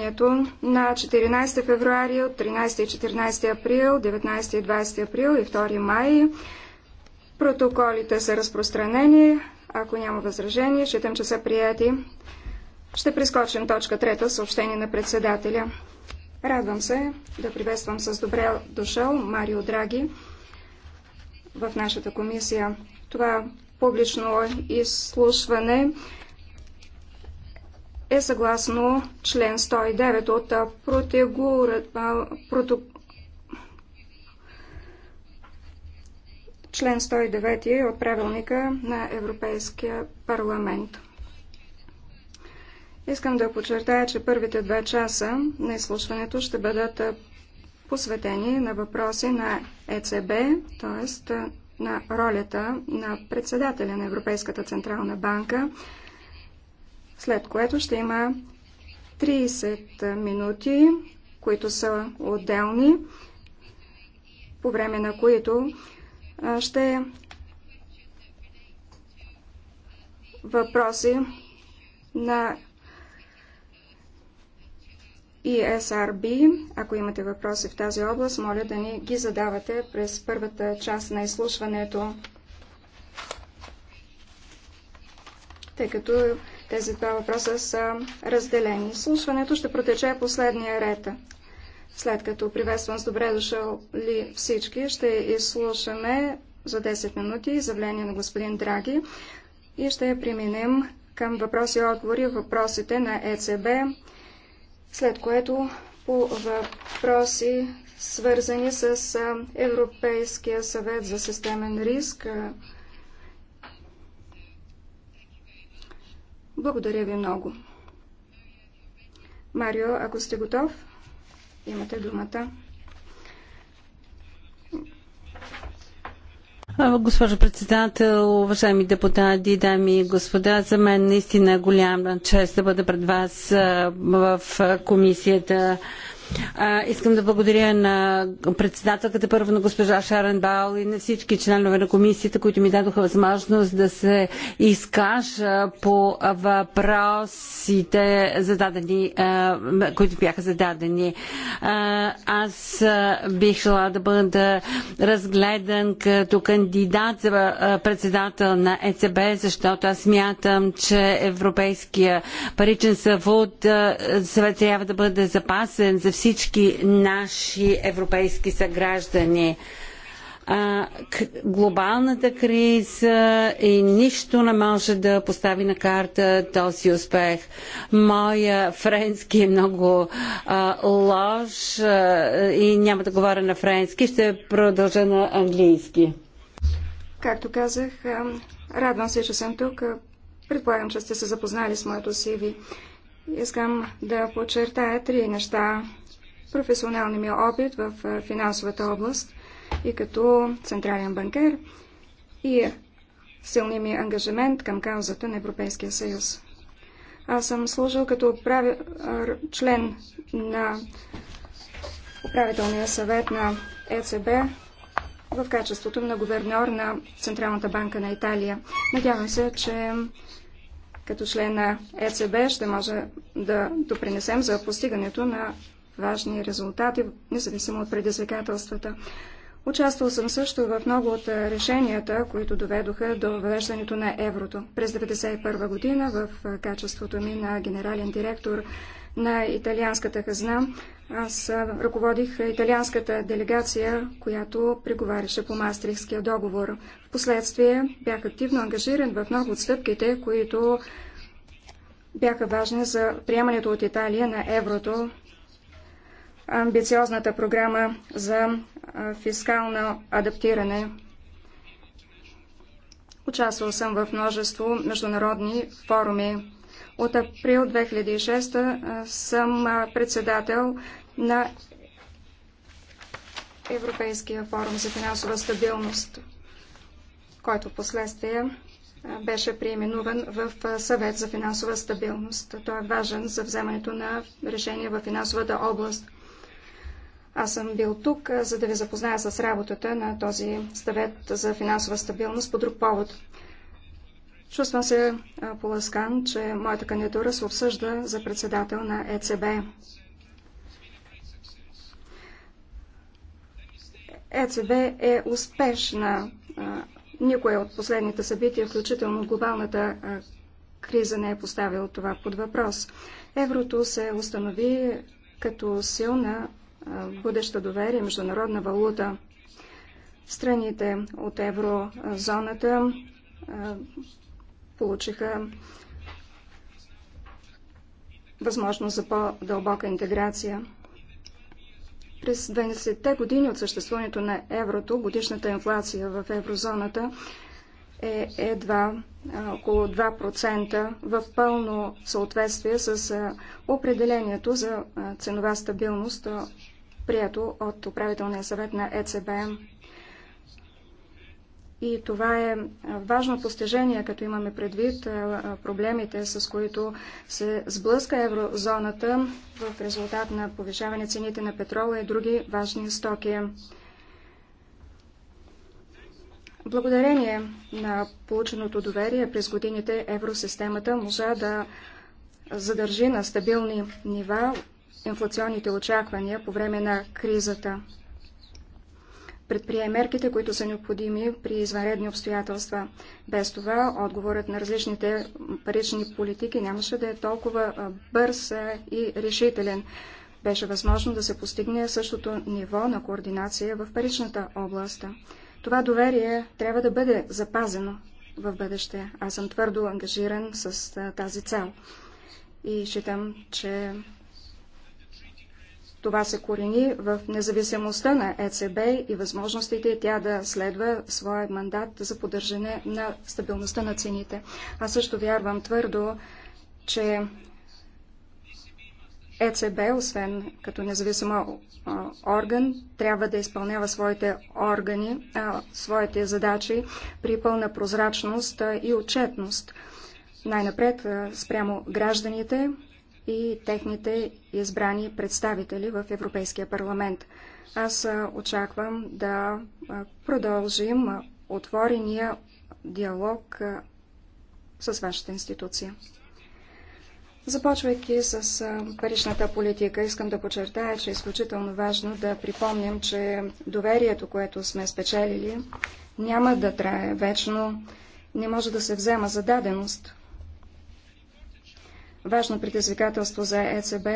заседанието на 14 февруари, от 13 и 14 април, 19 и 20 април и 2 май. Протоколите са разпространени. Ако няма възражение, считам, че са прияти. Ще прескочим точка трета, съобщение на председателя. Радвам се да приветствам с добре дошъл Марио Драги в нашата комисия. Това публично изслушване е съгласно член 109 от протегура, проток... член 109 от правилника на Европейския парламент. Искам да подчертая, че първите два часа на изслушването ще бъдат посветени на въпроси на ЕЦБ, т.е. на ролята на председателя на Европейската централна банка, след което ще има 30 минути, които са отделни, по време на които ще въпроси на ESRB. Ако имате въпроси в тази област, моля да ни ги задавате през първата част на изслушването, тъй като тези два въпроса са разделени. Слушването ще протече последния ред. След като приветствам с добре дошъл ли всички, ще изслушаме за 10 минути изявление на господин Драги и ще преминем към въпроси и отговори въпросите на ЕЦБ, след което по въпроси свързани с Европейския съвет за системен риск, Благодаря ви много. Марио, ако сте готов, имате думата. Госпожо председател, уважаеми депутати, дами и господа, за мен наистина е голяма чест да бъда пред вас в комисията а, искам да благодаря на председателката, първо на госпожа Шарен Баул и на всички членове на комисията, които ми дадоха възможност да се изкажа по въпросите, зададени, а, които бяха зададени. А, аз бих желала да бъда разгледан като кандидат за председател на ЕЦБ, защото аз смятам, че Европейския паричен съвод съвет трябва да бъде запасен за всички всички наши европейски съграждани. глобалната криза и нищо не може да постави на карта този успех. Моя френски е много а, лош а, и няма да говоря на френски, ще продължа на английски. Както казах, радвам се, че съм тук. Предполагам, че сте се запознали с моето CV. Искам да подчертая три неща професионалния ми опит в е, финансовата област и като централен банкер и силния ми ангажимент към каузата на Европейския съюз. Аз съм служил като прави... член на управителния съвет на ЕЦБ в качеството на губернор на Централната банка на Италия. Надявам се, че като член на ЕЦБ ще може да допринесем за постигането на важни резултати, независимо от предизвикателствата. Участвал съм също в много от решенията, които доведоха до въвеждането на еврото. През 1991 година в качеството ми на генерален директор на италианската хазна, аз ръководих италианската делегация, която преговаряше по Мастрихския договор. Впоследствие бях активно ангажиран в много от стъпките, които бяха важни за приемането от Италия на еврото амбициозната програма за фискално адаптиране. Участвал съм в множество международни форуми. От април 2006 съм председател на Европейския форум за финансова стабилност, който в последствие беше преименуван в Съвет за финансова стабилност. Той е важен за вземането на решения в финансовата област – аз съм бил тук, за да ви запозная с работата на този съвет за финансова стабилност по друг повод. Чувствам се поласкан, че моята кандидатура се обсъжда за председател на ЕЦБ. ЕЦБ е успешна. Никое от последните събития, включително глобалната криза, не е поставил това под въпрос. Еврото се установи като силна бъдеща доверие, международна валута. Страните от еврозоната получиха възможност за по-дълбока интеграция. През 20-те години от съществуването на еврото, годишната инфлация в еврозоната е едва около 2% в пълно съответствие с определението за ценова стабилност, прието от управителния съвет на ЕЦБ. И това е важно постижение, като имаме предвид проблемите, с които се сблъска еврозоната в резултат на повишаване цените на петрола и други важни стоки. Благодарение на полученото доверие през годините евросистемата можа да задържи на стабилни нива инфлационните очаквания по време на кризата. Предприе мерките, които са необходими при извънредни обстоятелства. Без това отговорът на различните парични политики нямаше да е толкова бърз и решителен. Беше възможно да се постигне същото ниво на координация в паричната област. Това доверие трябва да бъде запазено в бъдеще. Аз съм твърдо ангажиран с тази цел. И считам, че това се корени в независимостта на ЕЦБ и възможностите тя да следва своя мандат за поддържане на стабилността на цените. Аз също вярвам твърдо, че ЕЦБ, освен като независим орган, трябва да изпълнява своите органи, а, своите задачи при пълна прозрачност и отчетност. Най-напред спрямо гражданите и техните избрани представители в Европейския парламент. Аз очаквам да продължим отворения диалог с вашата институция. Започвайки с паричната политика, искам да подчертая, че е изключително важно да припомням, че доверието, което сме спечелили, няма да трае вечно, не може да се взема за даденост. Важно предизвикателство за ЕЦБ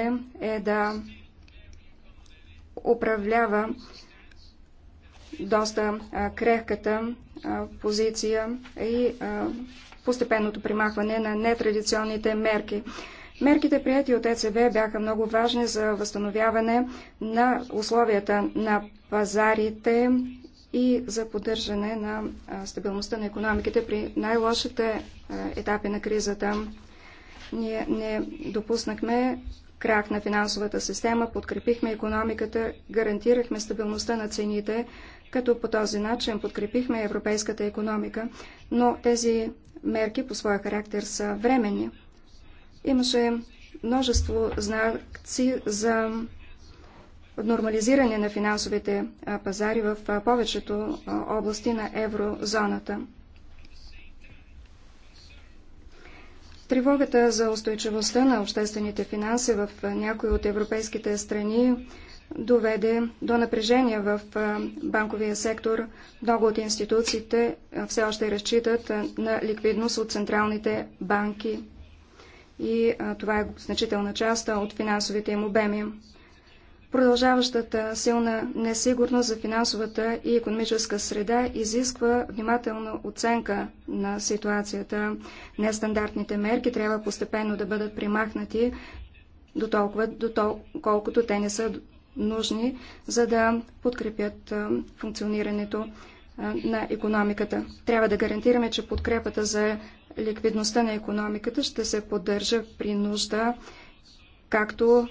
е да управлява доста крехката позиция и постепенното примахване на нетрадиционните мерки. Мерките, прияти от ЕЦБ, бяха много важни за възстановяване на условията на пазарите и за поддържане на стабилността на економиките при най-лошите етапи на кризата. Ние не допуснахме крах на финансовата система, подкрепихме економиката, гарантирахме стабилността на цените, като по този начин подкрепихме европейската економика, но тези мерки по своя характер са временни. Имаше множество знаци за нормализиране на финансовите пазари в повечето области на еврозоната. Тревогата за устойчивостта на обществените финанси в някои от европейските страни доведе до напрежение в банковия сектор. Много от институциите все още разчитат на ликвидност от централните банки и а, това е значителна част от финансовите им обеми. Продължаващата силна несигурност за финансовата и економическа среда изисква внимателна оценка на ситуацията. Нестандартните мерки трябва постепенно да бъдат примахнати толкова, колкото те не са нужни, за да подкрепят функционирането на економиката. Трябва да гарантираме, че подкрепата за ликвидността на економиката ще се поддържа при нужда, както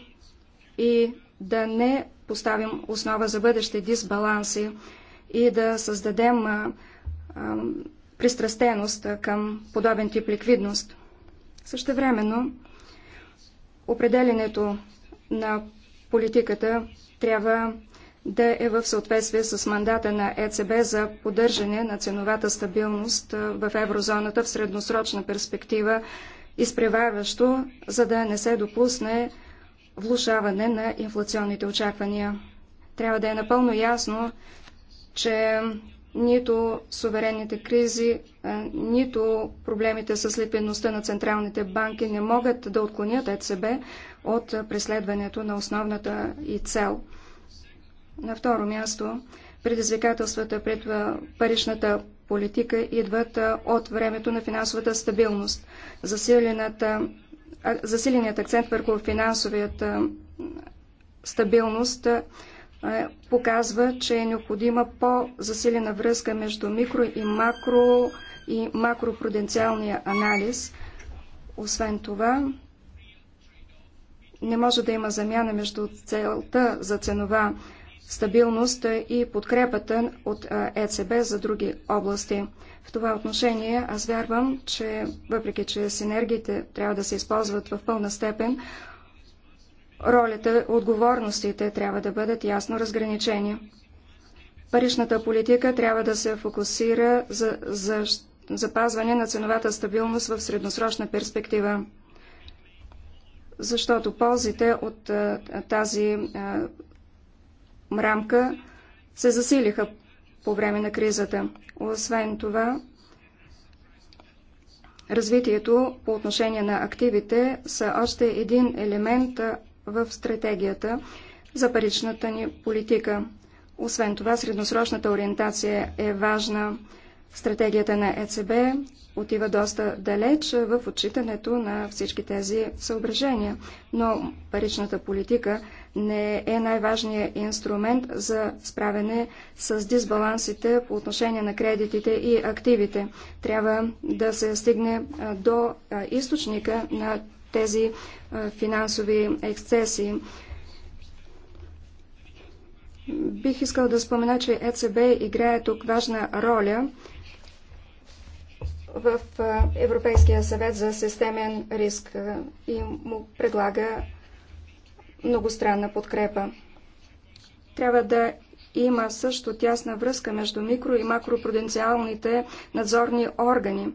и да не поставим основа за бъдещи дисбаланси и да създадем а, а, пристрастеност към подобен тип ликвидност. Същевременно, определенето на политиката трябва да е в съответствие с мандата на ЕЦБ за поддържане на ценовата стабилност в еврозоната в средносрочна перспектива, изпреварващо, за да не се допусне влушаване на инфлационните очаквания. Трябва да е напълно ясно, че нито суверенните кризи, нито проблемите с липидността на централните банки не могат да отклонят ЕЦБ от преследването на основната и цел – на второ място, предизвикателствата пред паричната политика идват от времето на финансовата стабилност. Засиленият акцент върху финансовията стабилност показва, че е необходима по-засилена връзка между микро и макро и макропруденциалния анализ. Освен това, не може да има замяна между целта за ценова стабилност и подкрепата от ЕЦБ за други области. В това отношение аз вярвам, че въпреки, че синергиите трябва да се използват в пълна степен, ролята, отговорностите трябва да бъдат ясно разграничени. Паричната политика трябва да се фокусира за, за запазване на ценовата стабилност в средносрочна перспектива, защото ползите от тази рамка се засилиха по време на кризата. Освен това, развитието по отношение на активите са още един елемент в стратегията за паричната ни политика. Освен това, средносрочната ориентация е важна. Стратегията на ЕЦБ отива доста далеч в отчитането на всички тези съображения, но паричната политика не е най-важният инструмент за справяне с дисбалансите по отношение на кредитите и активите. Трябва да се стигне до източника на тези финансови ексцесии. Бих искал да спомена, че ЕЦБ играе тук важна роля в Европейския съвет за системен риск и му предлага многостранна подкрепа. Трябва да има също тясна връзка между микро- и макропруденциалните надзорни органи.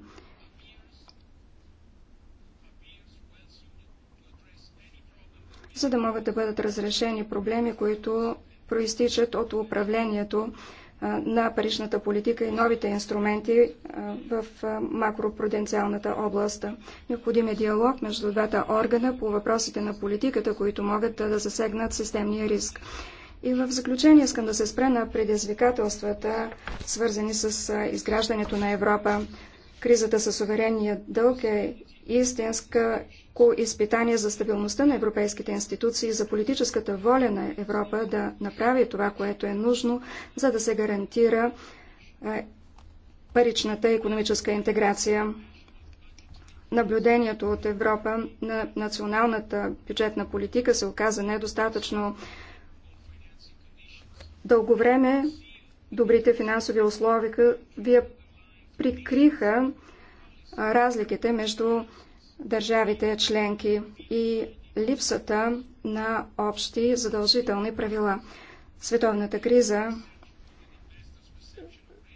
за да могат да бъдат разрешени проблеми, които проистичат от управлението на паричната политика и новите инструменти в макропруденциалната област. Необходим е диалог между двата органа по въпросите на политиката, които могат да засегнат системния риск. И в заключение искам да се спре на предизвикателствата, свързани с изграждането на Европа. Кризата със суверенния дълг е истинско изпитание за стабилността на европейските институции, за политическата воля на Европа да направи това, което е нужно, за да се гарантира паричната економическа интеграция. Наблюдението от Европа на националната бюджетна политика се оказа недостатъчно дълго време. Добрите финансови условия Вие прикриха разликите между държавите членки и липсата на общи задължителни правила. Световната криза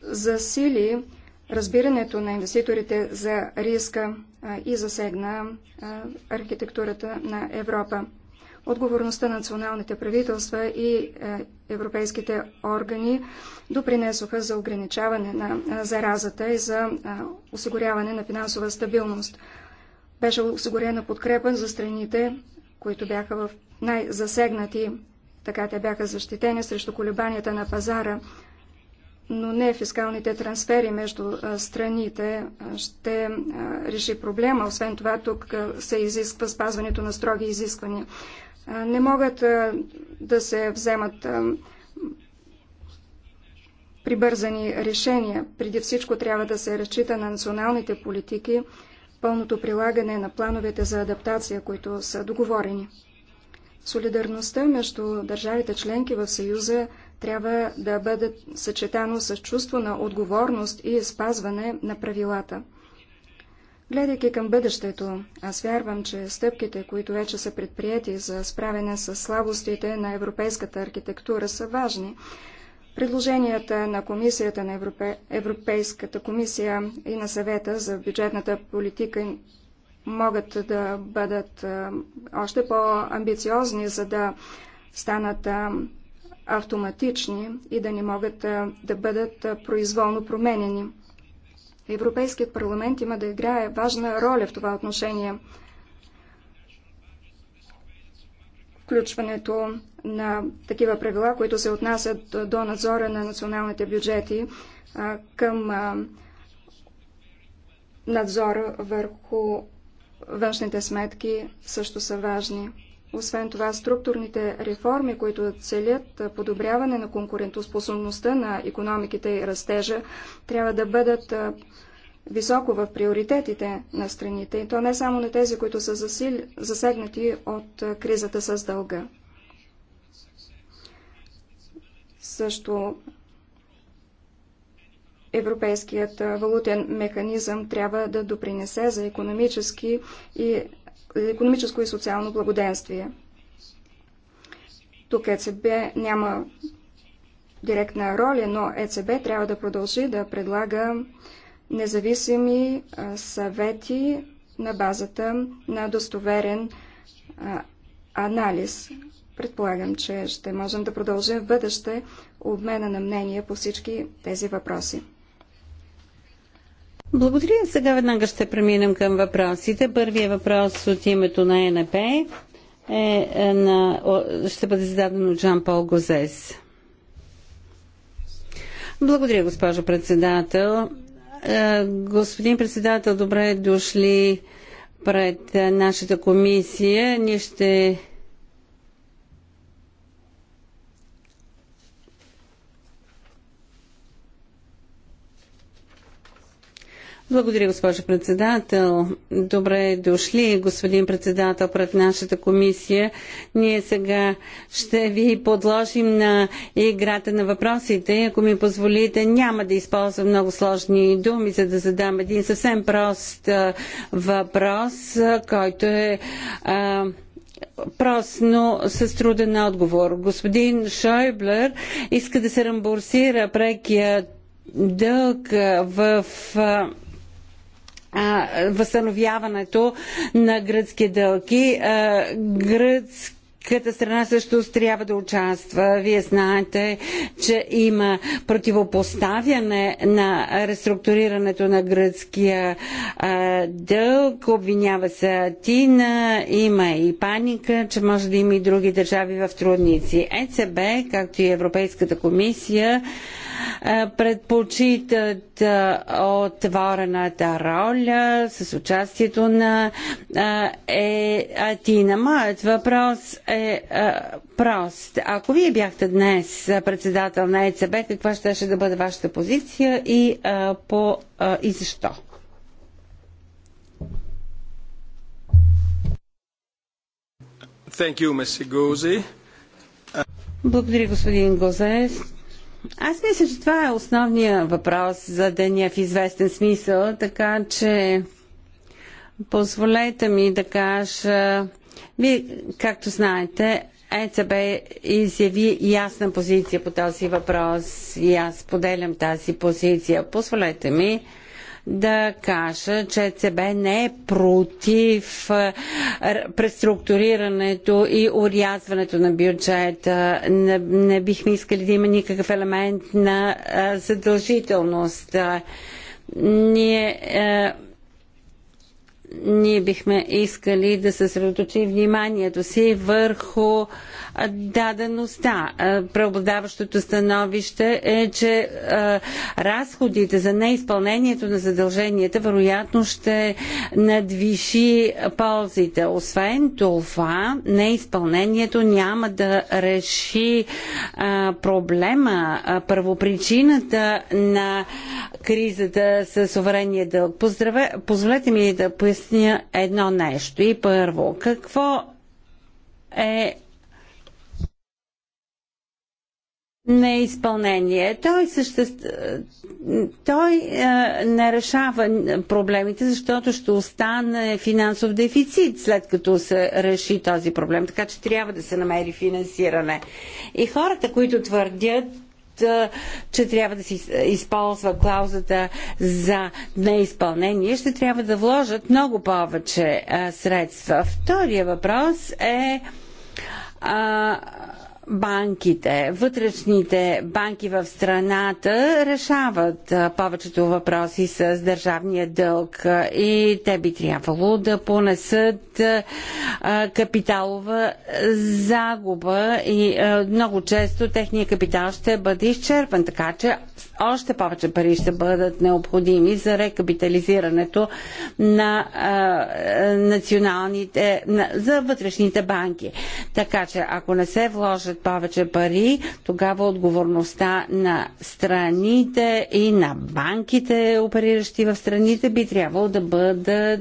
засили разбирането на инвеститорите за риска и засегна архитектурата на Европа отговорността на националните правителства и е, европейските органи допринесоха за ограничаване на е, заразата и за е, осигуряване на финансова стабилност. Беше осигурена подкрепа за страните, които бяха в най-засегнати, така те бяха защитени срещу колебанията на пазара, но не фискалните трансфери между страните ще реши проблема. Освен това, тук се изисква спазването на строги изисквания не могат да се вземат прибързани решения. Преди всичко трябва да се разчита на националните политики, пълното прилагане на плановете за адаптация, които са договорени. Солидарността между държавите членки в Съюза трябва да бъде съчетано с чувство на отговорност и спазване на правилата. Гледайки към бъдещето, аз вярвам, че стъпките, които вече са предприяти за справяне с слабостите на европейската архитектура, са важни. Предложенията на Комисията на Европе... Европейската комисия и на съвета за бюджетната политика могат да бъдат още по-амбициозни, за да станат автоматични и да не могат да бъдат произволно променени. Европейският парламент има да играе важна роля в това отношение. Включването на такива правила, които се отнасят до надзора на националните бюджети към надзора върху външните сметки също са важни. Освен това, структурните реформи, които целят подобряване на конкурентоспособността на економиките и растежа, трябва да бъдат високо в приоритетите на страните, и то не само на тези, които са засегнати от кризата с дълга. Също Европейският валутен механизъм трябва да допринесе за економически и економическо и социално благоденствие. Тук ЕЦБ няма директна роля, но ЕЦБ трябва да продължи да предлага независими съвети на базата на достоверен анализ. Предполагам, че ще можем да продължим в бъдеще обмена на мнения по всички тези въпроси. Благодаря. Сега веднага ще преминем към въпросите. Първият въпрос от името на ЕНП е, е на, ще бъде зададен от Жан Пол Гозес. Благодаря, госпожо председател. Е, господин председател, добре дошли пред е, нашата комисия. Ние ще Благодаря, госпожо председател. Добре дошли, господин председател, пред нашата комисия. Ние сега ще ви подложим на играта на въпросите. Ако ми позволите, няма да използвам много сложни думи, за да задам един съвсем прост въпрос, който е а, прост, но с труден отговор. Господин Шойблер иска да се рамбурсира прекият дълг в а, възстановяването на гръцки дълги. А, гръцки страна също трябва да участва. Вие знаете, че има противопоставяне на реструктурирането на гръцкия а, дълг. Обвинява се Атина, има и паника, че може да има и други държави в трудници. ЕЦБ, както и Европейската комисия, е, предпочитат е, отворената роля с участието на е, е Атина. Моят въпрос е прост. Ако вие бяхте днес председател на ЕЦБ, каква ще, ще да бъде вашата позиция и, по, и защо? You, Благодаря, господин Гозе. Аз мисля, че това е основният въпрос за деня в известен смисъл, така че позволете ми да кажа, вие, както знаете, ЕЦБ изяви ясна позиция по този въпрос и аз поделям тази позиция. Позволете ми да кажа, че ЦБ не е против е, преструктурирането и урязването на бюджета. Не, не бихме искали да има никакъв елемент на е, задължителност. Е, ние ние бихме искали да съсредоточим вниманието си върху дадеността. Преобладаващото становище е, че разходите за неизпълнението на задълженията вероятно ще надвиши ползите. Освен това, неизпълнението няма да реши проблема, първопричината на кризата с суверения дълг. Поздраве, позволете ми да поясня едно нещо. И първо, какво е неизпълнение. Той, съществ... Той е, не решава проблемите, защото ще остане финансов дефицит след като се реши този проблем. Така че трябва да се намери финансиране. И хората, които твърдят, е, че трябва да се използва клаузата за неизпълнение, ще трябва да вложат много повече е, средства. Втория въпрос е а, банките, вътрешните банки в страната решават повечето въпроси с държавния дълг и те би трябвало да понесат капиталова загуба и много често техния капитал ще бъде изчерпан. Така че още повече пари ще бъдат необходими за рекапитализирането на а, националните, на, за вътрешните банки. Така че ако не се вложат повече пари, тогава отговорността на страните и на банките, опериращи в страните, би трябвало да бъдат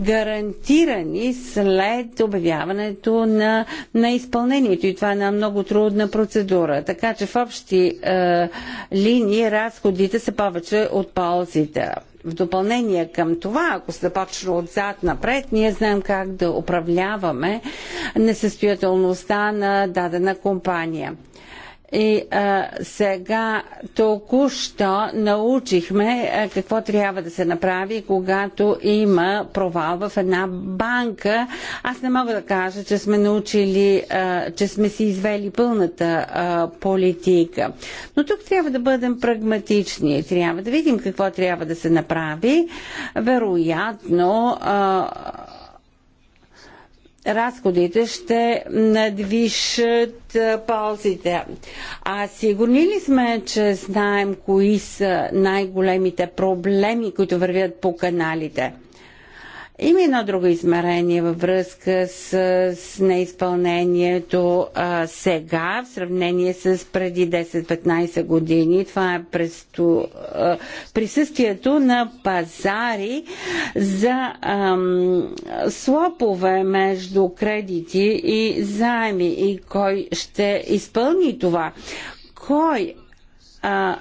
гарантирани след обявяването на, на изпълнението. И това е една много трудна процедура. Така че в общи а, линии години разходите са повече от ползите. В допълнение към това, ако се започне отзад напред, ние знаем как да управляваме несъстоятелността на дадена компания. И а, сега току-що научихме а, какво трябва да се направи, когато има провал в една банка. Аз не мога да кажа, че сме научили, а, че сме си извели пълната а, политика. Но тук трябва да бъдем прагматични. Трябва да видим какво трябва да се направи. Вероятно. А, разходите ще надвишат ползите. А сигурни ли сме, че знаем кои са най-големите проблеми, които вървят по каналите? Има едно друго измерение във връзка с, с неизпълнението а, сега в сравнение с преди 10-15 години. Това е престо, а, присъствието на пазари за ам, слопове между кредити и заеми и кой ще изпълни това. Кой а,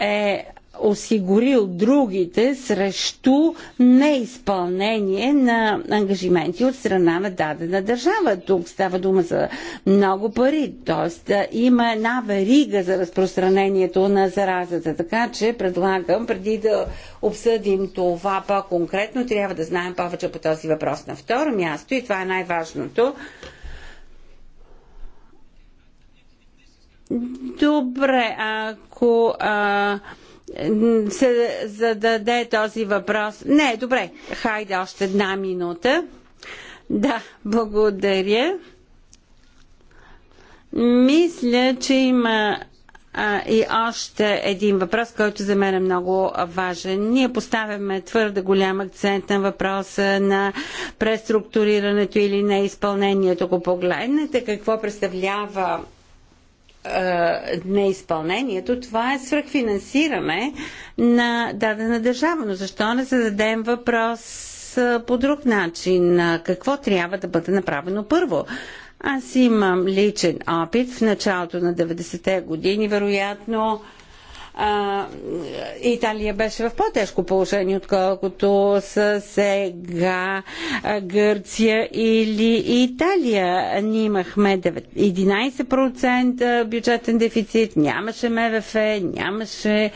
е осигурил другите срещу неизпълнение на ангажименти от страна на дадена държава. Тук става дума за много пари, т.е. има една верига за разпространението на заразата. Така че предлагам, преди да обсъдим това по-конкретно, трябва да знаем повече по този въпрос. На второ място, и това е най-важното, Добре, ако а, се зададе този въпрос. Не, добре, хайде още една минута. Да, благодаря. Мисля, че има а, и още един въпрос, който за мен е много важен. Ние поставяме твърде голям акцент на въпроса на преструктурирането или на изпълнението. Ако погледнете какво представлява е, неизпълнението, това е свръхфинансиране на дадена държава. Но защо не зададем въпрос е, по друг начин? Какво трябва да бъде направено първо? Аз имам личен опит в началото на 90-те години, вероятно а, Италия беше в по-тежко положение, отколкото са сега Гърция или Италия. Ние имахме 11% бюджетен дефицит, нямаше МВФ, нямаше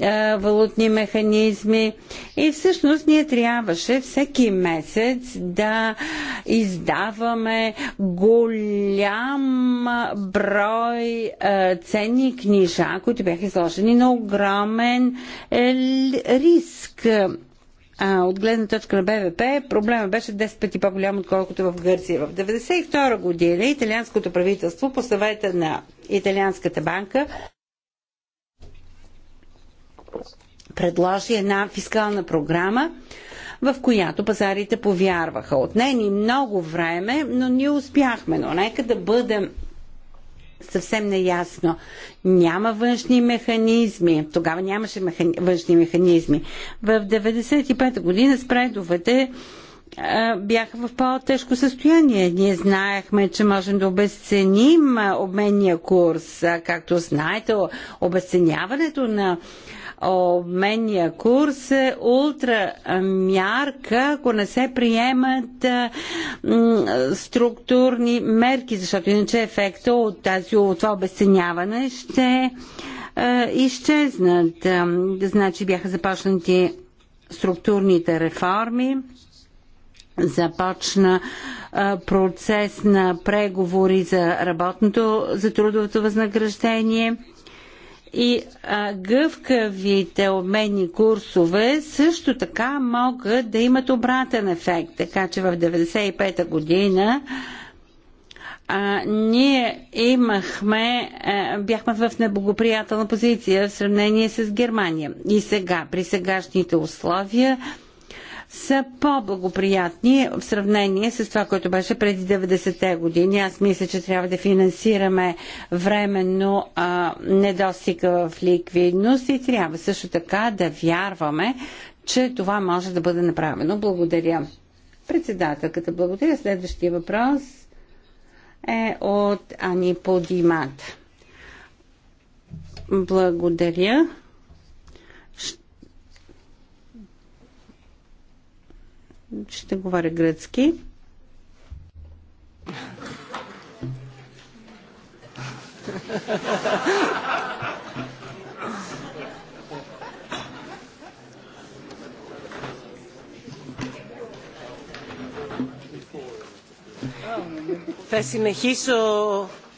е, валутни механизми. И всъщност ние трябваше всеки месец да издаваме голям брой е, ценни книжа, които бяха изложени на огромен е, риск а, от гледна точка на БВП, проблема беше 10 пъти по-голям, отколкото в Гърция. В 1992 година италианското правителство по съвета на Италианската банка предложи една фискална програма, в която пазарите повярваха. от Отне ни много време, но ние успяхме. Но нека да бъдем съвсем неясно. Няма външни механизми. Тогава нямаше механи... външни механизми. В 1995 година спредовете бяха в по-тежко състояние. Ние знаехме, че можем да обесценим обменния курс. Както знаете, обесценяването на обменния курс е ултра мярка, ако не се приемат структурни мерки, защото иначе ефекта от, тази, от това обесценяване ще изчезнат. Значи бяха започнати структурните реформи, започна процес на преговори за работното, за трудовото възнаграждение. И а, гъвкавите обменни курсове също така могат да имат обратен ефект. Така че в 1995 година а, ние имахме, а, бяхме в неблагоприятна позиция в сравнение с Германия. И сега, при сегашните условия, са по-благоприятни в сравнение с това, което беше преди 90-те години. Аз мисля, че трябва да финансираме временно а, недостига в ликвидност и трябва също така да вярваме, че това може да бъде направено. Благодаря. Председателката, благодаря. Следващия въпрос е от Ани Подимат. Благодаря. Ще говоря гръцки. Θα συνεχίσω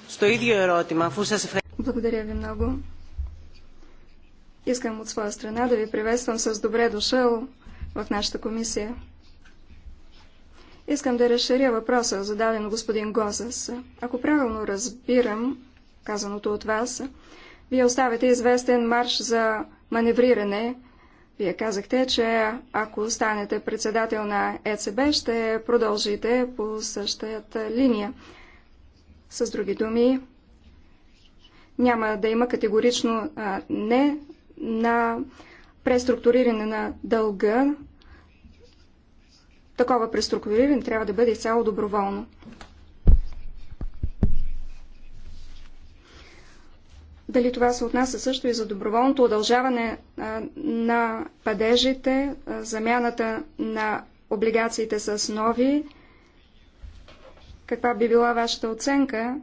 στο ίδιο ερώτημα, αφού σας ευχαριστώ. Благодаря ви много. Искам от своя страна да ви приветствам с добре дошъл в нашата комисия. Искам да разширя въпроса, зададен господин Гозас. Ако правилно разбирам казаното от вас, вие оставяте известен марш за маневриране. Вие казахте, че ако станете председател на ЕЦБ, ще продължите по същата линия. С други думи, няма да има категорично а, не на преструктуриране на дълга такова преструктуриране трябва да бъде цяло доброволно. Дали това се отнася също и за доброволното удължаване на падежите, замяната на облигациите с нови? Каква би била вашата оценка?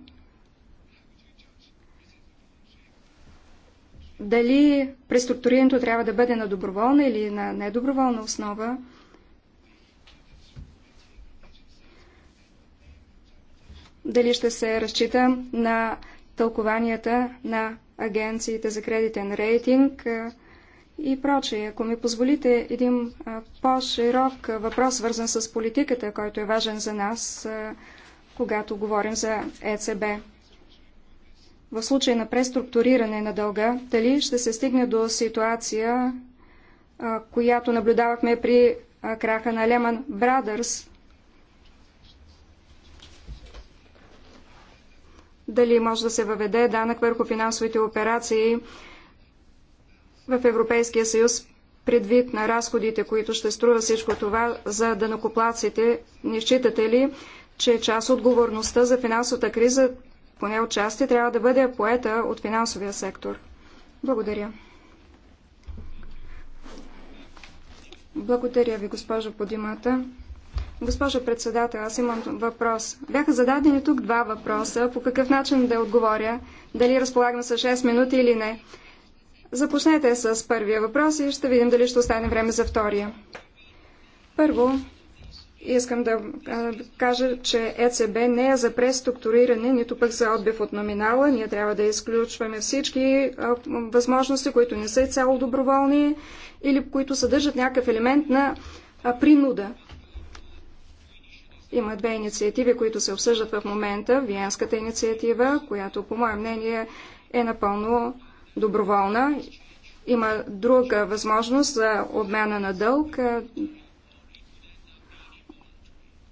Дали преструктурирането трябва да бъде на доброволна или на недоброволна основа? дали ще се разчита на тълкованията на агенциите за кредитен рейтинг и прочее. Ако ми позволите един по-широк въпрос, свързан с политиката, който е важен за нас, когато говорим за ЕЦБ. В случай на преструктуриране на дълга, дали ще се стигне до ситуация, която наблюдавахме при краха на Леман Брадърс, дали може да се въведе данък върху финансовите операции в Европейския съюз предвид на разходите, които ще струва всичко това за данокоплаците. Не считате ли, че част от отговорността за финансовата криза, поне части, трябва да бъде поета от финансовия сектор? Благодаря. Благодаря ви, госпожо Подимата. Госпожо председател, аз имам въпрос. Бяха зададени тук два въпроса. По какъв начин да отговоря? Дали разполагам с 6 минути или не? Започнете с първия въпрос и ще видим дали ще остане време за втория. Първо, искам да кажа, че ЕЦБ не е за преструктуриране, нито пък за отбив от номинала. Ние трябва да изключваме всички възможности, които не са и цяло доброволни или които съдържат някакъв елемент на принуда. Има две инициативи, които се обсъждат в момента. Виенската инициатива, която по мое мнение е напълно доброволна. Има друга възможност за обмяна на дълг.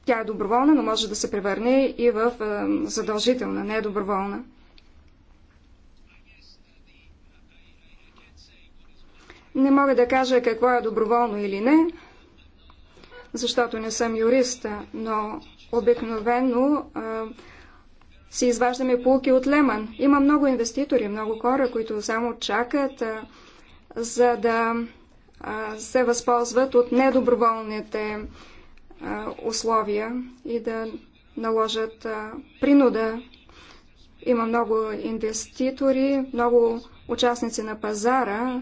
Тя е доброволна, но може да се превърне и в задължителна, не е доброволна. Не мога да кажа какво е доброволно или не защото не съм юрист, но обикновено си изваждаме полки от Леман. Има много инвеститори, много хора, които само чакат, а, за да а, се възползват от недоброволните а, условия и да наложат а, принуда. Има много инвеститори, много участници на пазара,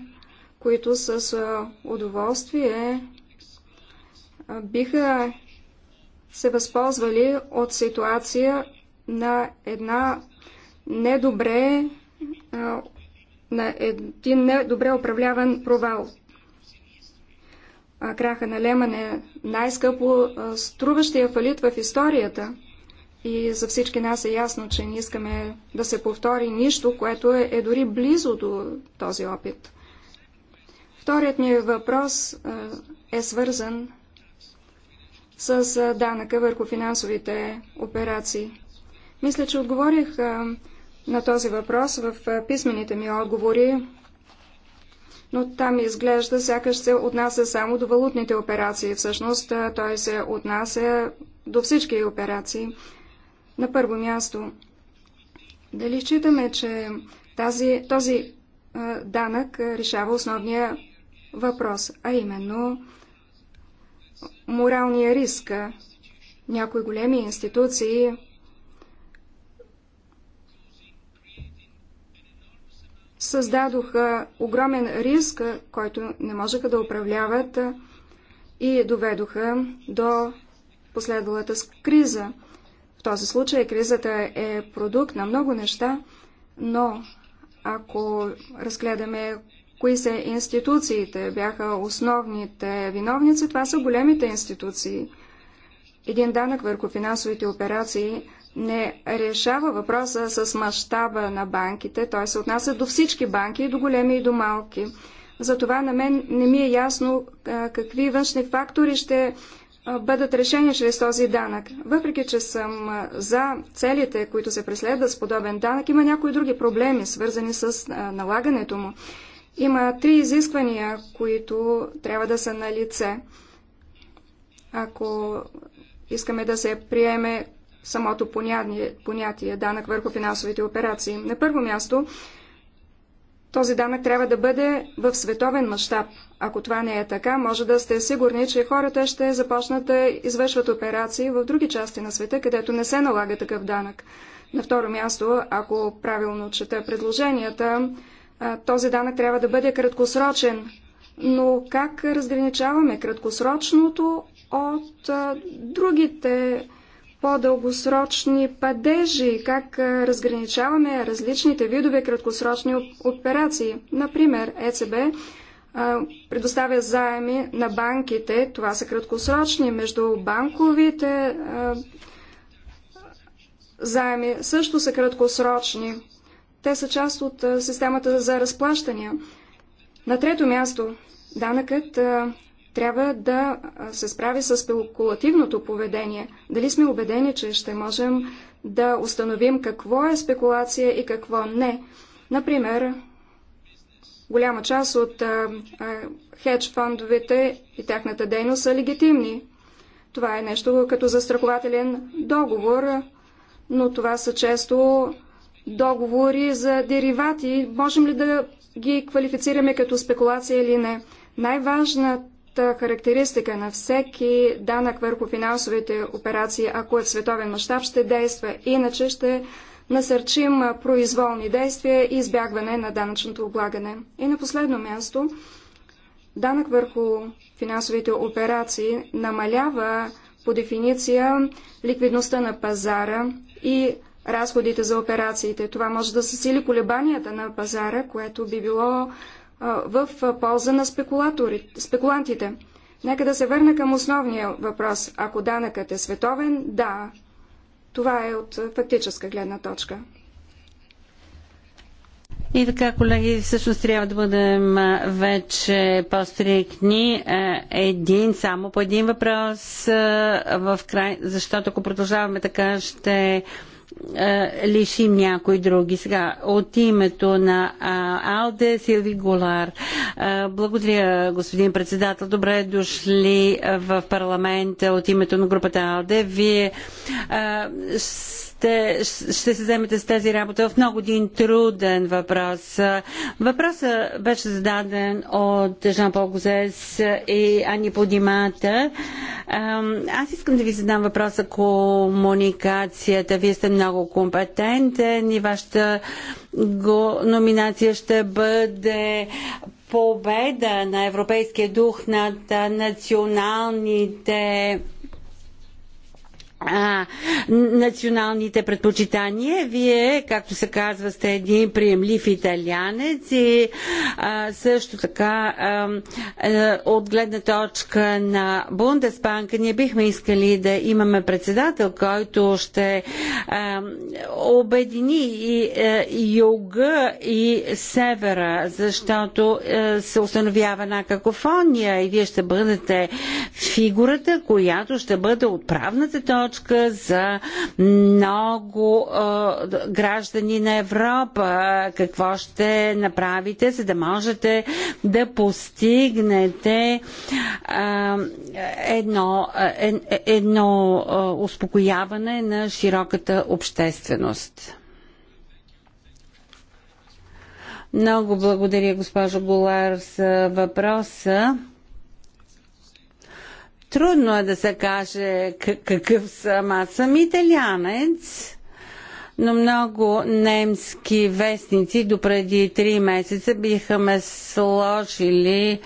които с удоволствие биха се възползвали от ситуация на една недобре на един недобре управляван провал. Краха на Леман е най-скъпо струващия фалит в историята и за всички нас е ясно, че не искаме да се повтори нищо, което е, е дори близо до този опит. Вторият ми въпрос е свързан с данъка върху финансовите операции. Мисля, че отговорих на този въпрос в писмените ми отговори, но там изглежда сякаш се отнася само до валутните операции. Всъщност той се отнася до всички операции. На първо място, дали считаме, че тази, този данък решава основния въпрос, а именно моралния риск. Някои големи институции създадоха огромен риск, който не можеха да управляват и доведоха до последвалата криза. В този случай кризата е продукт на много неща, но ако разгледаме кои са институциите, бяха основните виновници, това са големите институции. Един данък върху финансовите операции не решава въпроса с мащаба на банките, той се отнася до всички банки, и до големи и до малки. Затова на мен не ми е ясно какви външни фактори ще бъдат решени чрез този данък. Въпреки, че съм за целите, които се преследват с подобен данък, има някои други проблеми, свързани с налагането му. Има три изисквания, които трябва да са на лице. Ако искаме да се приеме самото понятие, понятие данък върху финансовите операции. На първо място, този данък трябва да бъде в световен мащаб. Ако това не е така, може да сте сигурни, че хората ще започнат да извършват операции в други части на света, където не се налага такъв данък. На второ място, ако правилно чета предложенията, този данък трябва да бъде краткосрочен. Но как разграничаваме краткосрочното от другите по-дългосрочни падежи? Как разграничаваме различните видове краткосрочни операции? Например, ЕЦБ предоставя заеми на банките. Това са краткосрочни между банковите заеми също са краткосрочни. Те са част от системата за разплащания. На трето място, данъкът трябва да се справи с спекулативното поведение. Дали сме убедени, че ще можем да установим какво е спекулация и какво не. Например, голяма част от хедж фондовете и тяхната дейност са легитимни. Това е нещо като застрахователен договор, но това са често договори за деривати, можем ли да ги квалифицираме като спекулация или не? Най-важната характеристика на всеки данък върху финансовите операции, ако е в световен мащаб, ще действа. Иначе ще насърчим произволни действия и избягване на данъчното облагане. И на последно място, данък върху финансовите операции намалява по дефиниция ликвидността на пазара и разходите за операциите. Това може да засили колебанията на пазара, което би било в полза на спекулантите. Нека да се върна към основния въпрос. Ако данъкът е световен, да, това е от фактическа гледна точка. И така, колеги, всъщност трябва да бъдем вече по-стрикни. Един, само по един въпрос, в край, защото ако продължаваме така, ще е, лишим някои други. Сега, от името на Алде Силви Голар. Е, благодаря, господин председател. Добре дошли е, в парламента от името на групата Алде. Вие сте, ще се вземете с тази работа е в много един труден въпрос. Въпросът беше зададен от Жан-Пол Гозес и Ани Подимата. Аз искам да ви задам въпроса комуникацията. Вие сте много компетентен и вашата го, номинация ще бъде победа на европейския дух над националните а, националните предпочитания. Вие, както се казва, сте един приемлив италианец и а, също така а, а, е, от гледна точка на Бундеспанк ние бихме искали да имаме председател, който ще а, обедини и а, е, юга и севера, защото а, е, се установява една какофония и вие ще бъдете фигурата, която ще бъде отправната точка точка за много а, граждани на Европа. Какво ще направите, за да можете да постигнете а, едно, е, е, едно а, успокояване на широката общественост? Много благодаря, госпожо Голар, за въпроса. Трудно е да се каже какъв съм. Аз съм италянец, но много немски вестници до преди 3 месеца биха ме сложили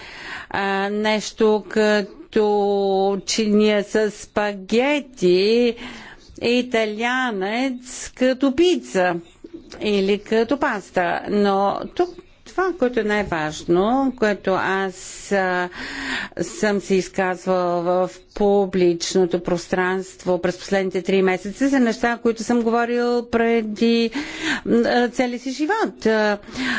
а, нещо като чиния с спагети, италианец като пица или като паста. Но тук това, което е най-важно, което аз а, съм се изказвала в публичното пространство през последните три месеца, за неща, които съм говорил преди цели си живот.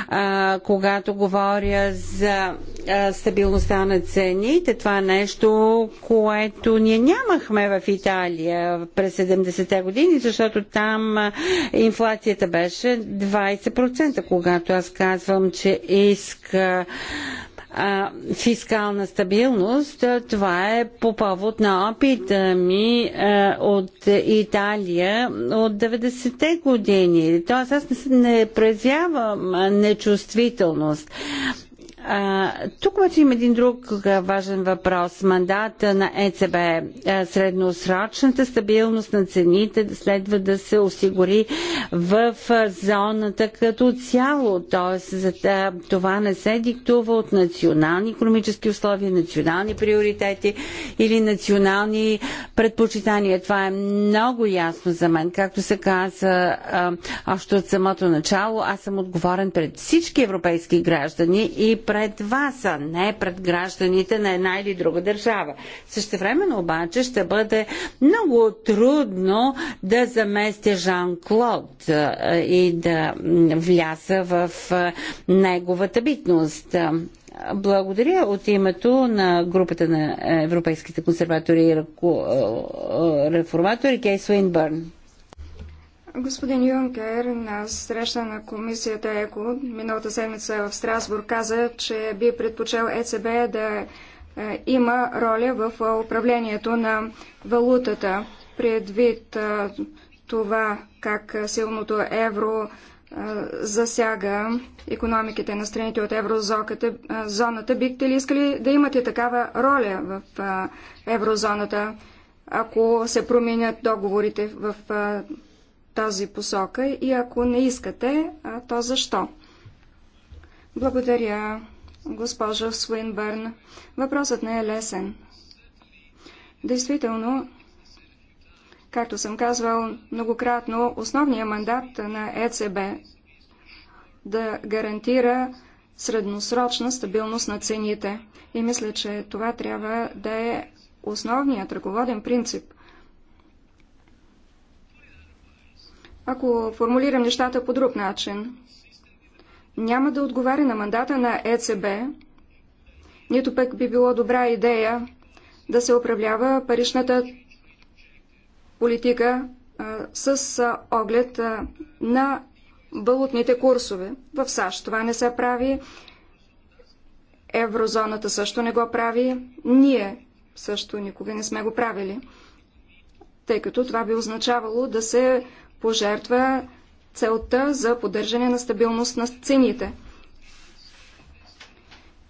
А, когато говоря за а, стабилността на цените, това е нещо, което ние нямахме в Италия през 70-те години, защото там инфлацията беше 20%, когато аз казвам, че че иска а, фискална стабилност. Това е по повод на опита ми а, от Италия от 90-те години. Тоест аз не, не произявам нечувствителност. А, тук обаче има един друг важен въпрос. Мандата на ЕЦБ. Средносрочната стабилност на цените следва да се осигури в зоната като цяло. Тоест, това не се диктува от национални економически условия, национални приоритети или национални предпочитания. Това е много ясно за мен. Както се каза още от самото начало, аз съм отговорен пред всички европейски граждани и пред пред вас, а не пред гражданите на една или друга държава. Същевременно обаче ще бъде много трудно да заместя Жан-Клод и да вляза в неговата битност. Благодаря от името на групата на европейските консерватори и реформатори Кейс Уинбърн. Господин Юнкер на среща на комисията ЕКО миналата седмица в Страсбург каза, че би предпочел ЕЦБ да е, има роля в е, управлението на валутата. Предвид е, това как силното евро засяга економиките на страните от еврозоната, бихте ли искали да имате такава роля в еврозоната, ако се променят договорите в тази посока и ако не искате, то защо? Благодаря, госпожо Свинбърн. Въпросът не е лесен. Действително, както съм казвал многократно, основният мандат на ЕЦБ да гарантира средносрочна стабилност на цените. И мисля, че това трябва да е основният ръководен принцип – ако формулирам нещата по друг начин, няма да отговаря на мандата на ЕЦБ, нито пък би било добра идея да се управлява паричната политика а, с а, оглед а, на валутните курсове. В САЩ това не се прави, еврозоната също не го прави, ние също никога не сме го правили, тъй като това би означавало да се пожертва целта за поддържане на стабилност на цените.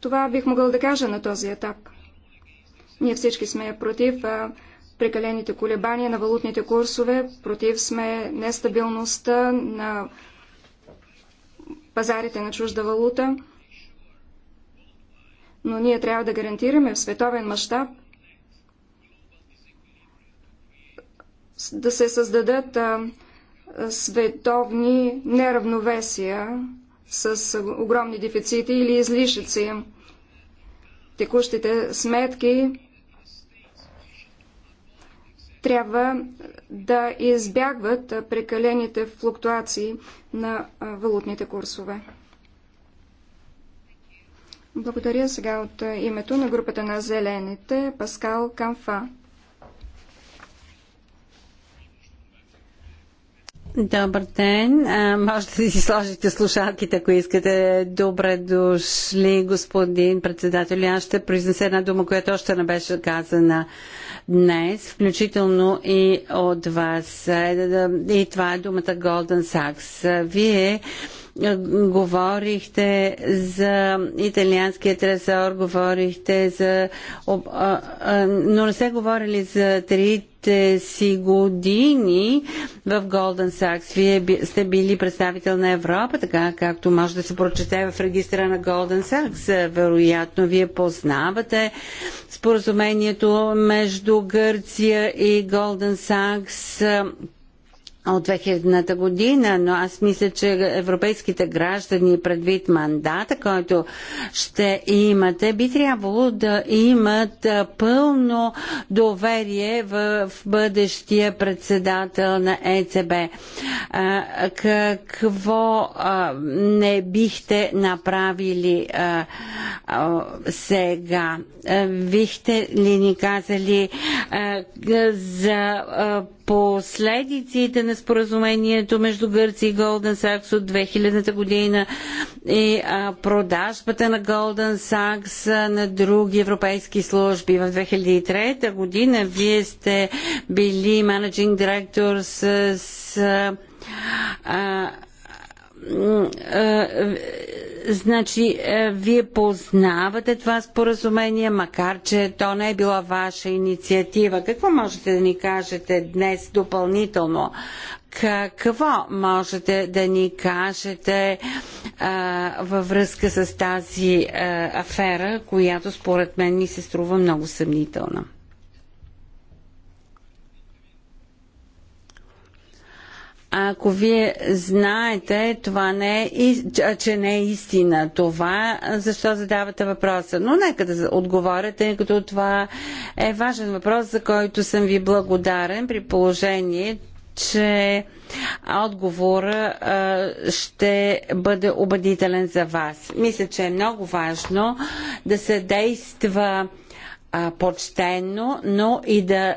Това бих могъл да кажа на този етап. Ние всички сме против прекалените колебания на валутните курсове, против сме нестабилността на пазарите на чужда валута, но ние трябва да гарантираме в световен мащаб да се създадат а, световни неравновесия с огромни дефицити или излишъци. Текущите сметки трябва да избягват прекалените флуктуации на валутните курсове. Благодаря сега от името на групата на зелените Паскал Камфа. Добър ден. А, може да си сложите слушалките, ако искате. Добре дошли, господин председател. Аз ще произнеса една дума, която още не беше казана днес, включително и от вас. Е, и това е думата Golden Sachs. Вие е, говорихте за италианския тресор, говорихте за... но не се говорили за трите си години в Голден Сакс. Вие сте били представител на Европа, така както може да се прочете в регистра на Голден Сакс. Вероятно, вие познавате споразумението между Гърция и Голден Сакс от 2000-та година, но аз мисля, че европейските граждани предвид мандата, който ще имате, би трябвало да имат пълно доверие в, бъдещия председател на ЕЦБ. какво не бихте направили сега? Вихте бихте ли ни казали за последиците на споразумението между Гърция и Голден Сакс от 2000 година и а, продажбата на Голден Сакс на други европейски служби. В 2003 година вие сте били менеджинг директор с, с а, а, Значи, е, вие познавате това споразумение, макар че то не е била ваша инициатива. Какво можете да ни кажете днес допълнително? Какво можете да ни кажете а, е, във връзка с тази а, е, афера, която според мен ни се струва много съмнителна? ако вие знаете, това не е, че не е истина това, защо задавате въпроса. Но нека да отговоря, тъй като това е важен въпрос, за който съм ви благодарен при положение, че отговор ще бъде убедителен за вас. Мисля, че е много важно да се действа почтенно, но и да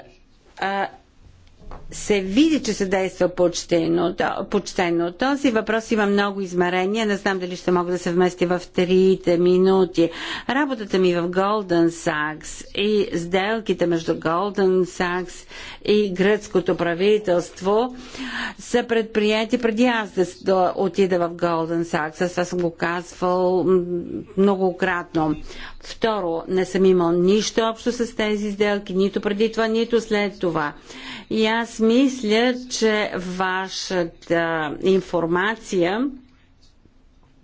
се види, че се действа почтено, почтено. Този въпрос има много измерения. Не знам дали ще мога да се вмести в трите минути. Работата ми в Голден Сакс и сделките между Голден Сакс и гръцкото правителство са предприяти преди аз да, отида в Голден Сакс. Аз това съм го казвал многократно. Второ, не съм имал нищо общо с тези сделки, нито преди това, нито след това. И аз мисля, че вашата информация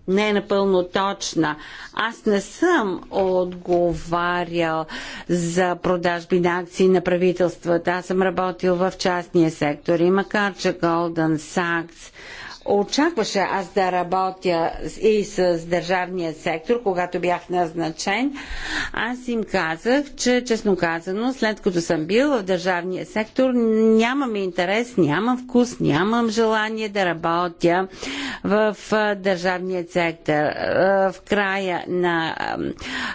не е напълно точна. Аз не съм отговарял за продажби на акции на правителствата. Аз съм работил в частния сектор и макар, че Golden Sachs Очакваше аз да работя и с държавния сектор, когато бях назначен. Аз им казах, че честно казано, след като съм бил в държавния сектор, нямам интерес, нямам вкус, нямам желание да работя в държавния сектор. В края на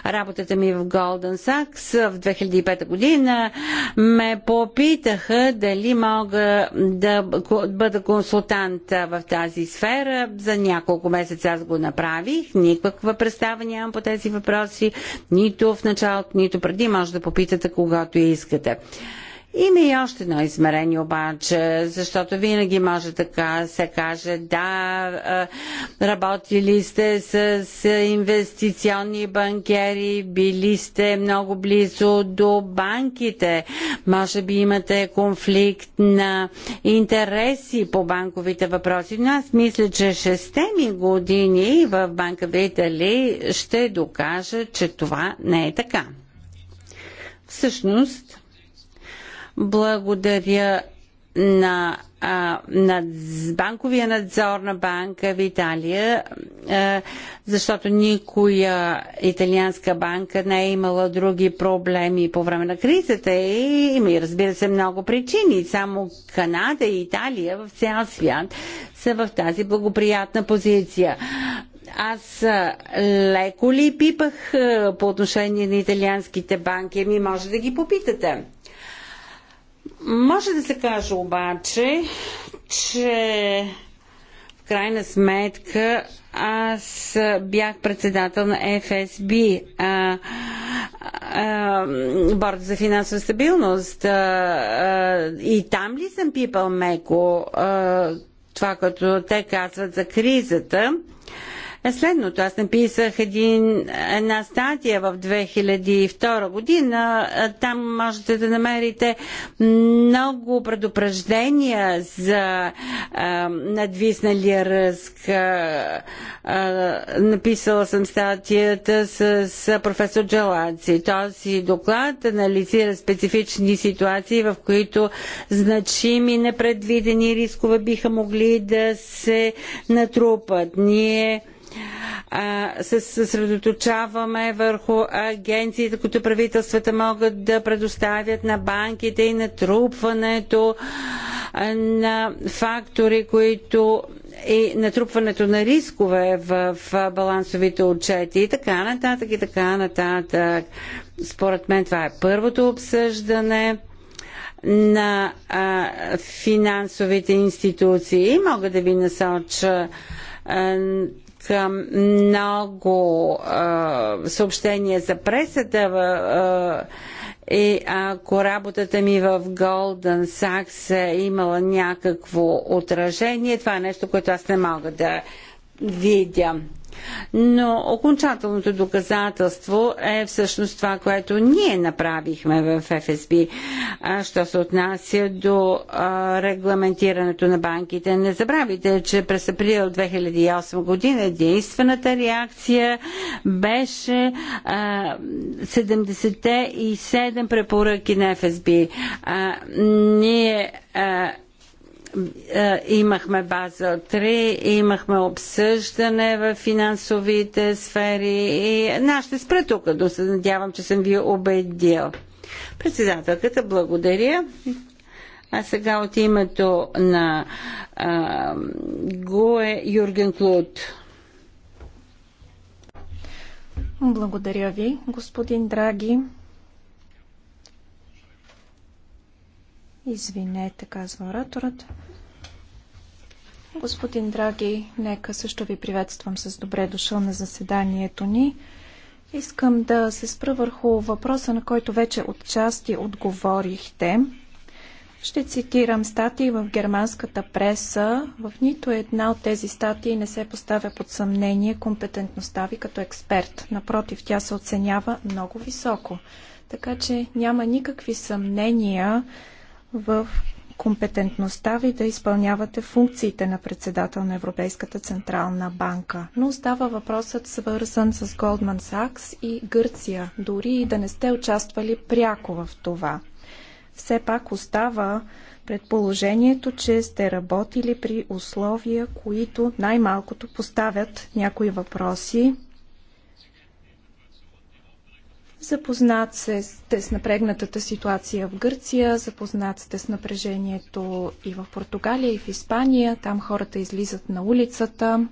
работата ми в Goldman Sachs в 2005 година ме попитаха дали мога да бъда консултант в тази тази сфера. За няколко месеца аз го направих. Никаква представа нямам по тези въпроси. Нито в началото, нито преди. Може да попитате когато я искате. Има и още едно измерение обаче, защото винаги може така се каже, да, работили сте с инвестиционни банкери, били сте много близо до банките, може би имате конфликт на интереси по банковите въпроси, но аз мисля, че 6 ми години в банка Витали ще докажа, че това не е така. Всъщност, благодаря на, а, на банковия надзор на банка в Италия, а, защото никоя италианска банка не е имала други проблеми по време на кризата и има и разбира се много причини. Само Канада и Италия в цял свят са в тази благоприятна позиция. Аз леко ли пипах по отношение на италианските банки? Ми може да ги попитате. Може да се каже обаче, че в крайна сметка аз бях председател на ФСБ, Борда за финансова стабилност. А, а, и там ли съм пипал меко а, това, което те казват за кризата? А, е следното. Аз написах един, една статия в 2002 година. Е, там можете да намерите много предупреждения за а, е, надвисналия ръск. А, е, а, написала съм статията с, с професор Джалаци. Този доклад анализира специфични ситуации, в които значими непредвидени рискове биха могли да се натрупат. Ние се съсредоточаваме върху агенциите, които правителствата могат да предоставят на банките и натрупването на фактори, които и натрупването на рискове в балансовите отчети и така нататък и така нататък. Според мен това е първото обсъждане на а, финансовите институции. Мога да ви насоча към много а, съобщения за пресата. А, и ако работата ми в Golden Sachs е имала някакво отражение, това е нещо, което аз не мога да видя. Но окончателното доказателство е всъщност това, което ние направихме в ФСБ, що се отнася до регламентирането на банките. Не забравяйте, че през април 2008 година единствената реакция беше 77 препоръки на ФСБ. Ние е, имахме база 3, имахме обсъждане в финансовите сфери и нашите ще спра тук, но се надявам, че съм ви убедил. Председателката, благодаря. А сега от името на а, Гое Юрген Клуд. Благодаря ви, господин Драги. Извинете, казва ораторът. Господин Драги, нека също ви приветствам с добре дошъл на заседанието ни. Искам да се спра върху въпроса, на който вече отчасти отговорихте. Ще цитирам статии в германската преса. В нито една от тези статии не се поставя под съмнение компетентността ви като експерт. Напротив, тя се оценява много високо. Така че няма никакви съмнения в компетентността ви да изпълнявате функциите на председател на Европейската централна банка. Но остава въпросът свързан с Goldman Sachs и Гърция, дори и да не сте участвали пряко в това. Все пак остава предположението, че сте работили при условия, които най-малкото поставят някои въпроси Запознат се сте с напрегнатата ситуация в Гърция, запознат сте с напрежението и в Португалия, и в Испания. Там хората излизат на улицата.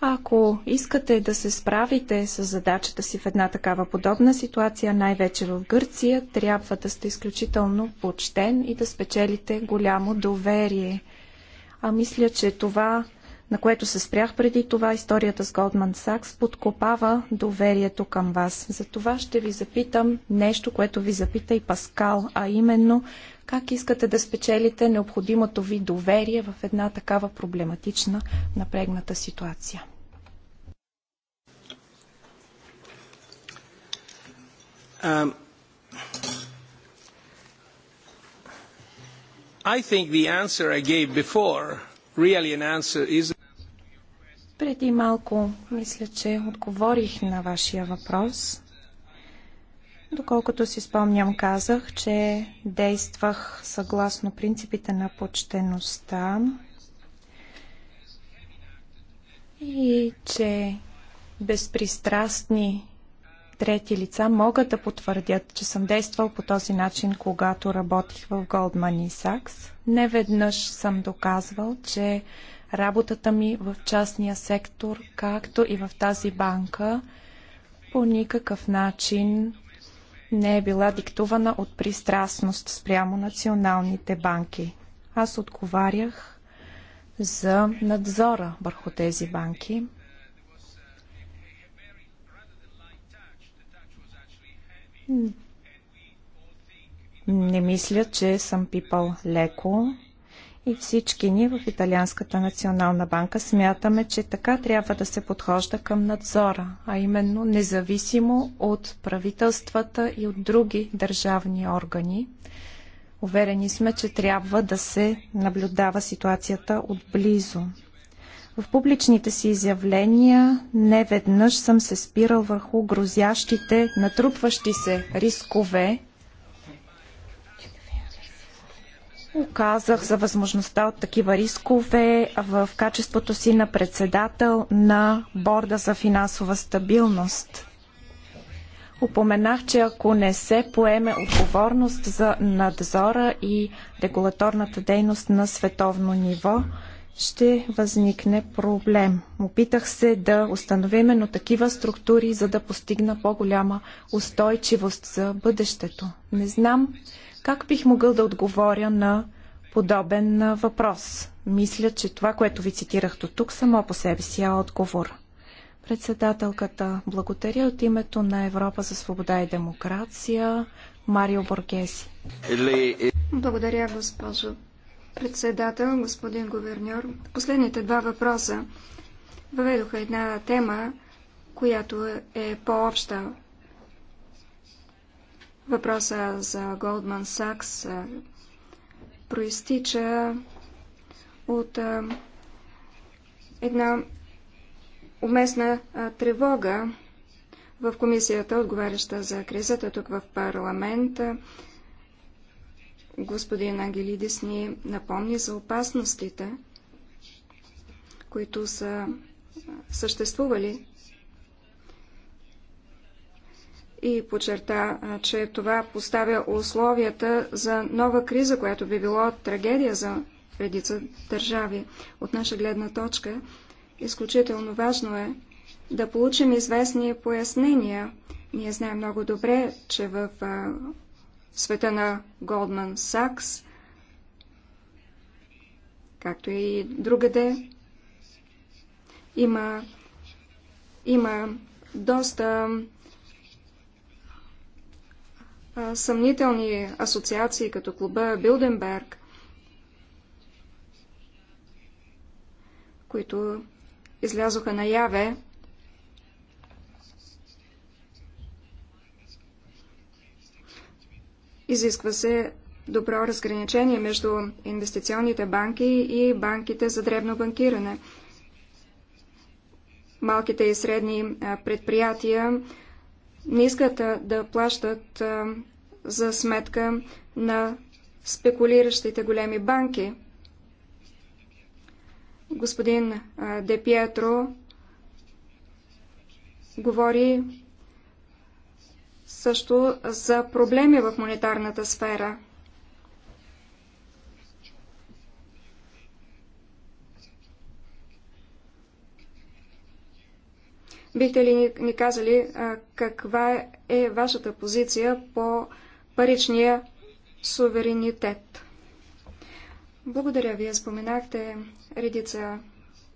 Ако искате да се справите с задачата си в една такава подобна ситуация, най-вече в Гърция, трябва да сте изключително почтен и да спечелите голямо доверие. А мисля, че това на което се спрях преди това, историята с Голдман Сакс подкопава доверието към вас. За това ще ви запитам нещо, което ви запита и Паскал, а именно как искате да спечелите необходимото ви доверие в една такава проблематична, напрегната ситуация? Um, I think the answer I gave before, really an answer is преди малко, мисля, че отговорих на вашия въпрос. Доколкото си спомням, казах, че действах съгласно принципите на почтеността и че безпристрастни трети лица могат да потвърдят, че съм действал по този начин, когато работих в Goldman Sachs. Неведнъж съм доказвал, че работата ми в частния сектор, както и в тази банка, по никакъв начин не е била диктувана от пристрастност спрямо националните банки. Аз отговарях за надзора върху тези банки. Не мисля, че съм пипал леко. И всички ние в Италианската национална банка смятаме, че така трябва да се подхожда към надзора, а именно независимо от правителствата и от други държавни органи. Уверени сме, че трябва да се наблюдава ситуацията отблизо. В публичните си изявления неведнъж съм се спирал върху грозящите, натрупващи се рискове Оказах за възможността от такива рискове в качеството си на председател на Борда за финансова стабилност. Упоменах, че ако не се поеме отговорност за надзора и регулаторната дейност на световно ниво, ще възникне проблем. Опитах се да установим именно такива структури, за да постигна по-голяма устойчивост за бъдещето. Не знам как бих могъл да отговоря на подобен въпрос? Мисля, че това, което ви цитирах до тук, само по себе си е отговор. Председателката благодаря от името на Европа за свобода и демокрация Марио Боргеси. Благодаря, госпожо председател, господин гуверньор. Последните два въпроса въведоха една тема, която е по-обща Въпроса за Голдман Сакс проистича от една уместна тревога в комисията, отговаряща за кризата тук в парламента. Господин Ангелидис ни напомни за опасностите, които са съществували и подчерта, че това поставя условията за нова криза, която би било трагедия за редица държави. От наша гледна точка, изключително важно е да получим известни пояснения. Ние знаем много добре, че в света на Голдман Сакс, както и другаде, има, има доста съмнителни асоциации, като клуба Билденберг, които излязоха наяве Изисква се добро разграничение между инвестиционните банки и банките за дребно банкиране. Малките и средни предприятия не искат да плащат за сметка на спекулиращите големи банки. Господин Де Пиетро говори също за проблеми в монетарната сфера – Бихте ли ни казали каква е вашата позиция по паричния суверенитет? Благодаря. Вие споменахте редица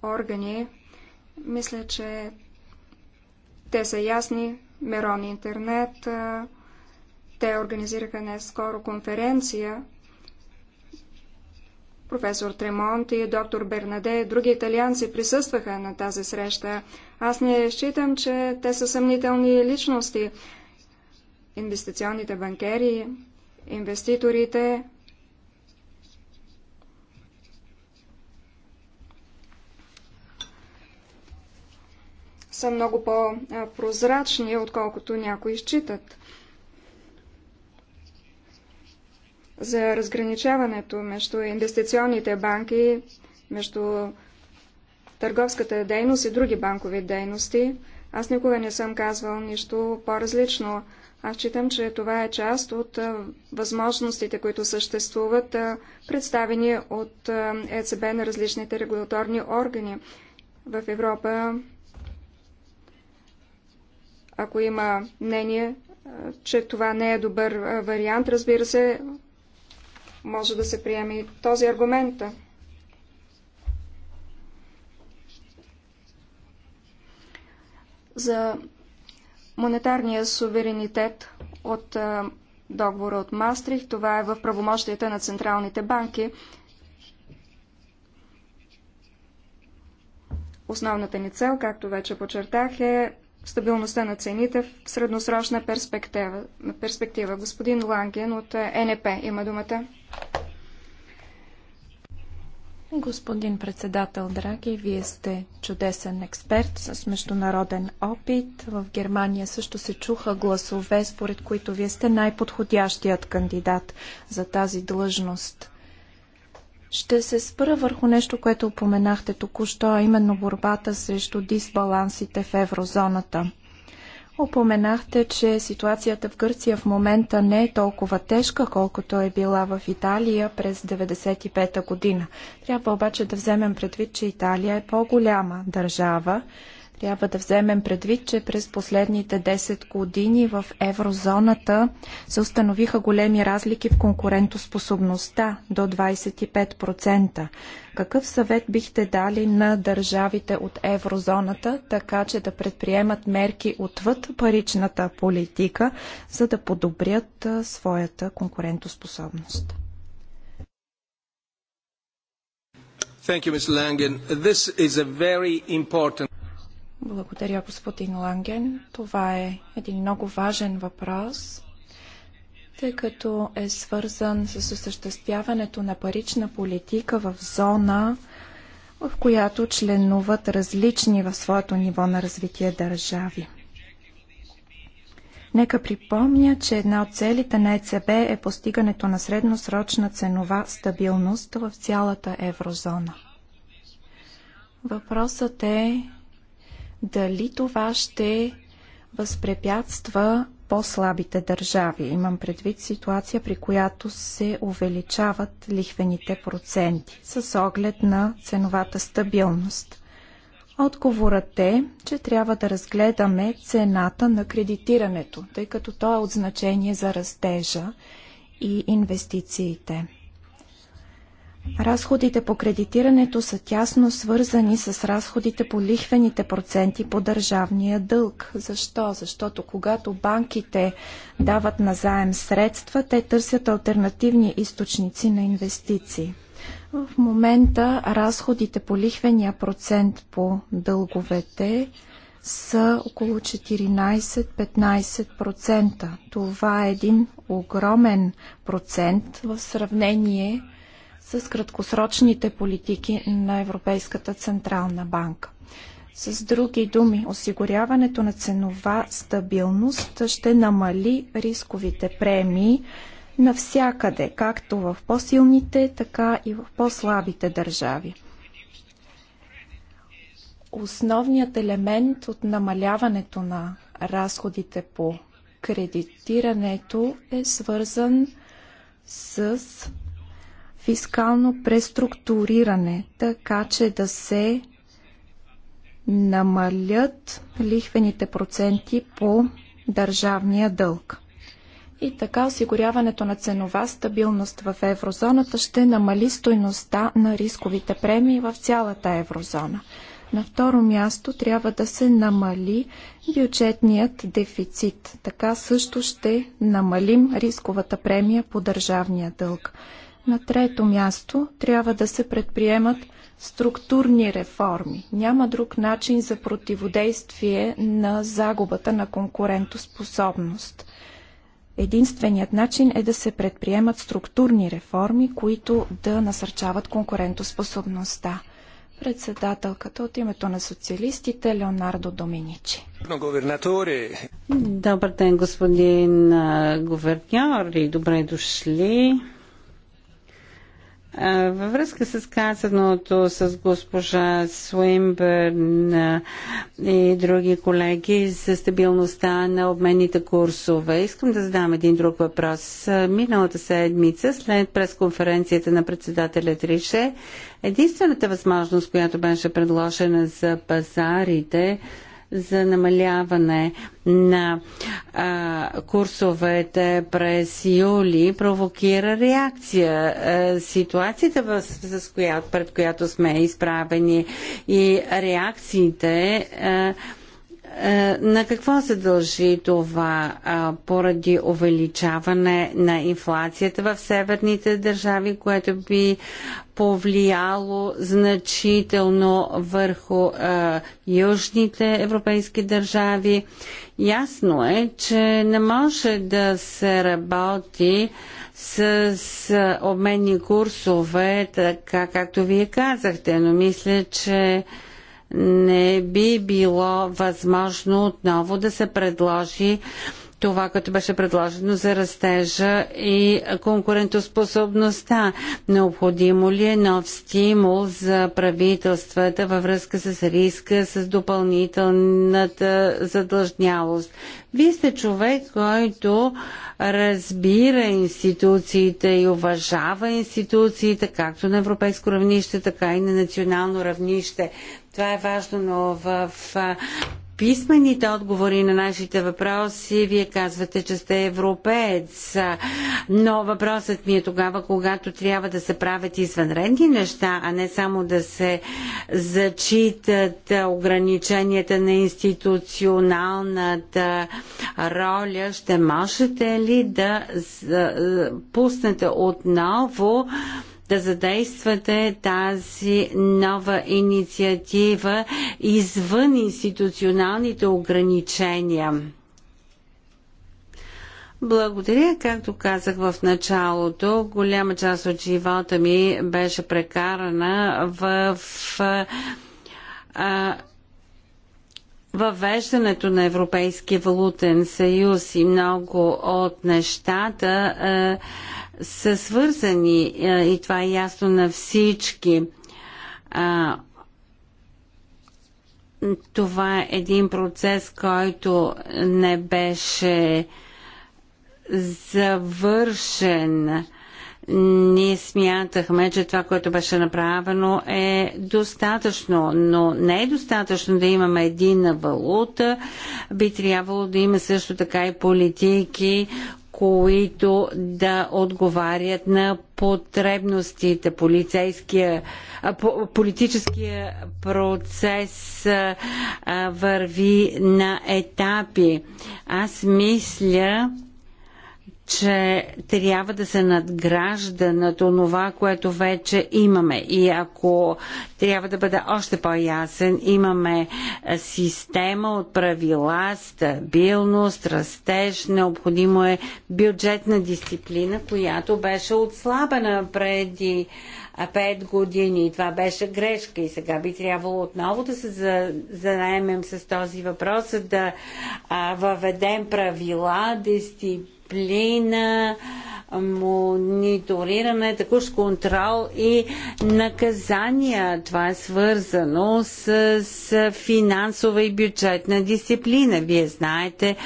органи. Мисля, че те са ясни. Мерон Интернет. Те организираха не скоро конференция Професор Тремонт и доктор Бернаде, други италианци присъстваха на тази среща. Аз не считам, че те са съмнителни личности. Инвестиционните банкери, инвеститорите, са много по-прозрачни, отколкото някои считат. за разграничаването между инвестиционните банки, между търговската дейност и други банкови дейности. Аз никога не съм казвал нищо по-различно. Аз считам, че това е част от възможностите, които съществуват, представени от ЕЦБ на различните регулаторни органи. В Европа, ако има мнение, че това не е добър вариант, разбира се, може да се приеме и този аргумент. За монетарния суверенитет от договора от Мастрих, това е в правомощията на централните банки. Основната ни цел, както вече почертах, е стабилността на цените в средносрочна перспектива. перспектива. Господин Ланген от е, НП има думата. Господин председател, драги, вие сте чудесен експерт с международен опит. В Германия също се чуха гласове, според които вие сте най-подходящият кандидат за тази длъжност. Ще се спра върху нещо, което упоменахте току-що, а именно борбата срещу дисбалансите в еврозоната. Опоменахте, че ситуацията в Гърция в момента не е толкова тежка, колкото е била в Италия през 1995 година. Трябва обаче да вземем предвид, че Италия е по-голяма държава трябва да вземем предвид, че през последните 10 години в еврозоната се установиха големи разлики в конкурентоспособността до 25%. Какъв съвет бихте дали на държавите от еврозоната, така че да предприемат мерки отвъд паричната политика, за да подобрят своята конкурентоспособност? You, important... Благодаря, господин Ланген. Това е един много важен въпрос, тъй като е свързан с осъществяването на парична политика в зона, в която членуват различни в своето ниво на развитие държави. Нека припомня, че една от целите на ЕЦБ е постигането на средносрочна ценова стабилност в цялата еврозона. Въпросът е дали това ще възпрепятства по-слабите държави. Имам предвид ситуация, при която се увеличават лихвените проценти с оглед на ценовата стабилност. Отговорът е, че трябва да разгледаме цената на кредитирането, тъй като то е от значение за растежа и инвестициите. Разходите по кредитирането са тясно свързани с разходите по лихвените проценти по държавния дълг. Защо? Защото когато банките дават назаем средства, те търсят альтернативни източници на инвестиции. В момента разходите по лихвения процент по дълговете са около 14-15%. Това е един огромен процент в сравнение с краткосрочните политики на Европейската централна банка. С други думи, осигуряването на ценова стабилност ще намали рисковите премии навсякъде, както в по-силните, така и в по-слабите държави. Основният елемент от намаляването на разходите по кредитирането е свързан с фискално преструктуриране, така че да се намалят лихвените проценти по държавния дълг. И така осигуряването на ценова стабилност в еврозоната ще намали стойността на рисковите премии в цялата еврозона. На второ място трябва да се намали бюджетният дефицит. Така също ще намалим рисковата премия по държавния дълг. На трето място трябва да се предприемат структурни реформи. Няма друг начин за противодействие на загубата на конкурентоспособност. Единственият начин е да се предприемат структурни реформи, които да насърчават конкурентоспособността. Председателката от името на социалистите Леонардо Доминичи. Добър ден, господин гуверньор и добре дошли. Във връзка с казаното с госпожа Суимбърн и други колеги за стабилността на обменните курсове, искам да задам един друг въпрос. Миналата седмица, след пресконференцията на председателя Трише, единствената възможност, която беше предложена за пазарите, за намаляване на а, курсовете през юли провокира реакция. А, е, ситуацията, в, с която, пред която сме изправени и реакциите а, е, е, на какво се дължи това поради увеличаване на инфлацията в северните държави, което би повлияло значително върху е, южните европейски държави? Ясно е, че не може да се работи с обменни курсове, така както вие казахте, но мисля, че не би било възможно отново да се предложи това, което беше предложено за растежа и конкурентоспособността. Необходимо ли е нов стимул за правителствата във връзка с риска, с допълнителната задължнялост? Вие сте човек, който разбира институциите и уважава институциите, както на европейско равнище, така и на национално равнище. Това е важно, но в писмените отговори на нашите въпроси, вие казвате, че сте европеец. Но въпросът ми е тогава, когато трябва да се правят извънредни неща, а не само да се зачитат ограниченията на институционалната роля, ще можете ли да пуснете отново да задействате тази нова инициатива извън институционалните ограничения. Благодаря, както казах в началото, голяма част от живота ми беше прекарана в а, въвеждането на Европейския валутен съюз и много от нещата е, са свързани е, и това е ясно на всички. А, това е един процес, който не беше завършен ние смятахме, че това, което беше направено е достатъчно, но не е достатъчно да имаме единна валута. Би трябвало да има също така и политики, които да отговарят на потребностите. Полицейския, политическия процес върви на етапи. Аз мисля, че трябва да се надгражда на това, което вече имаме. И ако трябва да бъда още по-ясен, имаме е, система от правила, стабилност, растеж, необходимо е бюджетна дисциплина, която беше отслабена преди 5 е, години. И това беше грешка и сега би трябвало отново да се занаемем с този въпрос, да е, въведем правила, дисциплина, дисциплина, мониториране, також контрол и наказания. Това е свързано с, с финансова и бюджетна дисциплина. Вие знаете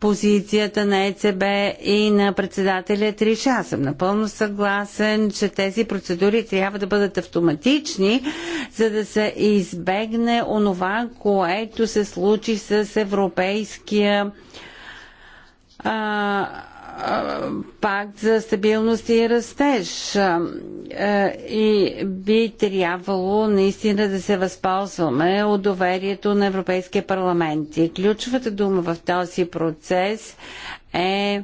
позицията на ЕЦБ и на председателя Триша. Аз съм напълно съгласен, че тези процедури трябва да бъдат автоматични, за да се избегне онова, което се случи с европейския а, пакт за стабилност и растеж. И би трябвало наистина да се възползваме от доверието на Европейския парламент. И ключовата дума в този процес е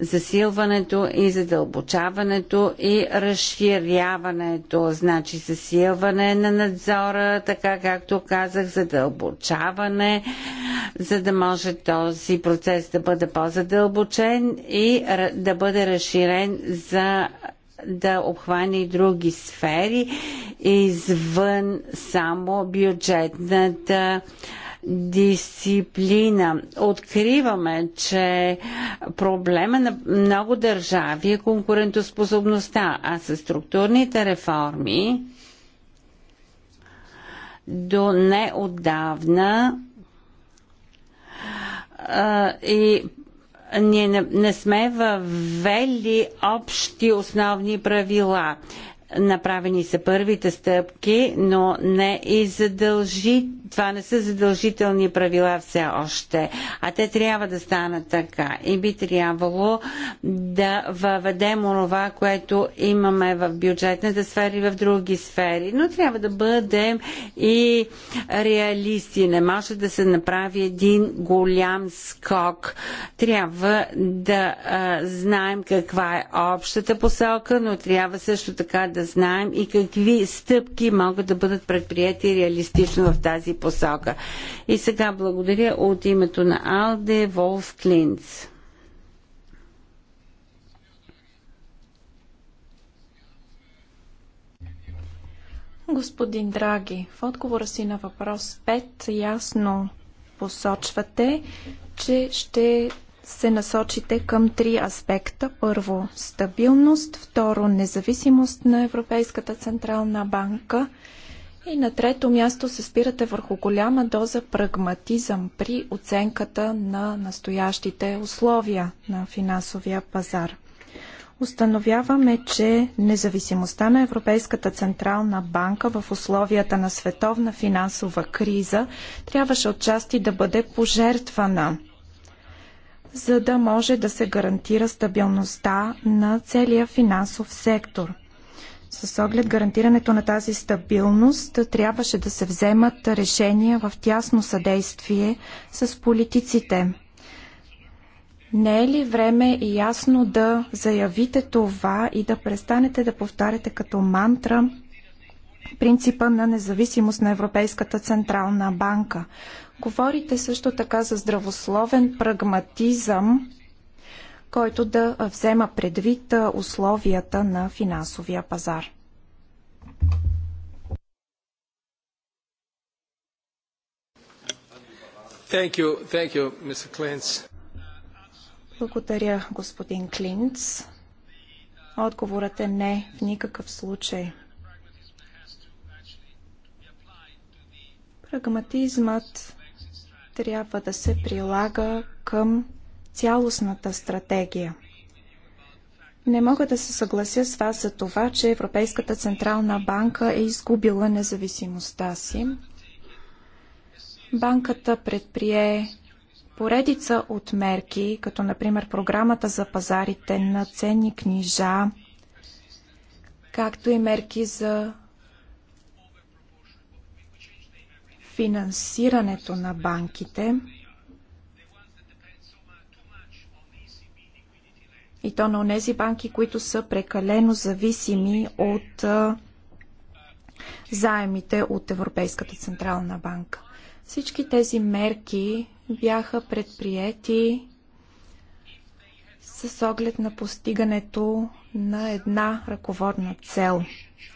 засилването и задълбочаването и разширяването, значи засилване на надзора, така както казах, задълбочаване, за да може този процес да бъде по-задълбочен и да бъде разширен за да обхване и други сфери извън само бюджетната а, дисциплина. Откриваме, че проблема е на много държави е конкурентоспособността, а с структурните реформи до неотдавна и ние не, не сме въвели общи основни правила. Направени са първите стъпки, но не и задължи, това не са задължителни правила все още, а те трябва да станат така. И би трябвало да въведем онова, което имаме в бюджетната сфера и в други сфери. Но трябва да бъдем и реалисти. Не може да се направи един голям скок. Трябва да а, знаем каква е общата посока, но трябва също така да знаем и какви стъпки могат да бъдат предприяти реалистично в тази посока. И сега благодаря от името на Алде Волф Клинц. Господин Драги, в отговора си на въпрос 5 ясно посочвате, че ще се насочите към три аспекта. Първо стабилност, второ независимост на Европейската централна банка и на трето място се спирате върху голяма доза прагматизъм при оценката на настоящите условия на финансовия пазар. Установяваме, че независимостта на Европейската централна банка в условията на световна финансова криза трябваше отчасти да бъде пожертвана, за да може да се гарантира стабилността на целия финансов сектор – с оглед гарантирането на тази стабилност трябваше да се вземат решения в тясно съдействие с политиците. Не е ли време и ясно да заявите това и да престанете да повтаряте като мантра принципа на независимост на Европейската централна банка? Говорите също така за здравословен прагматизъм който да взема предвид условията на финансовия пазар. Thank you. Thank you, Благодаря, господин Клинц. Отговорът е не в никакъв случай. Прагматизмът трябва да се прилага към цялостната стратегия. Не мога да се съглася с вас за това, че Европейската Централна банка е изгубила независимостта си. Банката предприе поредица от мерки, като например програмата за пазарите на ценни книжа, както и мерки за финансирането на банките. И то на онези банки, които са прекалено зависими от заемите от Европейската Централна банка. Всички тези мерки бяха предприяти с оглед на постигането на една ръководна цел.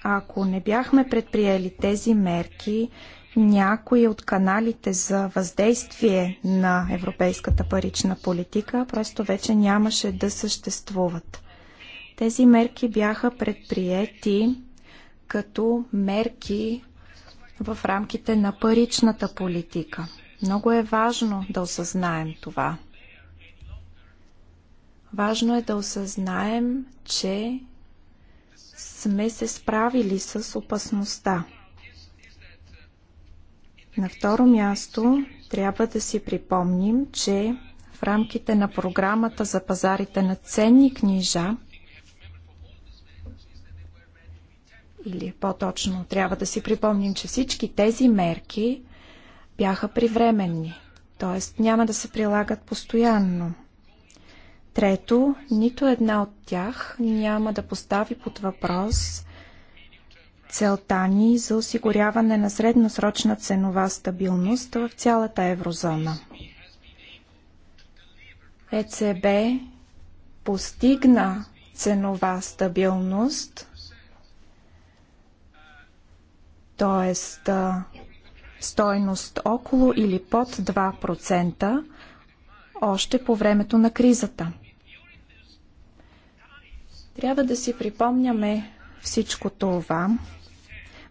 Ако не бяхме предприели тези мерки, някои от каналите за въздействие на европейската парична политика просто вече нямаше да съществуват. Тези мерки бяха предприети като мерки в рамките на паричната политика. Много е важно да осъзнаем това. Важно е да осъзнаем, че сме се справили с опасността. На второ място трябва да си припомним, че в рамките на програмата за пазарите на ценни книжа или по-точно трябва да си припомним, че всички тези мерки бяха привременни, т.е. няма да се прилагат постоянно. Трето, нито една от тях няма да постави под въпрос целта ни за осигуряване на средносрочна ценова стабилност в цялата еврозона. ЕЦБ постигна ценова стабилност, т.е. стойност около или под 2% още по времето на кризата. Трябва да си припомняме всичко това,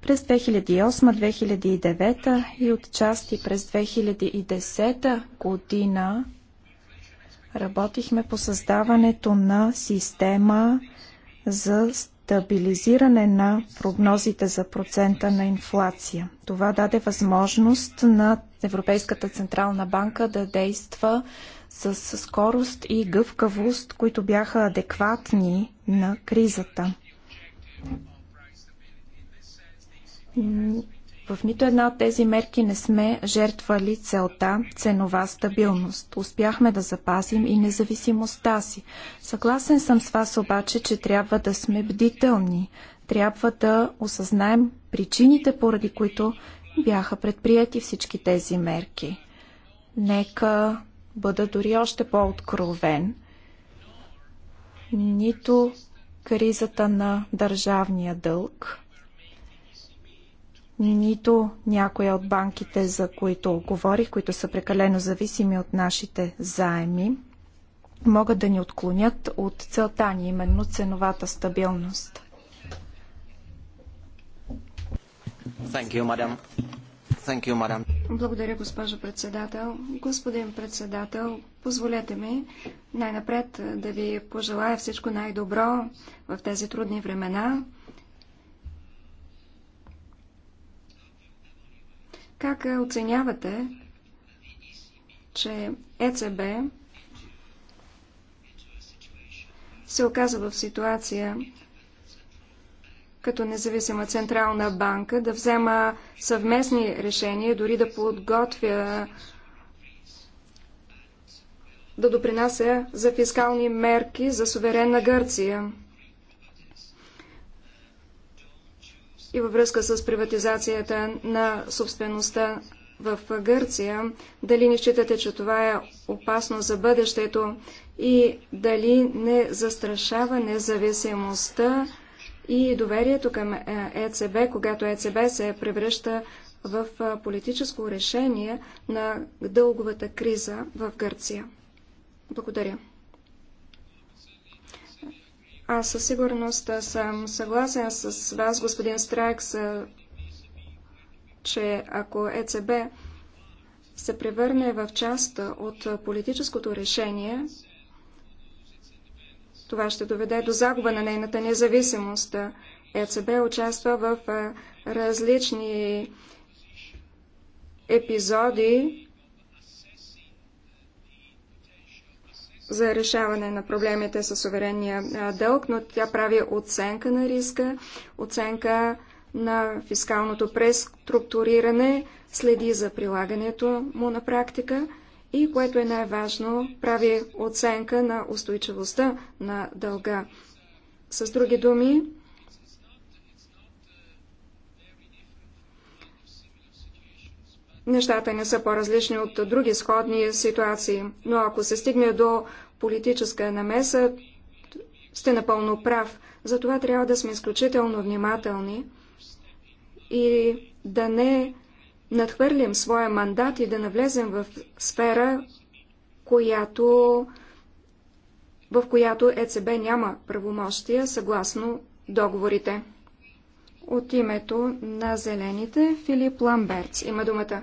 през 2008-2009 и отчасти през 2010 година работихме по създаването на система за стабилизиране на прогнозите за процента на инфлация. Това даде възможност на Европейската централна банка да действа с скорост и гъвкавост, които бяха адекватни на кризата. В нито една от тези мерки не сме жертвали целта ценова стабилност. Успяхме да запазим и независимостта си. Съгласен съм с вас обаче, че трябва да сме бдителни. Трябва да осъзнаем причините, поради които бяха предприяти всички тези мерки. Нека бъда дори още по-откровен. Нито кризата на държавния дълг – нито някоя от банките, за които говорих, които са прекалено зависими от нашите заеми, могат да ни отклонят от целта ни, именно ценовата стабилност. You, you, Благодаря, госпожо председател. Господин председател, позволете ми най-напред да ви пожелая всичко най-добро в тези трудни времена. Как е, оценявате, че ЕЦБ се оказа в ситуация като независима централна банка да взема съвместни решения, дори да подготвя да допринася за фискални мерки за суверенна Гърция. и във връзка с приватизацията на собствеността в Гърция, дали не считате, че това е опасно за бъдещето и дали не застрашава независимостта и доверието към е, ЕЦБ, когато ЕЦБ се превръща в е, политическо решение на дълговата криза в Гърция. Благодаря. Аз със сигурност съм съгласен с вас, господин Страйкс, че ако ЕЦБ се превърне в част от политическото решение, това ще доведе до загуба на нейната независимост. ЕЦБ участва в различни епизоди за решаване на проблемите с суверенния дълг, но тя прави оценка на риска, оценка на фискалното преструктуриране, следи за прилагането му на практика и, което е най-важно, прави оценка на устойчивостта на дълга. С други думи, нещата не са по-различни от други сходни ситуации. Но ако се стигне до политическа намеса, сте напълно прав. Затова трябва да сме изключително внимателни и да не надхвърлим своя мандат и да навлезем в сфера, която, в която ЕЦБ няма правомощия съгласно договорите. От името на зелените Филип Ламберц има думата.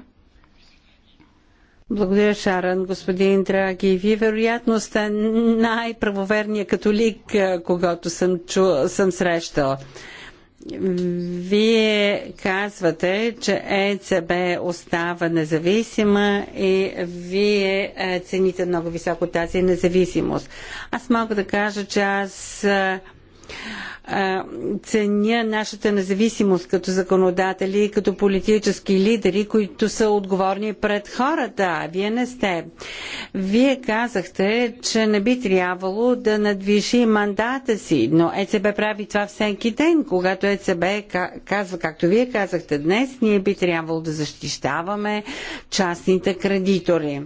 Благодаря, Шаран. Господин Драги, вие вероятно сте най-правоверният католик, когато съм, чу, съм срещал. Вие казвате, че ЕЦБ остава независима и вие цените много високо тази независимост. Аз мога да кажа, че аз ценя нашата независимост като законодатели и като политически лидери, които са отговорни пред хората. А вие не сте. Вие казахте, че не би трябвало да надвиши мандата си, но ЕЦБ прави това всеки ден. Когато ЕЦБ казва, както вие казахте днес, ние би трябвало да защищаваме частните кредитори.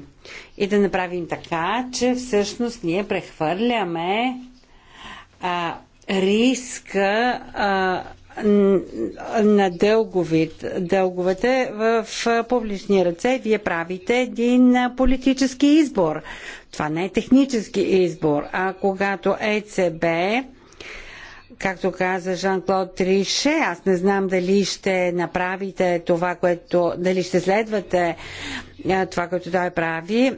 И да направим така, че всъщност ние прехвърляме риска а, на дълговит, дълговете в публични ръце, вие правите един политически избор. Това не е технически избор, а когато ЕЦБ както каза Жан-Клод Трише, аз не знам дали ще направите това, което, дали ще следвате това, което той прави,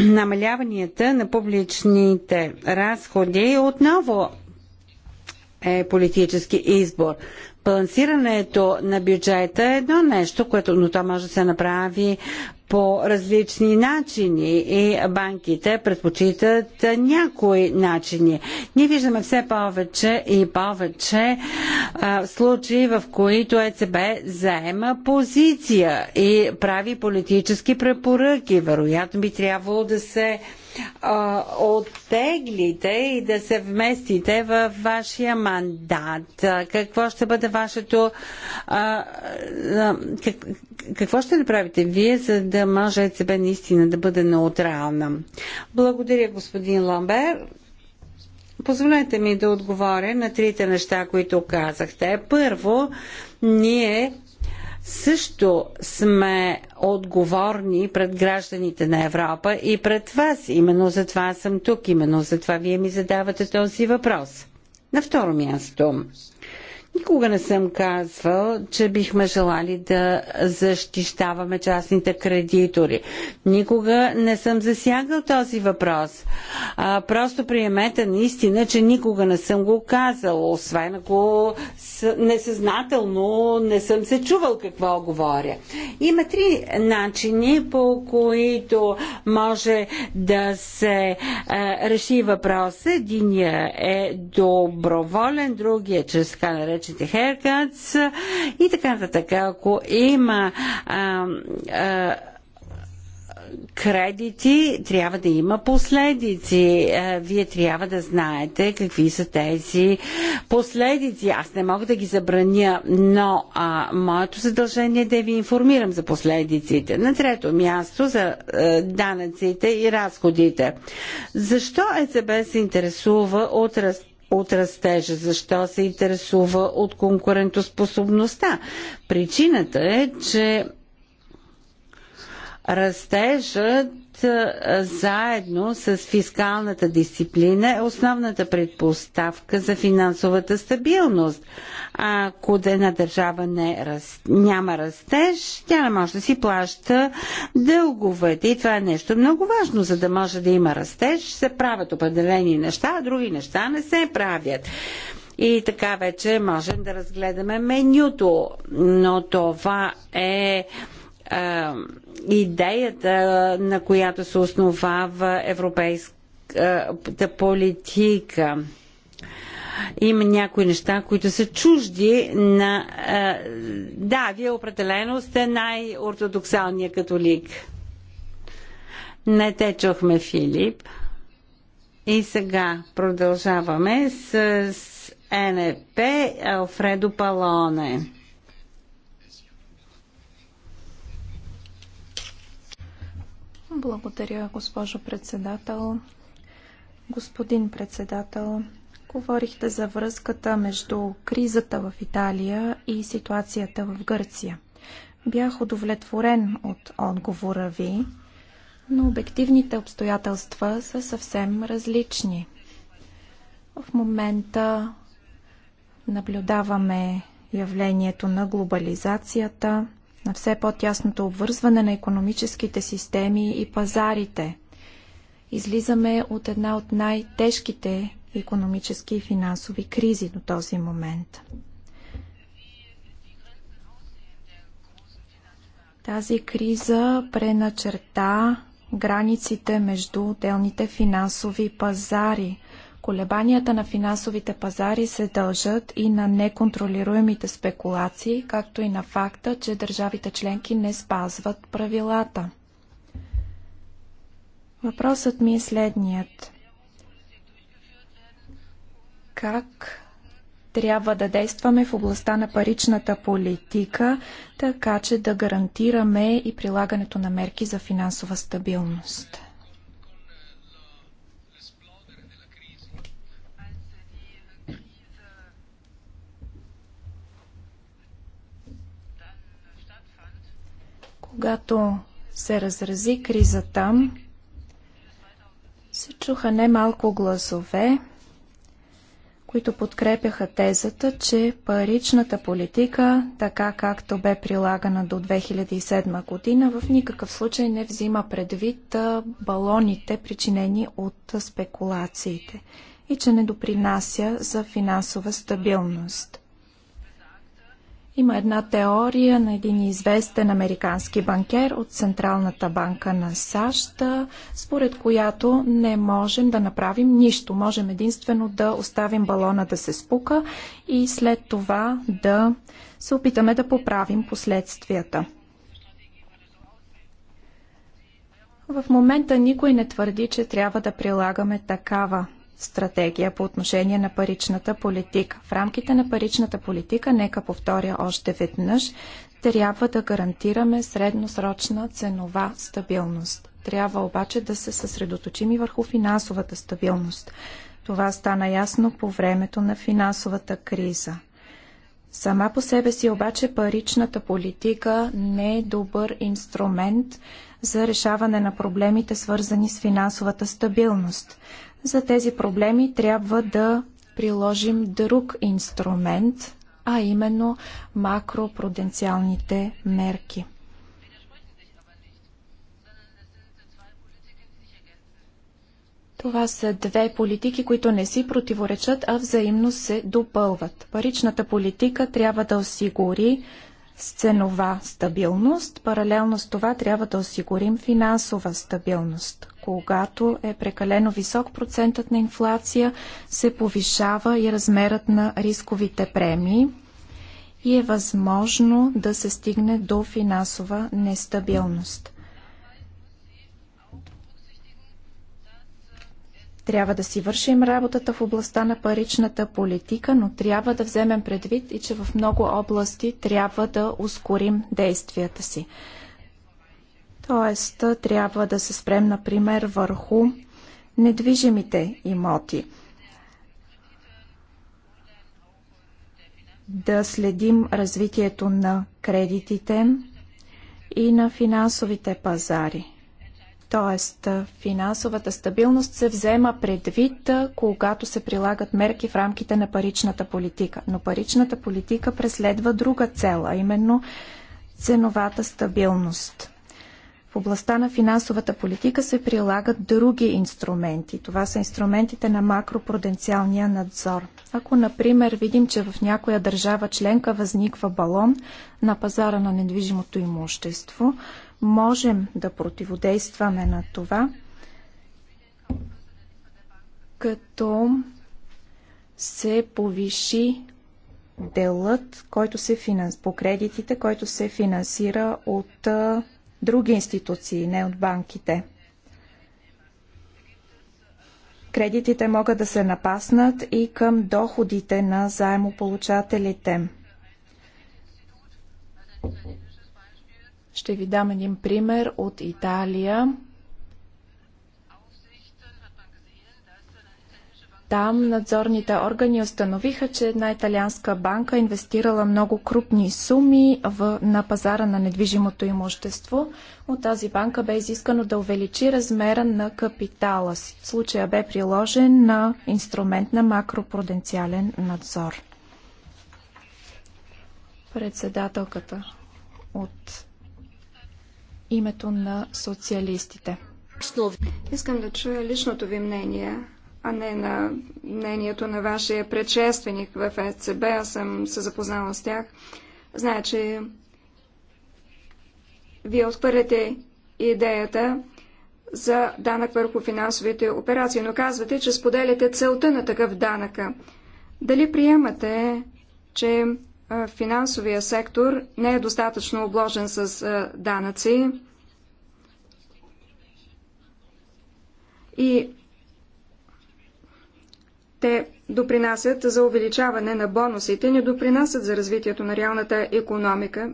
намаляванията на публичните разходи е отново е политически избор. Балансирането на бюджета е едно нещо, което, но то може да се направи по различни начини и банките предпочитат някои начини. Ние виждаме все повече и повече а, случаи, в които ЕЦБ заема позиция и прави политически препоръки. Вероятно би трябвало да се а, а, оттеглите и да се вместите в вашия мандат? Какво ще бъде вашето... а, как, какво ще направите вие, за да може ЕЦБ наистина да бъде неутрална? Благодаря, господин Ламбер. Позволете ми да отговоря на трите неща, които казахте. Първо, ние също сме отговорни пред гражданите на Европа и пред вас. Именно за това съм тук, именно за това вие ми задавате този въпрос. На второ място, Никога не съм казвал, че бихме желали да защищаваме частните кредитори. Никога не съм засягал този въпрос. А, просто приемете наистина, че никога не съм го казал, освен ако несъзнателно не съм се чувал какво говоря. Има три начини, по които може да се а, реши въпроса. Единия е доброволен, другия е чрез така наречен наречете haircuts и така нататък. Ако има а, а, кредити трябва да има последици. Вие трябва да знаете какви са тези последици. Аз не мога да ги забраня, но а, моето задължение е да ви информирам за последиците. На трето място за а, данъците и разходите. Защо ЕЦБ се интересува от раз от растежа, защо се интересува от конкурентоспособността. Причината е, че растежът заедно с фискалната дисциплина е основната предпоставка за финансовата стабилност. Ако една държава не раз... няма растеж, тя не може да си плаща дълговете. И това е нещо много важно, за да може да има растеж. Се правят определени неща, а други неща не се правят. И така вече можем да разгледаме менюто. Но това е идеята, на която се основава европейската политика. Има някои неща, които са чужди на. Да, вие определено сте най-ортодоксалният католик. Не те чухме, Филип. И сега продължаваме с НП Алфредо Палоне. Благодаря, госпожо председател. Господин председател, говорихте за връзката между кризата в Италия и ситуацията в Гърция. Бях удовлетворен от отговора ви, но обективните обстоятелства са съвсем различни. В момента наблюдаваме явлението на глобализацията – на все по-тясното обвързване на економическите системи и пазарите. Излизаме от една от най-тежките економически и финансови кризи до този момент. Тази криза преначерта границите между отделните финансови пазари – Колебанията на финансовите пазари се дължат и на неконтролируемите спекулации, както и на факта, че държавите членки не спазват правилата. Въпросът ми е следният. Как трябва да действаме в областта на паричната политика, така че да гарантираме и прилагането на мерки за финансова стабилност? Когато се разрази криза там, се чуха немалко гласове, които подкрепяха тезата, че паричната политика, така както бе прилагана до 2007 година, в никакъв случай не взима предвид балоните, причинени от спекулациите и че не допринася за финансова стабилност. Има една теория на един известен американски банкер от Централната банка на САЩ, според която не можем да направим нищо. Можем единствено да оставим балона да се спука и след това да се опитаме да поправим последствията. В момента никой не твърди, че трябва да прилагаме такава стратегия по отношение на паричната политика. В рамките на паричната политика, нека повторя още веднъж, трябва да гарантираме средносрочна ценова стабилност. Трябва обаче да се съсредоточим и върху финансовата стабилност. Това стана ясно по времето на финансовата криза. Сама по себе си обаче паричната политика не е добър инструмент за решаване на проблемите, свързани с финансовата стабилност. За тези проблеми трябва да приложим друг инструмент, а именно макропруденциалните мерки. Това са две политики, които не си противоречат, а взаимно се допълват. Паричната политика трябва да осигури с ценова стабилност. Паралелно с това трябва да осигурим финансова стабилност. Когато е прекалено висок процентът на инфлация, се повишава и размерът на рисковите премии и е възможно да се стигне до финансова нестабилност. Трябва да си вършим работата в областта на паричната политика, но трябва да вземем предвид и че в много области трябва да ускорим действията си. Тоест, трябва да се спрем, например, върху недвижимите имоти. Да следим развитието на кредитите и на финансовите пазари. Тоест, финансовата стабилност се взема предвид, когато се прилагат мерки в рамките на паричната политика. Но паричната политика преследва друга цел, а именно ценовата стабилност. В областта на финансовата политика се прилагат други инструменти. Това са инструментите на макропруденциалния надзор. Ако, например, видим, че в някоя държава членка възниква балон на пазара на недвижимото имущество, можем да противодействаме на това, като се повиши делът, който се финанс... по кредитите, който се финансира от а, други институции, не от банките. Кредитите могат да се напаснат и към доходите на заемополучателите. Ще ви дам един пример от Италия. Там надзорните органи установиха, че една италианска банка инвестирала много крупни суми в, на пазара на недвижимото имущество. От тази банка бе изискано да увеличи размера на капитала си. В случая бе приложен на инструмент на макропруденциален надзор. Председателката от името на социалистите. Искам да чуя личното ви мнение, а не на мнението на вашия предшественик в ЕЦБ. Аз съм се запознала с тях. Зная, че вие отхвърляте идеята за данък върху финансовите операции, но казвате, че споделяте целта на такъв данъка. Дали приемате, че финансовия сектор не е достатъчно обложен с данъци и те допринасят за увеличаване на бонусите, не допринасят за развитието на реалната економика.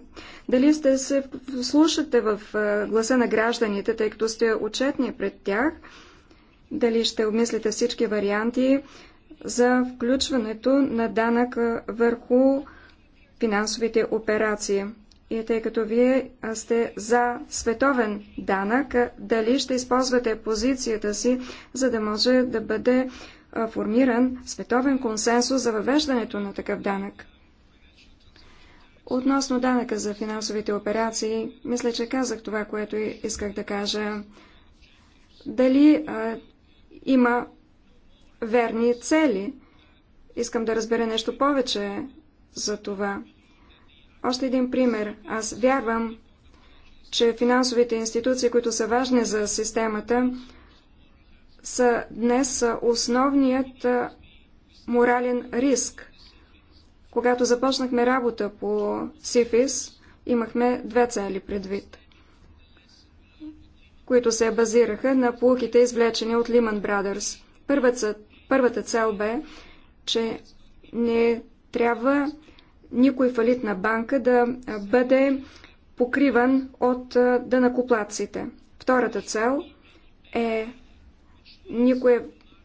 Дали сте се слушате в гласа на гражданите, тъй като сте отчетни пред тях, дали ще обмислите всички варианти за включването на данък върху финансовите операции. И тъй като вие сте за световен данък, дали ще използвате позицията си, за да може да бъде формиран световен консенсус за въвеждането на такъв данък? Относно данъка за финансовите операции, мисля, че казах това, което исках да кажа. Дали а, има верни цели? Искам да разбера нещо повече за това. Още един пример. Аз вярвам, че финансовите институции, които са важни за системата, са днес основният морален риск. Когато започнахме работа по СИФИС, имахме две цели предвид, които се базираха на полуките, извлечени от Lehman Brothers. Първата, първата цел бе, че не трябва никой фалит на банка да бъде покриван от дънакоплаците. Втората цел е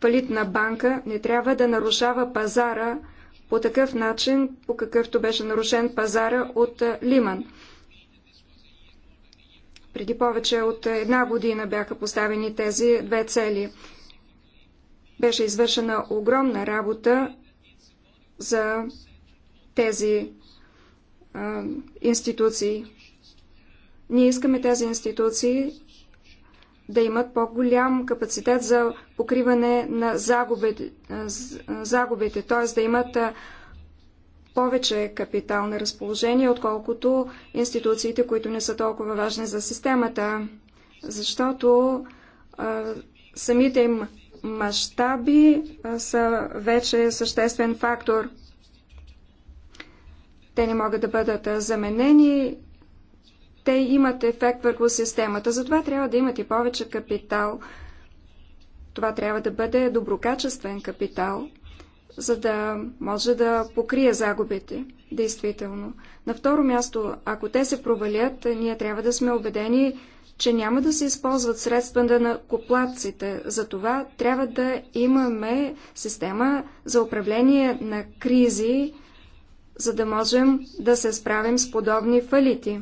фалит на банка не трябва да нарушава пазара по такъв начин, по какъвто беше нарушен пазара от Лиман. Преди повече от една година бяха поставени тези две цели. Беше извършена огромна работа за тези а, институции. Ние искаме тези институции да имат по-голям капацитет за покриване на загубите, загубите т.е. да имат повече капитал на разположение, отколкото институциите, които не са толкова важни за системата. Защото а, самите им мащаби са вече съществен фактор – те не могат да бъдат заменени. Те имат ефект върху системата. Затова трябва да имат и повече капитал. Това трябва да бъде доброкачествен капитал, за да може да покрие загубите. Действително. На второ място, ако те се провалят, ние трябва да сме убедени, че няма да се използват средства на накоплаците. това трябва да имаме система за управление на кризи, за да можем да се справим с подобни фалити.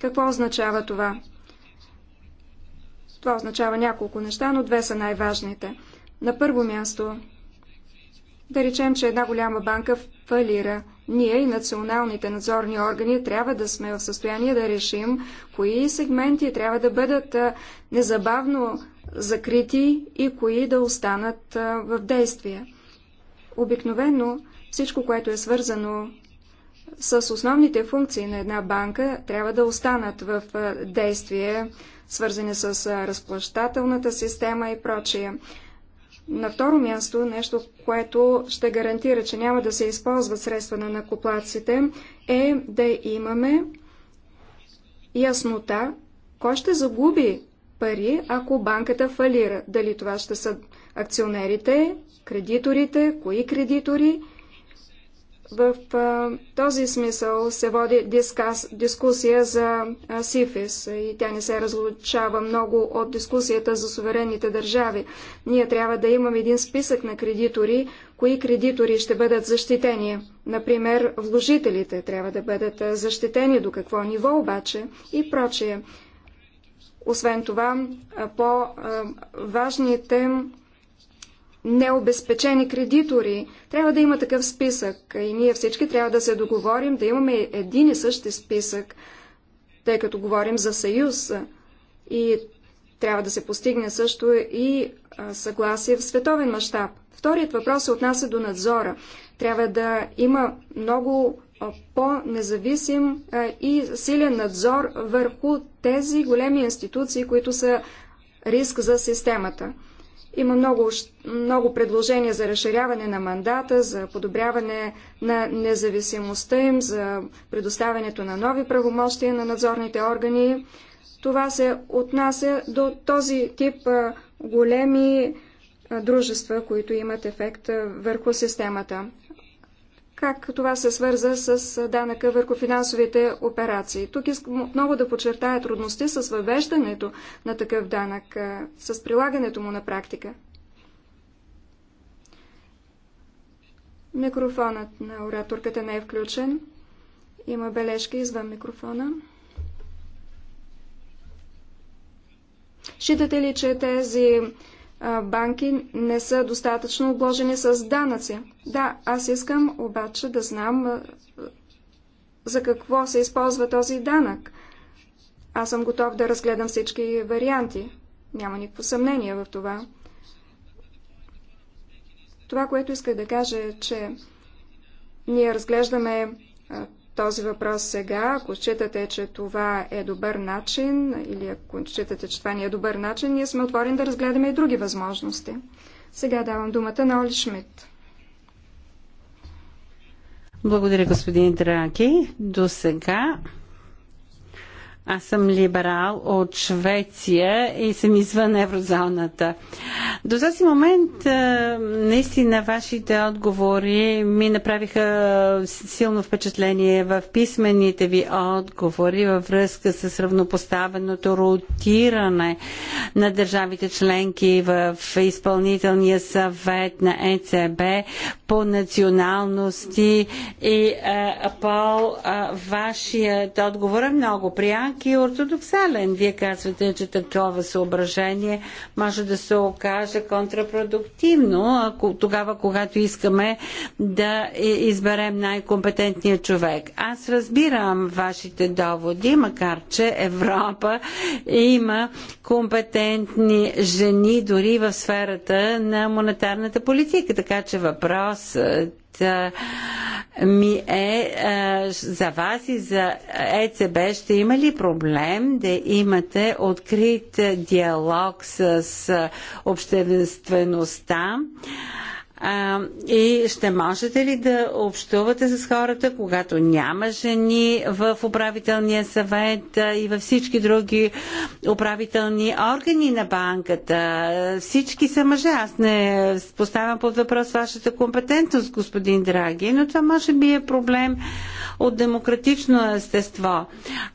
Какво означава това? Това означава няколко неща, но две са най-важните. На първо място, да речем, че една голяма банка фалира. Ние и националните надзорни органи трябва да сме в състояние да решим кои сегменти трябва да бъдат незабавно закрити и кои да останат в действие. Обикновено всичко, което е свързано с основните функции на една банка трябва да останат в действие, свързани с разплащателната система и прочие. На второ място, нещо, което ще гарантира, че няма да се използват средства на накоплаците, е да имаме яснота, кой ще загуби пари, ако банката фалира. Дали това ще са акционерите, кредиторите, кои кредитори в този смисъл се води дискас, дискусия за СИФИС и тя не се разлучава много от дискусията за суверенните държави. Ние трябва да имаме един списък на кредитори, кои кредитори ще бъдат защитени. Например, вложителите трябва да бъдат защитени, до какво ниво обаче и прочее. Освен това, по-важните необезпечени кредитори. Трябва да има такъв списък и ние всички трябва да се договорим да имаме един и същи списък, тъй като говорим за съюз и трябва да се постигне също и съгласие в световен мащаб. Вторият въпрос се отнася до надзора. Трябва да има много по-независим и силен надзор върху тези големи институции, които са риск за системата. Има много, много предложения за разширяване на мандата, за подобряване на независимостта им, за предоставянето на нови правомощия на надзорните органи. Това се отнася до този тип големи дружества, които имат ефект върху системата как това се свърза с данъка върху финансовите операции. Тук искам отново да подчертая трудности с въвеждането на такъв данък, с прилагането му на практика. Микрофонът на ораторката не е включен. Има бележки извън микрофона. Считате ли, че тези банки не са достатъчно обложени с данъци. Да, аз искам обаче да знам за какво се използва този данък. Аз съм готов да разгледам всички варианти. Няма никакво съмнение в това. Това, което исках да кажа е, че ние разглеждаме този въпрос сега, ако считате, че това е добър начин или ако считате, че това не е добър начин, ние сме отворени да разгледаме и други възможности. Сега давам думата на Оли Шмидт. Благодаря, господин Драки. До сега аз съм либерал от Швеция и съм извън еврозоната. До този момент наистина вашите отговори ми направиха силно впечатление в писмените ви отговори във връзка с равнопоставеното ротиране на държавите членки в изпълнителния съвет на ЕЦБ по националности и по вашият отговор е много приятен пак и е ортодоксален. Вие казвате, че такова съображение може да се окаже контрапродуктивно, ако, тогава, когато искаме да изберем най-компетентния човек. Аз разбирам вашите доводи, макар че Европа има компетентни жени дори в сферата на монетарната политика, така че въпрос ми е за вас и за ЕЦБ ще има ли проблем да имате открит диалог с обществеността? А, и ще можете ли да общувате с хората, когато няма жени в управителния съвет и във всички други управителни органи на банката? Всички са мъже. Аз не поставям под въпрос вашата компетентност, господин Драги, но това може би е проблем от демократично естество.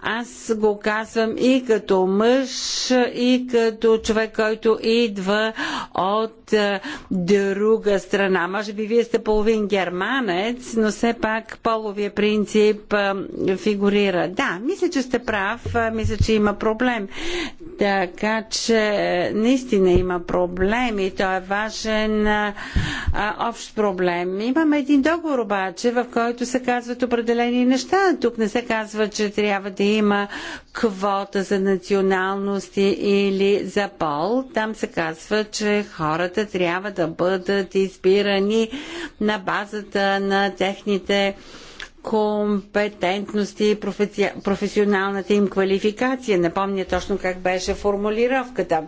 Аз го казвам и като мъж, и като човек, който идва от е, друга страна. Може би вие сте половин германец, но все пак половия принцип е, фигурира. Да, мисля, че сте прав, е, мисля, че има проблем. Така че наистина има проблем и той е важен а, общ проблем. Имаме един договор обаче, в който се казват определени определени неща. Тук не се казва, че трябва да има квота за националности или за пол. Там се казва, че хората трябва да бъдат избирани на базата на техните компетентности и професионалната им квалификация. Не помня точно как беше формулировката.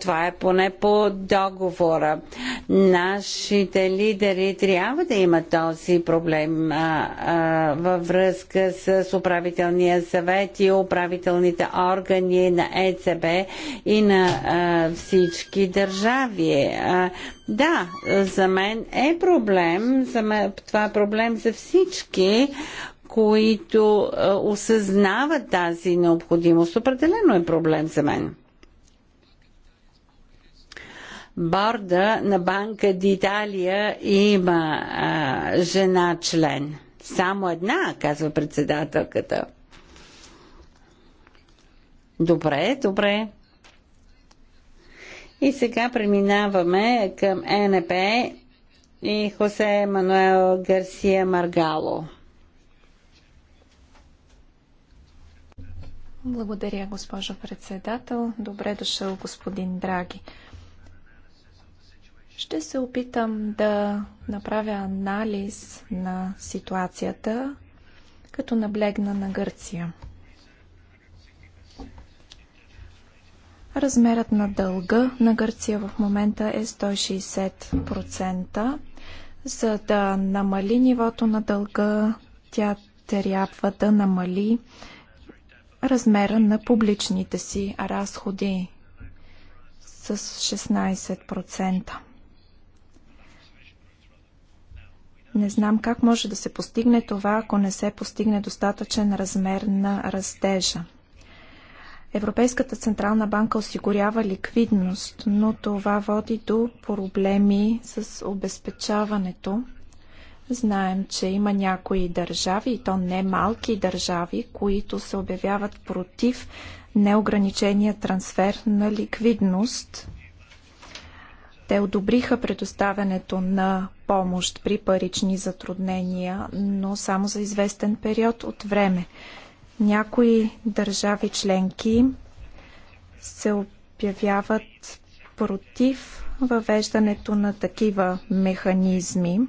Това е поне по договора. Нашите лидери трябва да имат този проблем а, а, във връзка с управителния съвет и управителните органи на ЕЦБ и на а, всички държави. А, да, за мен е проблем, за мен, това е проблем за всички, които а, осъзнават тази необходимост. Определено е проблем за мен борда на Банка Диталия има а, жена член. Само една, казва председателката. Добре, добре. И сега преминаваме към НП и Хосе Мануел Гарсия Маргало. Благодаря, госпожо председател. Добре дошъл, господин Драги. Ще се опитам да направя анализ на ситуацията, като наблегна на Гърция. Размерът на дълга на Гърция в момента е 160%. За да намали нивото на дълга, тя трябва да намали размера на публичните си разходи с 16%. Не знам как може да се постигне това, ако не се постигне достатъчен размер на растежа. Европейската централна банка осигурява ликвидност, но това води до проблеми с обезпечаването. Знаем, че има някои държави, и то не малки държави, които се обявяват против неограничения трансфер на ликвидност те одобриха предоставянето на помощ при парични затруднения, но само за известен период от време. Някои държави членки се обявяват против въвеждането на такива механизми.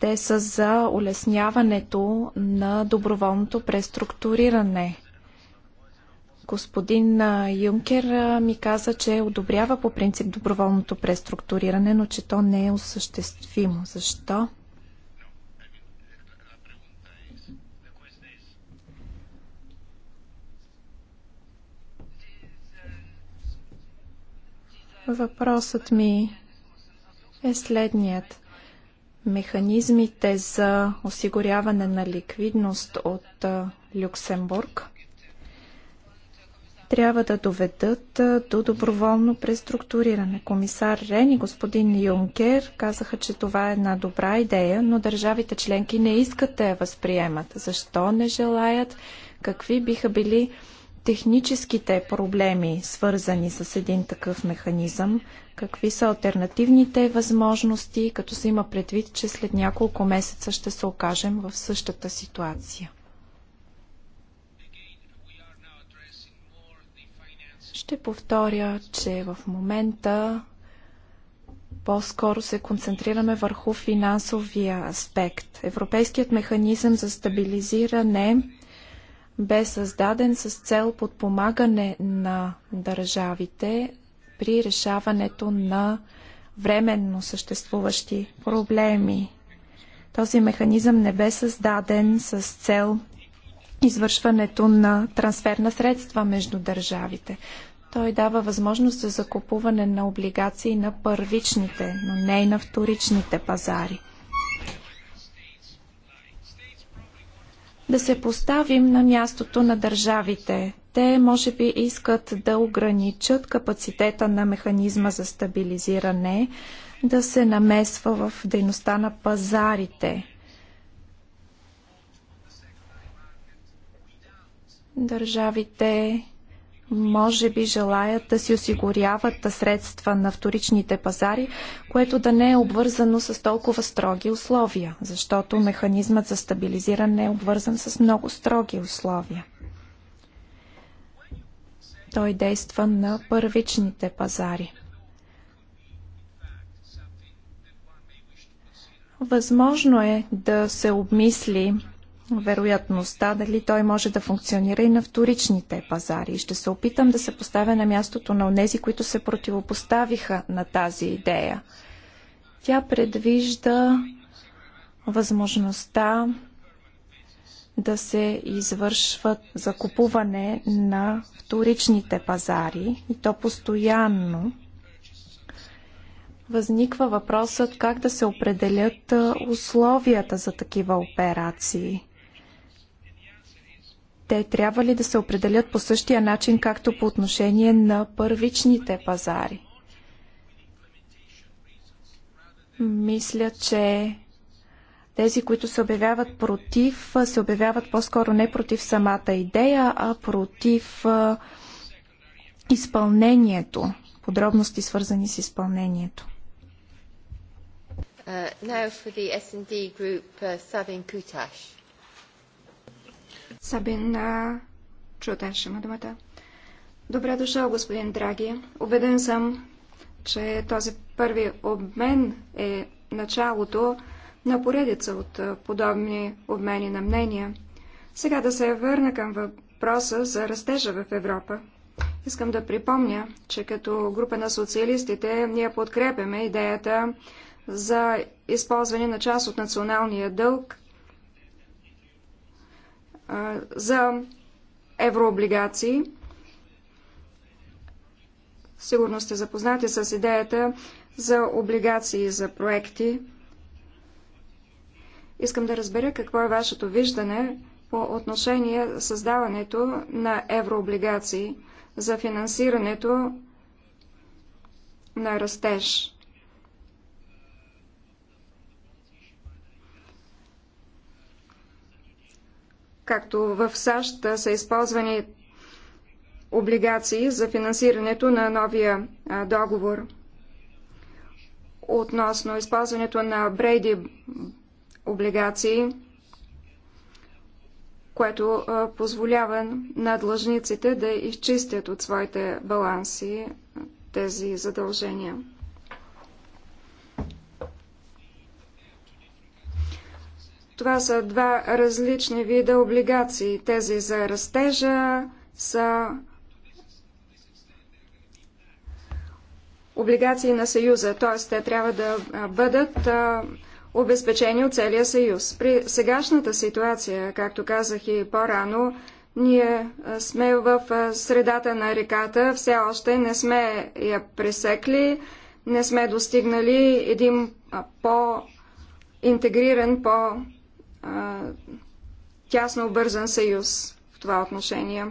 Те са за улесняването на доброволното преструктуриране – Господин Юнкер ми каза, че одобрява по принцип доброволното преструктуриране, но че то не е осъществимо. Защо? Въпросът ми е следният. Механизмите за осигуряване на ликвидност от Люксембург – трябва да доведат до доброволно преструктуриране. Комисар Рен и господин Юнкер казаха, че това е една добра идея, но държавите членки не искат да я възприемат. Защо не желаят? Какви биха били техническите проблеми, свързани с един такъв механизъм? Какви са альтернативните възможности, като се има предвид, че след няколко месеца ще се окажем в същата ситуация? Ще повторя, че в момента по-скоро се концентрираме върху финансовия аспект. Европейският механизъм за стабилизиране бе създаден с цел подпомагане на държавите при решаването на временно съществуващи проблеми. Този механизъм не бе създаден с цел извършването на трансфер на средства между държавите. Той дава възможност за закупуване на облигации на първичните, но не и на вторичните пазари. Да се поставим на мястото на държавите. Те може би искат да ограничат капацитета на механизма за стабилизиране, да се намесва в дейността на пазарите – Държавите може би желаят да си осигуряват средства на вторичните пазари, което да не е обвързано с толкова строги условия, защото механизмът за стабилизиране е обвързан с много строги условия. Той действа на първичните пазари. Възможно е да се обмисли вероятността дали той може да функционира и на вторичните пазари. Ще се опитам да се поставя на мястото на онези, които се противопоставиха на тази идея. Тя предвижда възможността да се извършват закупуване на вторичните пазари и то постоянно. Възниква въпросът как да се определят условията за такива операции те трябва ли да се определят по същия начин, както по отношение на първичните пазари? Мисля, че тези, които се обявяват против, се обявяват по-скоро не против самата идея, а против изпълнението, подробности свързани с изпълнението. Uh, now for the S&D group, uh, Savin Kutash. Сабина ще има думата. Добре дошъл, господин Драги. Убеден съм, че този първи обмен е началото на поредица от подобни обмени на мнения. Сега да се върна към въпроса за растежа в Европа. Искам да припомня, че като група на социалистите ние подкрепяме идеята за използване на част от националния дълг за еврооблигации. Сигурно сте запознати с идеята за облигации за проекти. Искам да разбера какво е вашето виждане по отношение създаването на еврооблигации за финансирането на растеж. както в САЩ са използвани облигации за финансирането на новия договор. Относно използването на Брейди облигации, което позволява на длъжниците да изчистят от своите баланси тези задължения. Това са два различни вида облигации. Тези за растежа са облигации на Съюза, т.е. те трябва да бъдат обезпечени от целия Съюз. При сегашната ситуация, както казах и по-рано, ние сме в средата на реката, все още не сме я пресекли, не сме достигнали един по-интегриран, по-интегриран тясно обвързан съюз в това отношение.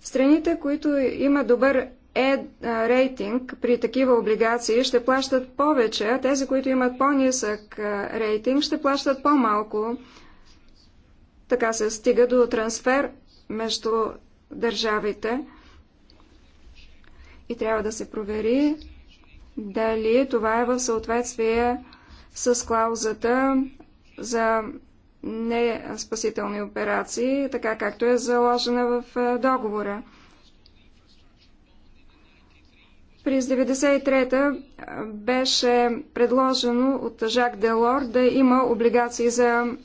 Страните, които има добър е рейтинг при такива облигации ще плащат повече, а тези, които имат по-нисък рейтинг, ще плащат по-малко. Така се стига до трансфер между държавите и трябва да се провери дали това е в съответствие с клаузата за не спасителни операции, така както е заложена в е, договора. През 1993-та е, беше предложено от Жак Делор да има облигации за е,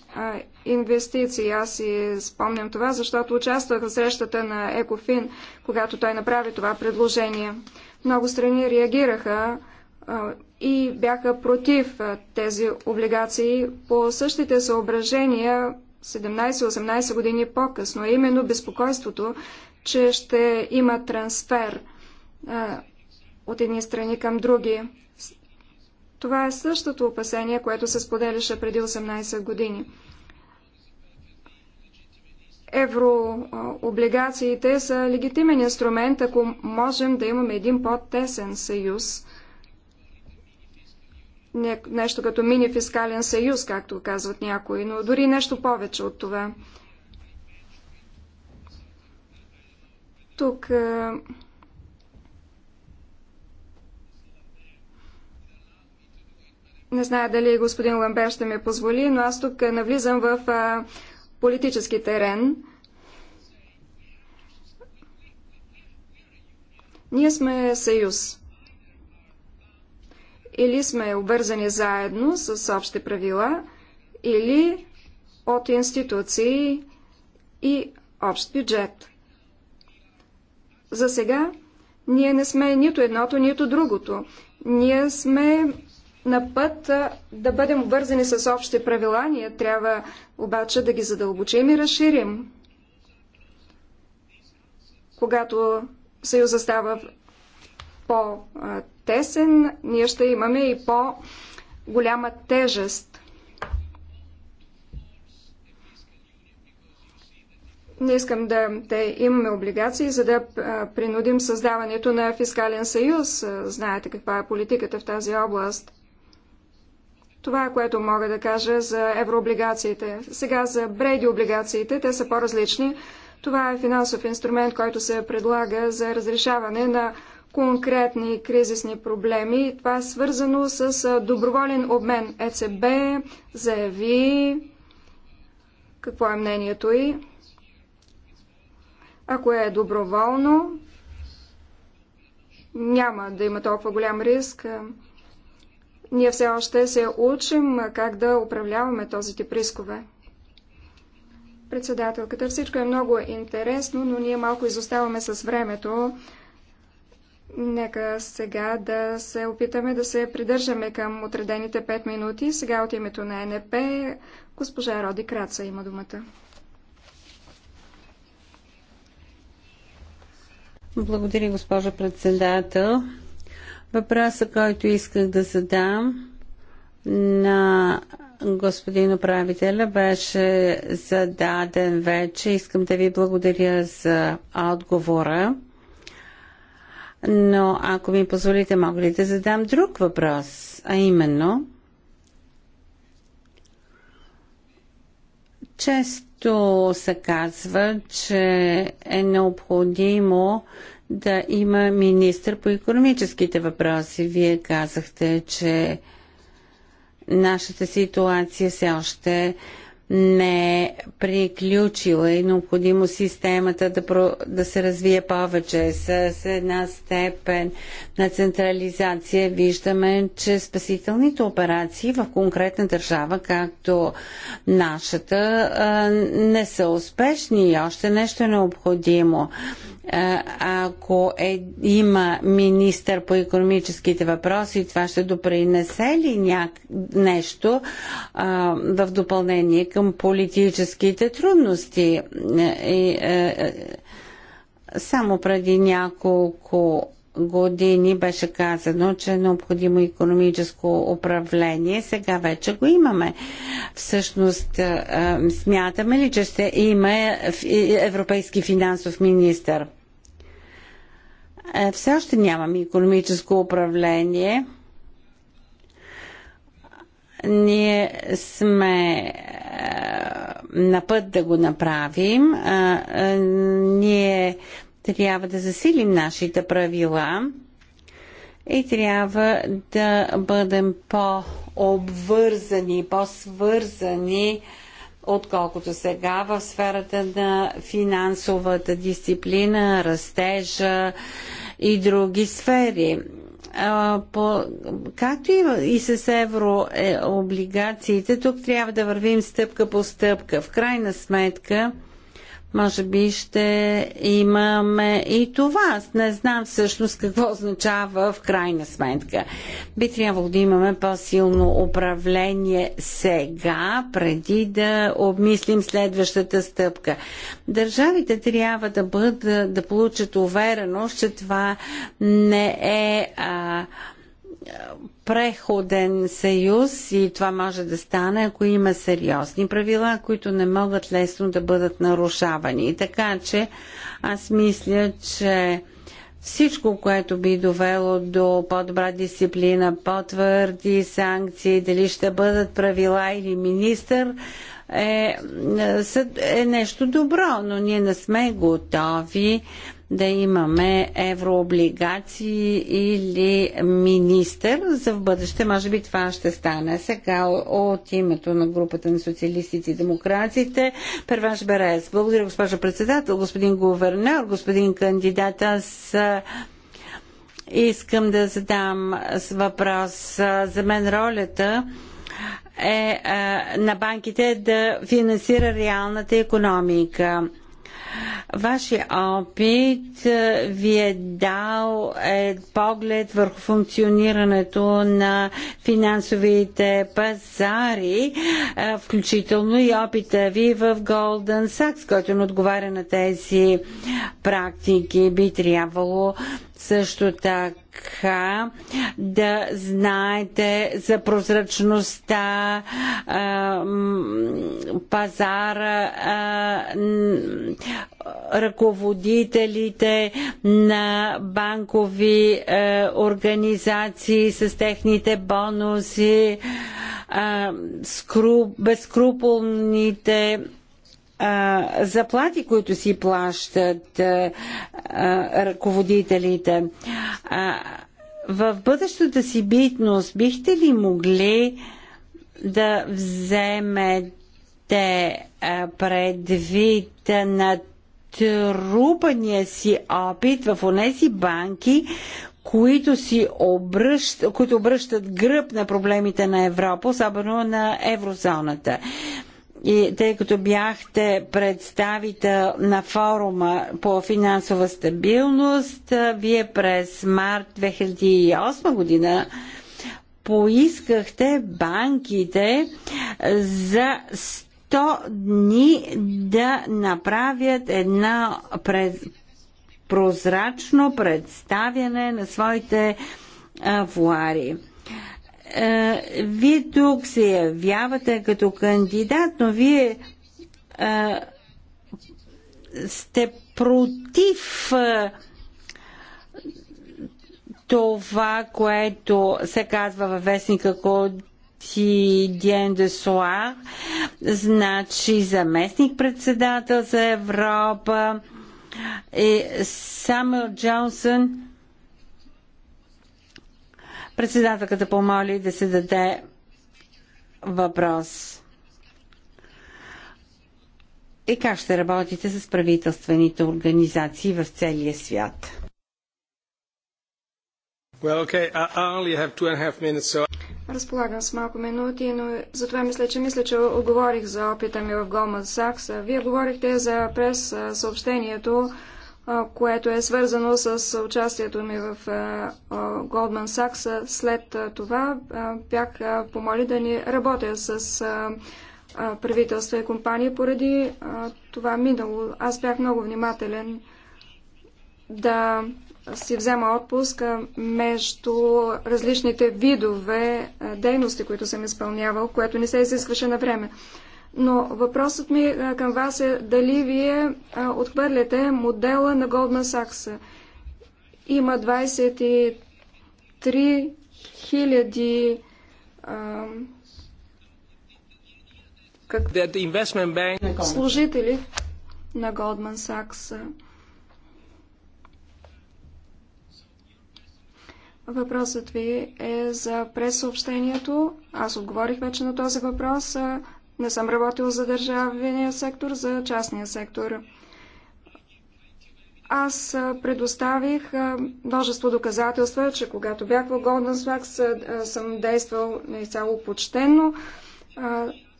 инвестиции. Аз си спомням това, защото участвах в срещата на Екофин, когато той направи това предложение. Много страни реагираха и бяха против тези облигации по същите съображения 17-18 години по-късно, именно безпокойството, че ще има трансфер а, от едни страни към други. Това е същото опасение, което се споделяше преди 18 години. Еврооблигациите са легитимен инструмент, ако можем да имаме един по-тесен съюз – не, нещо като мини-фискален съюз, както казват някои, но дори нещо повече от това. Тук е, не зная дали господин Ламбер ще ми позволи, но аз тук навлизам в е, политически терен. Ние сме съюз. Или сме обвързани заедно с общи правила, или от институции и общ бюджет. За сега ние не сме нито едното, нито другото. Ние сме на път да бъдем обвързани с общи правила, ние трябва обаче да ги задълбочим и разширим. Когато Съюза става по-тесен, ние ще имаме и по-голяма тежест. Не искам да те имаме облигации, за да принудим създаването на фискален съюз. Знаете каква е политиката в тази област. Това е което мога да кажа за еврооблигациите. Сега за бреди облигациите, те са по-различни. Това е финансов инструмент, който се предлага за разрешаване на конкретни кризисни проблеми. Това е свързано с доброволен обмен. ЕЦБ заяви какво е мнението й. Ако е доброволно, няма да има толкова голям риск. Ние все още се учим как да управляваме този тип рискове. Председателката, всичко е много интересно, но ние малко изоставаме с времето. Нека сега да се опитаме да се придържаме към отредените 5 минути. Сега от името на НП госпожа Роди Краца има думата. Благодаря, госпожа председател. Въпроса, който исках да задам на господин управителя, беше зададен вече. Искам да ви благодаря за отговора но ако ми позволите, мога ли да задам друг въпрос, а именно често се казва, че е необходимо да има министр по економическите въпроси. Вие казахте, че нашата ситуация все още е не е приключила и необходимо системата да, про, да се развие повече с, с една степен на централизация. Виждаме, че спасителните операции в конкретна държава, както нашата, не са успешни и още нещо е необходимо. Е, ако е, има министър по економическите въпроси, това ще допринесе ли няк... нещо а, е, в допълнение към политическите трудности? И, е, а, само преди няколко години беше казано, че е необходимо економическо управление. Сега вече го имаме. Всъщност, смятаме ли, че ще има европейски финансов министр? Е, все още нямаме економическо управление. Ние сме е, на път да го направим. Е, ние трябва да засилим нашите правила и трябва да бъдем по-обвързани, по-свързани, отколкото сега в сферата на финансовата дисциплина, растежа, и други сфери. По, както и с еврооблигациите, е, тук трябва да вървим стъпка по стъпка. В крайна сметка, може би ще имаме и това. Аз не знам всъщност какво означава в крайна сметка. Би трябвало да имаме по-силно управление сега, преди да обмислим следващата стъпка. Държавите трябва да бъдат, да получат увереност, че това не е а, преходен съюз и това може да стане, ако има сериозни правила, които не могат лесно да бъдат нарушавани. Така че аз мисля, че всичко, което би довело до по-добра дисциплина, по-твърди санкции, дали ще бъдат правила или министър, е, е, е нещо добро, но ние не сме готови да имаме еврооблигации или министър. За в бъдеще, може би, това ще стане. Сега от името на групата на социалистите и демокрациите. Перваш Берес. Благодаря, госпожо председател, господин гувернер, господин кандидат. Аз искам да задам въпрос. За мен ролята е на банките да финансира реалната економика. Вашия опит е, ви е дал е поглед върху функционирането на финансовите пазари, е, включително и опита ви в Goldman Sachs, който не отговаря на тези практики. Би трябвало също така да знаете за прозрачността, пазара, ръководителите на банкови организации с техните бонуси, безкруполните заплати, които си плащат ръководителите. в бъдещата си битност бихте ли могли да вземете предвид на трупания си опит в онези банки, които, си обръщ, които обръщат гръб на проблемите на Европа, особено на еврозоната. И тъй като бяхте представител на форума по финансова стабилност, вие през март 2008 година поискахте банките за 100 дни да направят една през, прозрачно представяне на своите авуари. Е, вие тук се явявате като кандидат, но вие а, е, сте против а, е, това, което се казва във вестника Котидиен де Суар, значи заместник-председател за Европа, и Самел Джонсън Председателката помоли да се даде въпрос. И как ще работите с правителствените организации в целия свят? Well, okay. minutes, so... Разполагам с малко минути, но затова мисля, че мисля, че оговорих за опита ми в Голман Сакс. Вие говорихте за прес съобщението което е свързано с участието ми в Goldman Sachs. След това бях помоли да ни работя с правителства и компании поради това минало. Аз бях много внимателен да си взема отпуск между различните видове дейности, които съм изпълнявал, което не се изискваше на време. Но въпросът ми към вас е дали вие отхвърляте модела на Goldman Sachs. Има 23 хиляди как... Bank... служители на Goldman Sachs. Въпросът ви е за пресъобщението. Аз отговорих вече на този въпрос. Не съм работил за държавния сектор, за частния сектор. Аз предоставих множество доказателства, че когато бях в Goldman Sachs, съм действал изцяло почтенно,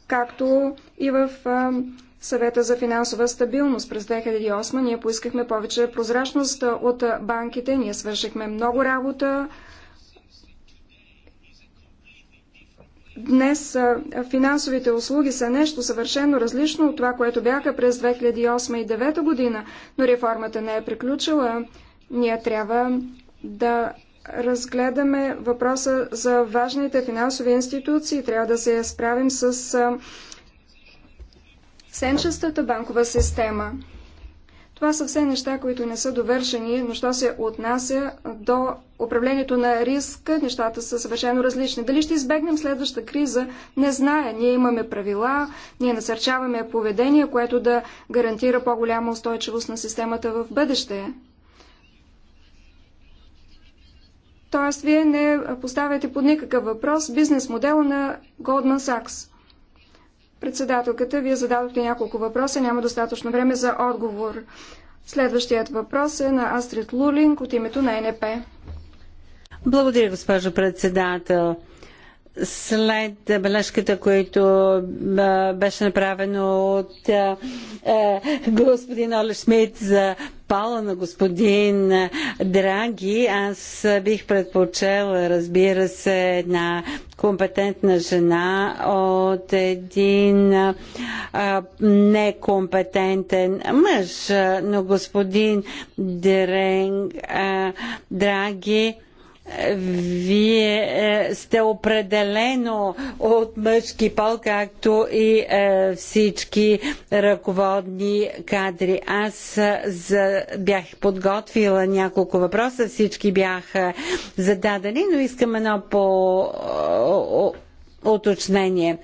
както и в съвета за финансова стабилност през 2008. Ние поискахме повече прозрачност от банките, ние свършихме много работа, Днес финансовите услуги са нещо съвършено различно от това, което бяха през 2008 и 2009 година, но реформата не е приключила. Ние трябва да разгледаме въпроса за важните финансови институции. Трябва да се справим с сенчестата банкова система. Това са все неща, които не са довършени, но що се отнася до управлението на риска, нещата са съвършено различни. Дали ще избегнем следваща криза, не знае. Ние имаме правила, ние насърчаваме поведение, което да гарантира по-голяма устойчивост на системата в бъдеще. Тоест, вие не поставяте под никакъв въпрос бизнес модела на Goldman Sachs. Председателката, вие зададохте няколко въпроса, няма достатъчно време за отговор. Следващият въпрос е на Астрид Лулинг от името на НП. Благодаря, госпожо председател след бележката, която беше направена от господин Оле Шмидт за пала на господин Драги, аз бих предпочела, разбира се, една компетентна жена от един а, некомпетентен мъж, но господин Дренг, а, Драги вие е, сте определено от мъжки пол, както и е, всички ръководни кадри. Аз е, бях подготвила няколко въпроса, всички бяха зададени, но искам едно по уточнение.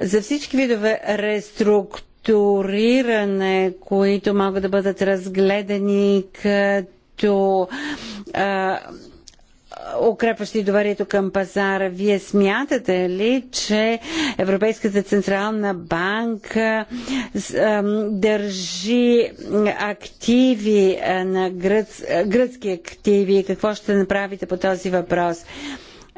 За всички видове реструктуриране, които могат да бъдат разгледани като а, укрепващи доверието към пазара. Вие смятате ли, че Европейската централна банка държи активи е, на гръц, гръцки активи? Какво ще направите по този въпрос?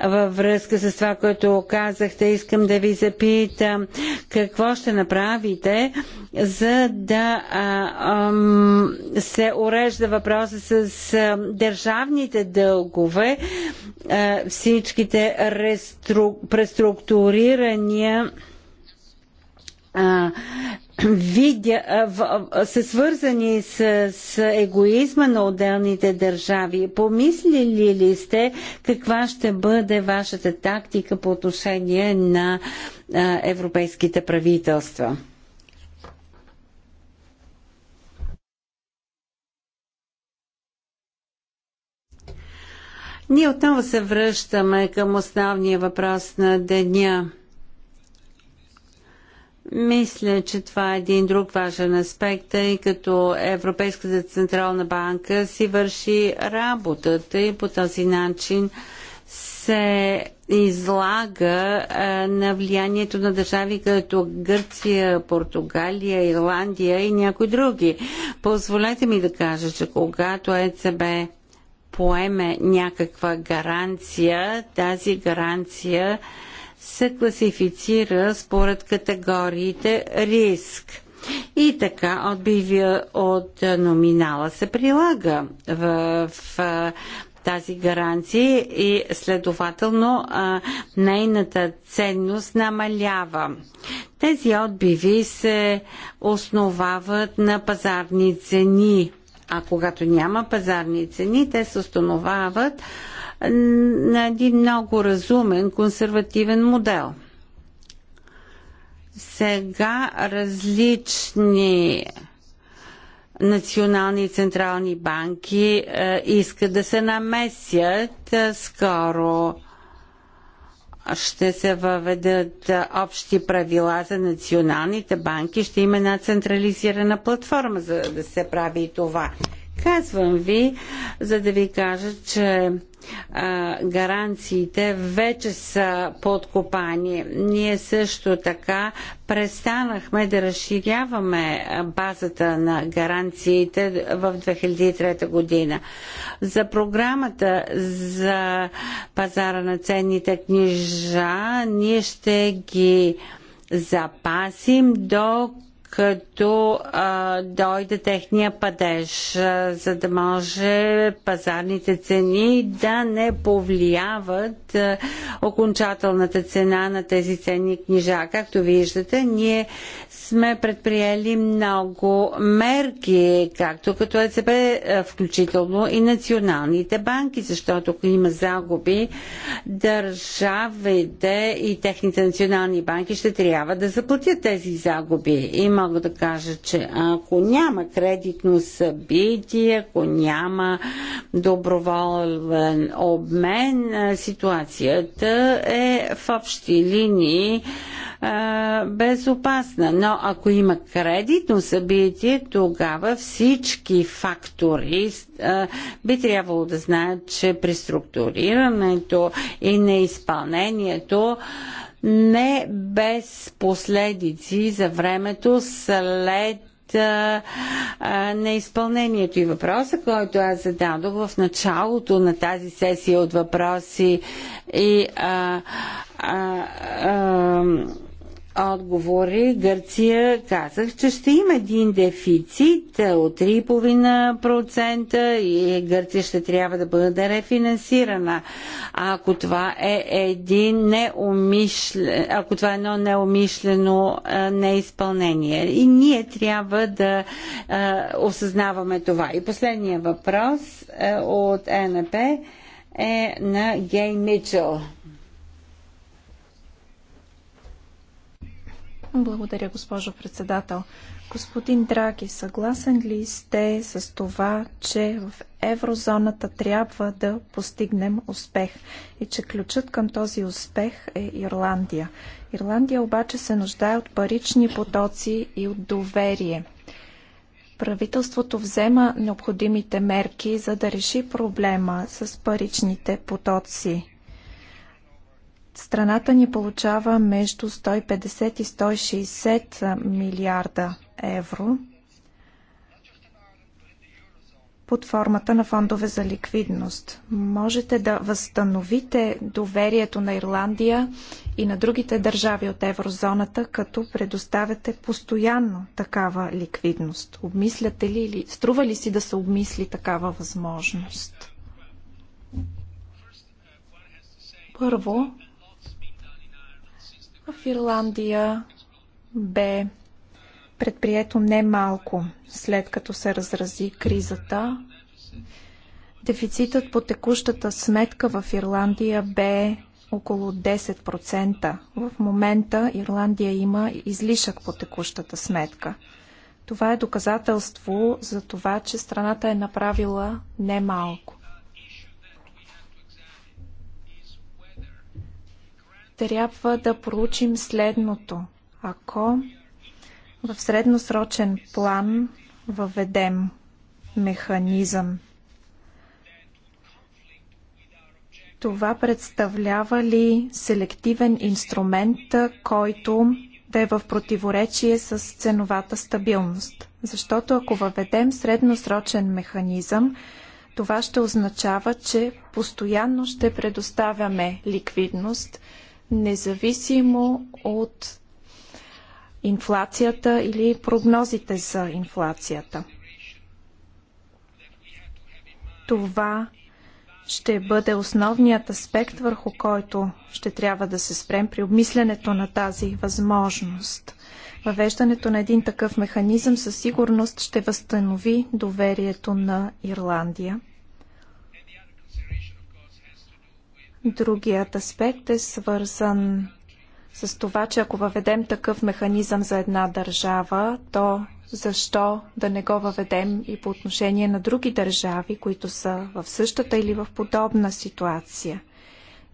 във връзка с това, което казахте. Искам да ви запитам какво ще направите, за да а, ам, се урежда въпроса с а, държавните дългове, а, всичките рестру, преструктурирания а, видя, са свързани с, с егоизма на отделните държави. Помислили ли сте каква ще бъде вашата тактика по отношение на а, европейските правителства? Ние отново се връщаме към основния въпрос на деня мисля, че това е един друг важен аспект, тъй като Европейската централна банка си върши работата и по този начин се излага е, на влиянието на държави като Гърция, Португалия, Ирландия и някои други. Позволете ми да кажа, че когато ЕЦБ поеме някаква гаранция, тази гаранция се класифицира според категориите риск. И така отбивия от е, номинала се прилага в, в е, тази гаранция и следователно а, е, нейната ценност намалява. Тези отбиви се основават на пазарни цени, а когато няма пазарни цени, те се установяват на един много разумен консервативен модел. Сега различни национални и централни банки е, искат да се намесят. Е, скоро ще се въведат е, общи правила за националните банки. Ще има една централизирана платформа за да се прави и това. Казвам ви, за да ви кажа, че а, гаранциите вече са подкопани. Ние също така престанахме да разширяваме базата на гаранциите в 2003 година. За програмата за пазара на ценните книжа ние ще ги запасим до като а, дойде техния падеж, а, за да може пазарните цени да не повлияват а, окончателната цена на тези ценни книжа. Както виждате, ние сме предприели много мерки, както като ЕЦБ, е, включително и националните банки, защото ако има загуби, държавите и техните национални банки ще трябва да заплатят тези загуби. И мога да кажа, че ако няма кредитно събитие, ако няма доброволен обмен, е, ситуацията е в общи линии а, безопасна. Но ако има кредитно събитие, тогава всички фактори а, би трябвало да знаят, че при структурирането и неизпълнението не без последици за времето след неизпълнението И въпроса, който аз зададох в началото на тази сесия от въпроси и а, а, а, отговори Гърция казах, че ще има един дефицит е, от 3,5% и Гърция ще трябва да бъде рефинансирана. Ако това е един неумишлен, ако това е едно неумишлено е, неизпълнение. И ние трябва да а, е, осъзнаваме това. И последния въпрос а, от НП е на Гей Мичел. Благодаря, госпожо председател. Господин Драги, съгласен ли сте с това, че в еврозоната трябва да постигнем успех и че ключът към този успех е Ирландия? Ирландия обаче се нуждае от парични потоци и от доверие. Правителството взема необходимите мерки, за да реши проблема с паричните потоци Страната ни получава между 150 и 160 милиарда евро под формата на фондове за ликвидност. Можете да възстановите доверието на Ирландия и на другите държави от еврозоната, като предоставяте постоянно такава ликвидност. Обмисляте ли или струва ли си да се обмисли такава възможност? Първо, в Ирландия бе предприето немалко, след като се разрази кризата. Дефицитът по текущата сметка в Ирландия бе около 10%. В момента Ирландия има излишък по текущата сметка. Това е доказателство за това, че страната е направила немалко. трябва да проучим следното. Ако в средносрочен план въведем механизъм, това представлява ли селективен инструмент, който да е в противоречие с ценовата стабилност? Защото ако въведем средносрочен механизъм, това ще означава, че постоянно ще предоставяме ликвидност – независимо от инфлацията или прогнозите за инфлацията. Това ще бъде основният аспект, върху който ще трябва да се спрем при обмислянето на тази възможност. Въвеждането на един такъв механизъм със сигурност ще възстанови доверието на Ирландия Другият аспект е свързан с това, че ако въведем такъв механизъм за една държава, то защо да не го въведем и по отношение на други държави, които са в същата или в подобна ситуация?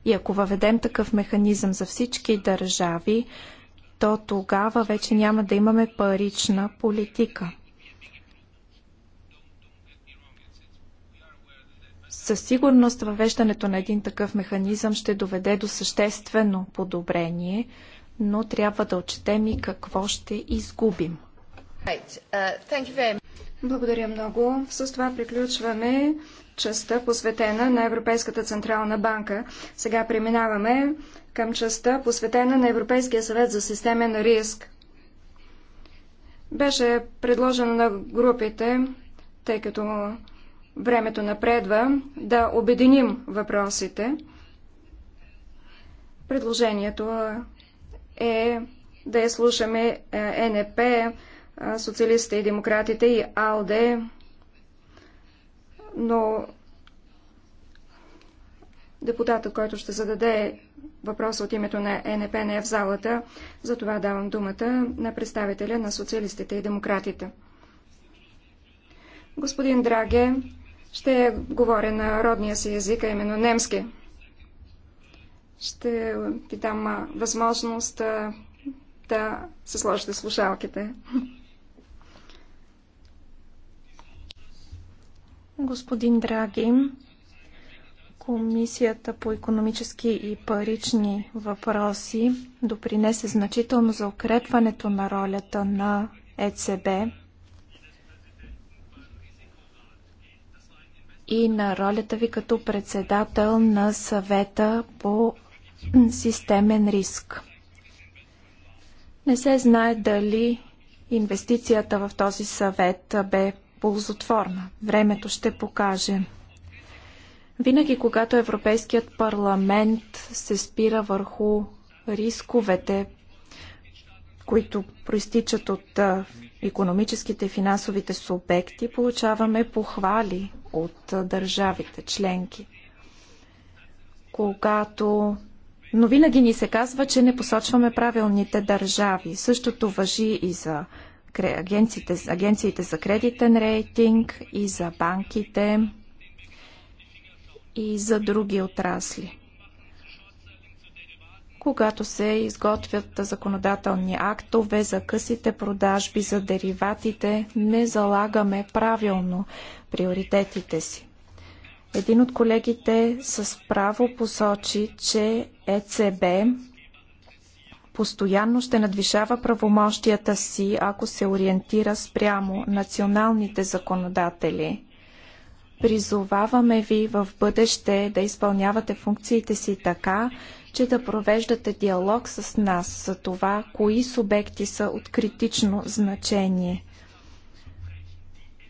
И ако въведем такъв механизъм за всички държави, то тогава вече няма да имаме парична политика. Със сигурност въвеждането на един такъв механизъм ще доведе до съществено подобрение, но трябва да отчетем и какво ще изгубим. Uh, Благодаря много. С това приключваме частта посветена на Европейската Централна банка. Сега преминаваме към частта посветена на Европейския съвет за системен риск. Беше предложено на групите, тъй като времето напредва, да обединим въпросите. Предложението е да я слушаме е, НП, е, социалистите и демократите и АЛДЕ, но депутата, който ще зададе въпроса от името на НП не е в залата, затова давам думата на представителя на социалистите и демократите. Господин Драге, ще говоря на родния си език, а именно немски. Ще ви дам възможност да се сложите слушалките. Господин Драги, Комисията по економически и парични въпроси допринесе значително за укрепването на ролята на ЕЦБ и на ролята ви като председател на съвета по системен риск. Не се знае дали инвестицията в този съвет бе ползотворна. Времето ще покаже. Винаги, когато Европейският парламент се спира върху рисковете, които проистичат от економическите и финансовите субекти, получаваме похвали от държавите членки. Когато но винаги ни се казва, че не посочваме правилните държави. Същото въжи и за агенциите, агенциите за кредитен рейтинг, и за банките, и за други отрасли. Когато се изготвят законодателни актове за късите продажби, за дериватите, не залагаме правилно приоритетите си. Един от колегите с право посочи, че ЕЦБ постоянно ще надвишава правомощията си, ако се ориентира спрямо националните законодатели. Призоваваме ви в бъдеще да изпълнявате функциите си така, че да провеждате диалог с нас за това, кои субекти са от критично значение.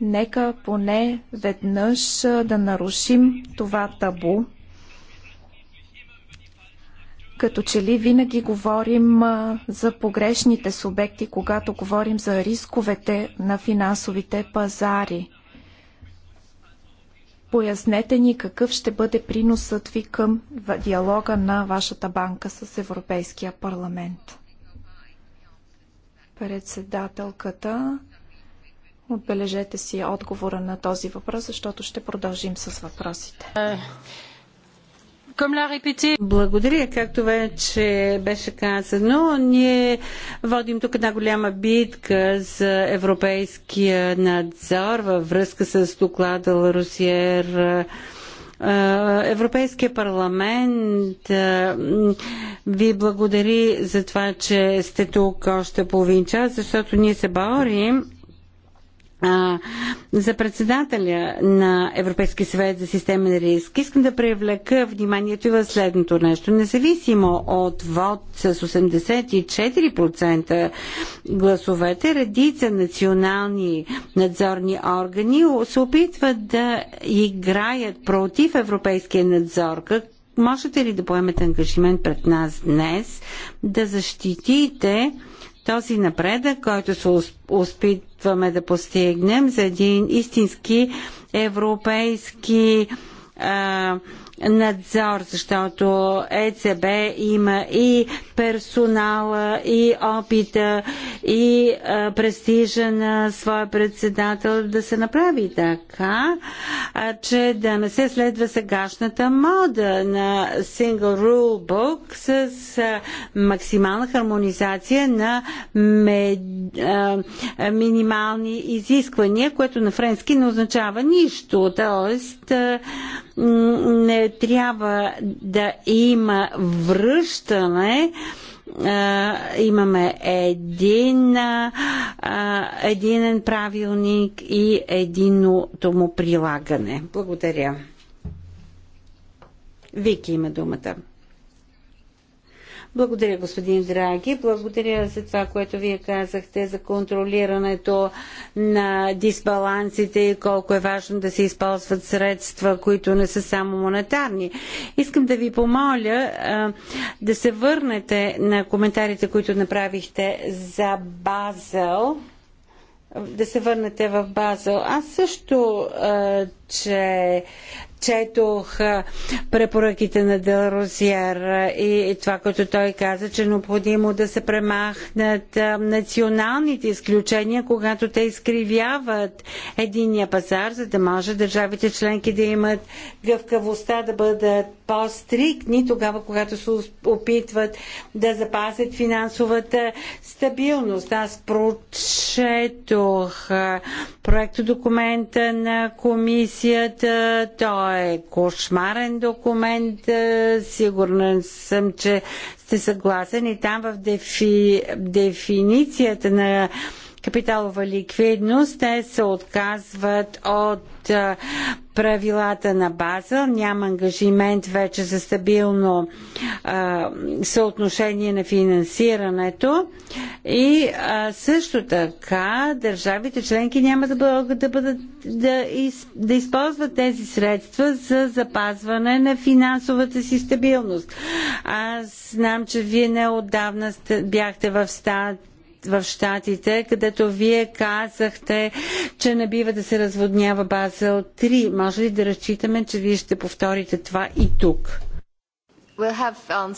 Нека поне веднъж да нарушим това табу. Като че ли винаги говорим за погрешните субекти, когато говорим за рисковете на финансовите пазари. Пояснете ни какъв ще бъде приносът ви към диалога на вашата банка с Европейския парламент. Председателката Отбележете си отговора на този въпрос, защото ще продължим с въпросите. Благодаря, както вече беше казано. Ние водим тук една голяма битка за европейския надзор във връзка с доклада Ларусиер. Европейския парламент ви благодари за това, че сте тук още половин час, защото ние се борим за председателя на Европейския съвет за системен риск, искам да привлека вниманието и в следното нещо. Независимо от вод с 84% гласовете, редица национални надзорни органи се опитват да играят против европейския надзор. Как можете ли да поемете ангажимент пред нас днес да защитите този напредък, който се успитваме да постигнем за един истински европейски а, надзор, защото ЕЦБ има и персонала, и опита, и а, престижа на своя председател да се направи така, а, че да не се следва сегашната мода на Single Rule Book с а, максимална хармонизация на мед, а, минимални изисквания, което на френски не означава нищо, т.е. не трябва да има връщане имаме един, един правилник и единото му прилагане. Благодаря. Вики има думата. Благодаря, господин Драги. Благодаря за това, което вие казахте за контролирането на дисбалансите и колко е важно да се използват средства, които не са само монетарни. Искам да ви помоля а, да се върнете на коментарите, които направихте за Базел да се върнете в Базел. Аз също, че четох препоръките на Делрозиер и това, което той каза, че е необходимо да се премахнат националните изключения, когато те изкривяват единия пазар, за да може държавите членки да имат гъвкавостта да бъдат по-стриктни тогава, когато се опитват да запазят финансовата стабилност. Аз прочетох проекто документа на комисията. Той е кошмарен документ. Е, сигурна съм, че сте съгласен и там в дефи, дефиницията на капиталова ликвидност. Те се отказват от правилата на база. няма ангажимент вече за стабилно а, съотношение на финансирането и а, също така държавите членки няма да бъдат да, бъдат, да, из, да използват тези средства за запазване на финансовата си стабилност. Аз знам, че вие не отдавна бяхте в стат в Штатите, където вие казахте, че не бива да се разводнява база от 3. Може ли да разчитаме, че вие ще повторите това и тук? We'll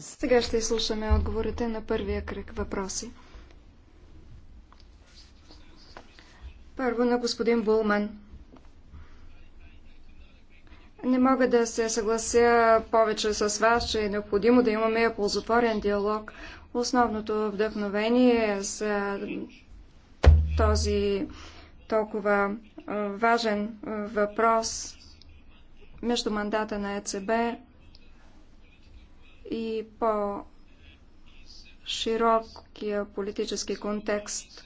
Сега ще изслушаме отговорите на първия кръг въпроси. Първо на господин Булман. Не мога да се съглася повече с вас, че е необходимо да имаме ползотворен диалог. Основното вдъхновение за този толкова важен въпрос между мандата на ЕЦБ и по-широкия политически контекст.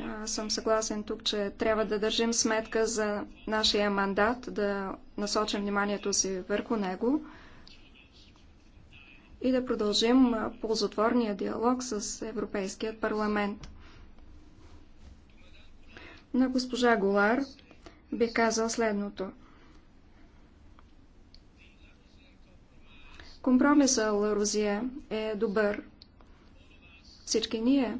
Аз съм съгласен тук, че трябва да държим сметка за нашия мандат, да насочим вниманието си върху него и да продължим ползотворния диалог с Европейският парламент. На госпожа Голар би казал следното. Компромиса Ларузия е добър. Всички ние,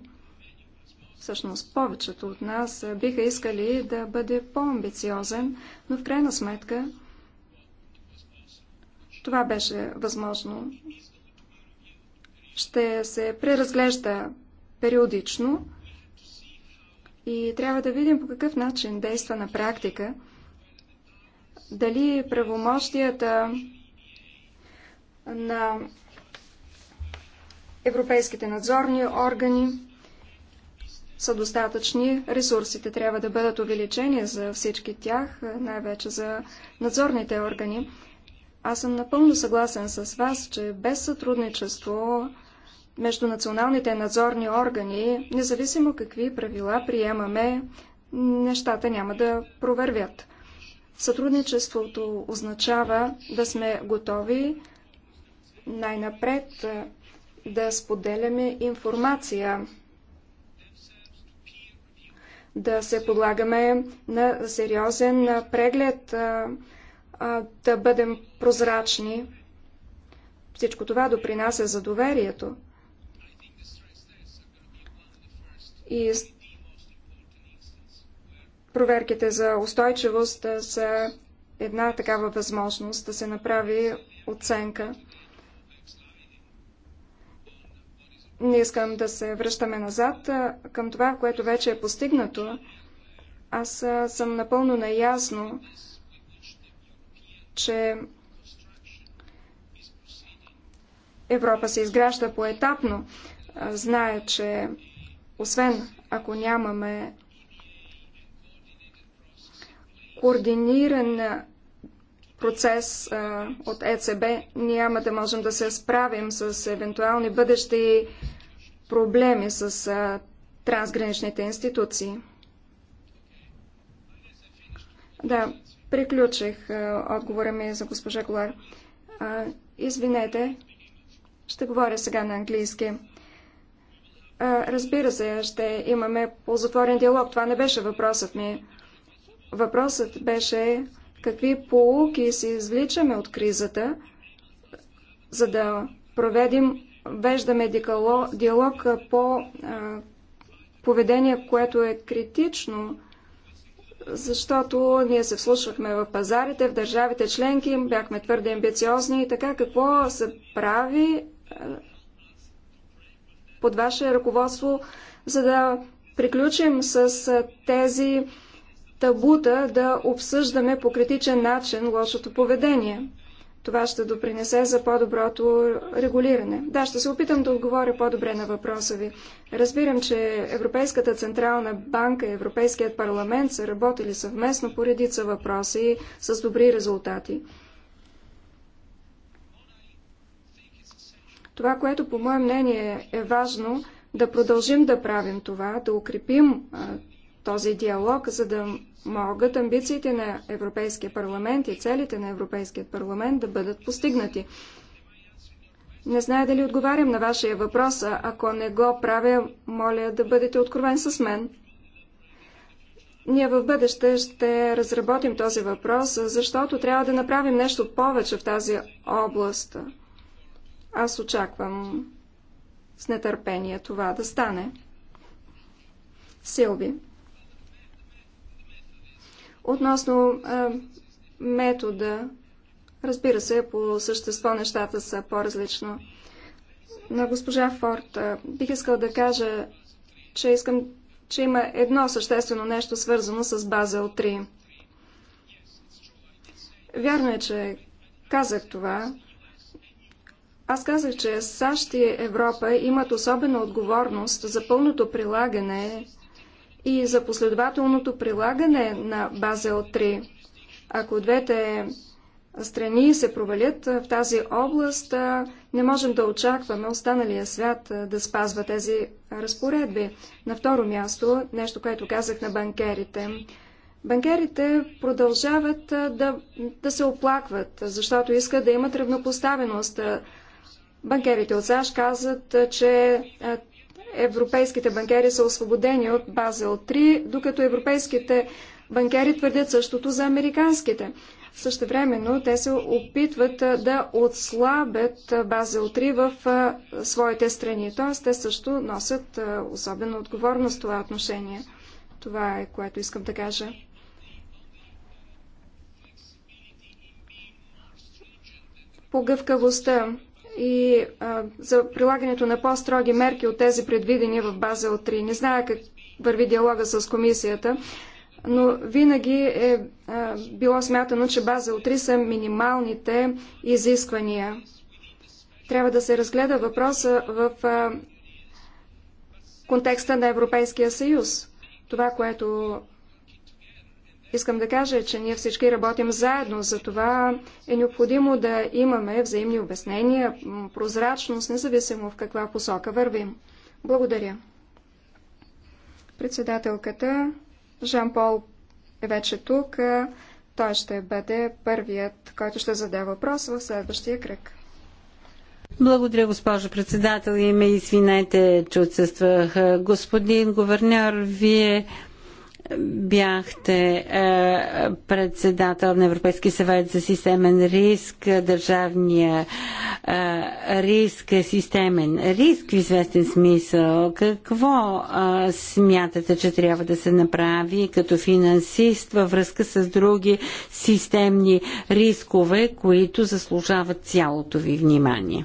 всъщност повечето от нас, биха искали да бъде по-амбициозен, но в крайна сметка това беше възможно ще се преразглежда периодично и трябва да видим по какъв начин действа на практика, дали правомощията на европейските надзорни органи са достатъчни. Ресурсите трябва да бъдат увеличени за всички тях, най-вече за надзорните органи. Аз съм напълно съгласен с вас, че без сътрудничество между националните надзорни органи, независимо какви правила приемаме, нещата няма да провървят. Сътрудничеството означава да сме готови най-напред да споделяме информация, да се подлагаме на сериозен преглед, да бъдем прозрачни. Всичко това допринася за доверието. и проверките за устойчивост са една такава възможност да се направи оценка. Не искам да се връщаме назад към това, което вече е постигнато. Аз съм напълно наясно, че Европа се изгражда поетапно. Знае, че освен ако нямаме координиран процес а, от ЕЦБ, няма да можем да се справим с евентуални бъдещи проблеми с а, трансграничните институции. Да, приключих а, отговора ми за госпожа Голар. Извинете, ще говоря сега на английски. Разбира се, ще имаме ползотворен диалог. Това не беше въпросът ми. Въпросът беше какви полуки си извличаме от кризата, за да проведим, веждаме диалог по поведение, което е критично, защото ние се вслушвахме в пазарите, в държавите членки, бяхме твърде амбициозни и така какво се прави под ваше ръководство, за да приключим с тези табута да обсъждаме по критичен начин лошото поведение. Това ще допринесе за по-доброто регулиране. Да, ще се опитам да отговоря по-добре на въпроса ви. Разбирам, че Европейската Централна банка и Европейският парламент са работили съвместно по редица въпроси с добри резултати. Това, което по мое мнение е важно, да продължим да правим това, да укрепим а, този диалог, за да могат амбициите на Европейския парламент и целите на Европейския парламент да бъдат постигнати. Не зная дали отговарям на вашия въпрос, а ако не го правя, моля да бъдете откровен с мен. Ние в бъдеще ще разработим този въпрос, защото трябва да направим нещо повече в тази област. Аз очаквам с нетърпение това да стане. Силви. Относно а, метода, разбира се, по същество нещата са по-различно. На госпожа Форд а, бих искал да кажа, че искам, че има едно съществено нещо свързано с Базел 3. Вярно е, че казах това. Аз казах, че САЩ и Европа имат особена отговорност за пълното прилагане и за последователното прилагане на Базел 3. Ако двете страни се провалят в тази област, не можем да очакваме останалия свят да спазва тези разпоредби. На второ място, нещо, което казах на банкерите. Банкерите продължават да, да се оплакват, защото искат да имат равнопоставеност, Банкерите от САЩ казват, че европейските банкери са освободени от Базел 3, докато европейските банкери твърдят същото за американските. Същевременно те се опитват да отслабят Базел 3 в своите страни. Тоест, те също носят особена отговорност в това отношение. Това е което искам да кажа. По гъвкавостта и а, за прилагането на по-строги мерки от тези предвидени в база от 3. Не зная как върви диалога с комисията, но винаги е а, било смятано, че база от 3 са минималните изисквания. Трябва да се разгледа въпроса в а, контекста на Европейския съюз. Това, което Искам да кажа, че ние всички работим заедно, за това е необходимо да имаме взаимни обяснения, прозрачност, независимо в каква посока вървим. Благодаря. Председателката Жан-Пол е вече тук. Той ще бъде първият, който ще зададе въпрос в следващия кръг. Благодаря, госпожо председател, и ме извинете, че отсъствах. Господин говернер, вие бяхте е, председател на Европейски съвет за системен риск, държавния е, риск е системен риск в известен смисъл. Какво е, смятате, че трябва да се направи като финансист във връзка с други системни рискове, които заслужават цялото ви внимание?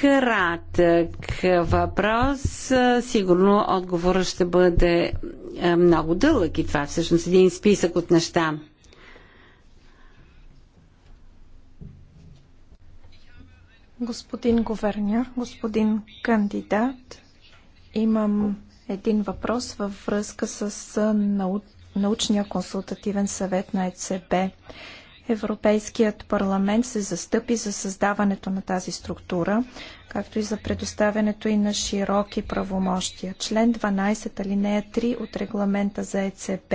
кратък въпрос. Сигурно отговорът ще бъде е, много дълъг и това е всъщност един списък от неща. Господин говернер, господин кандидат, имам един въпрос във връзка с нау... научния консултативен съвет на ЕЦБ. Европейският парламент се застъпи за създаването на тази структура, както и за предоставянето и на широки правомощия. Член 12 алинея 3 от регламента за ЕЦБ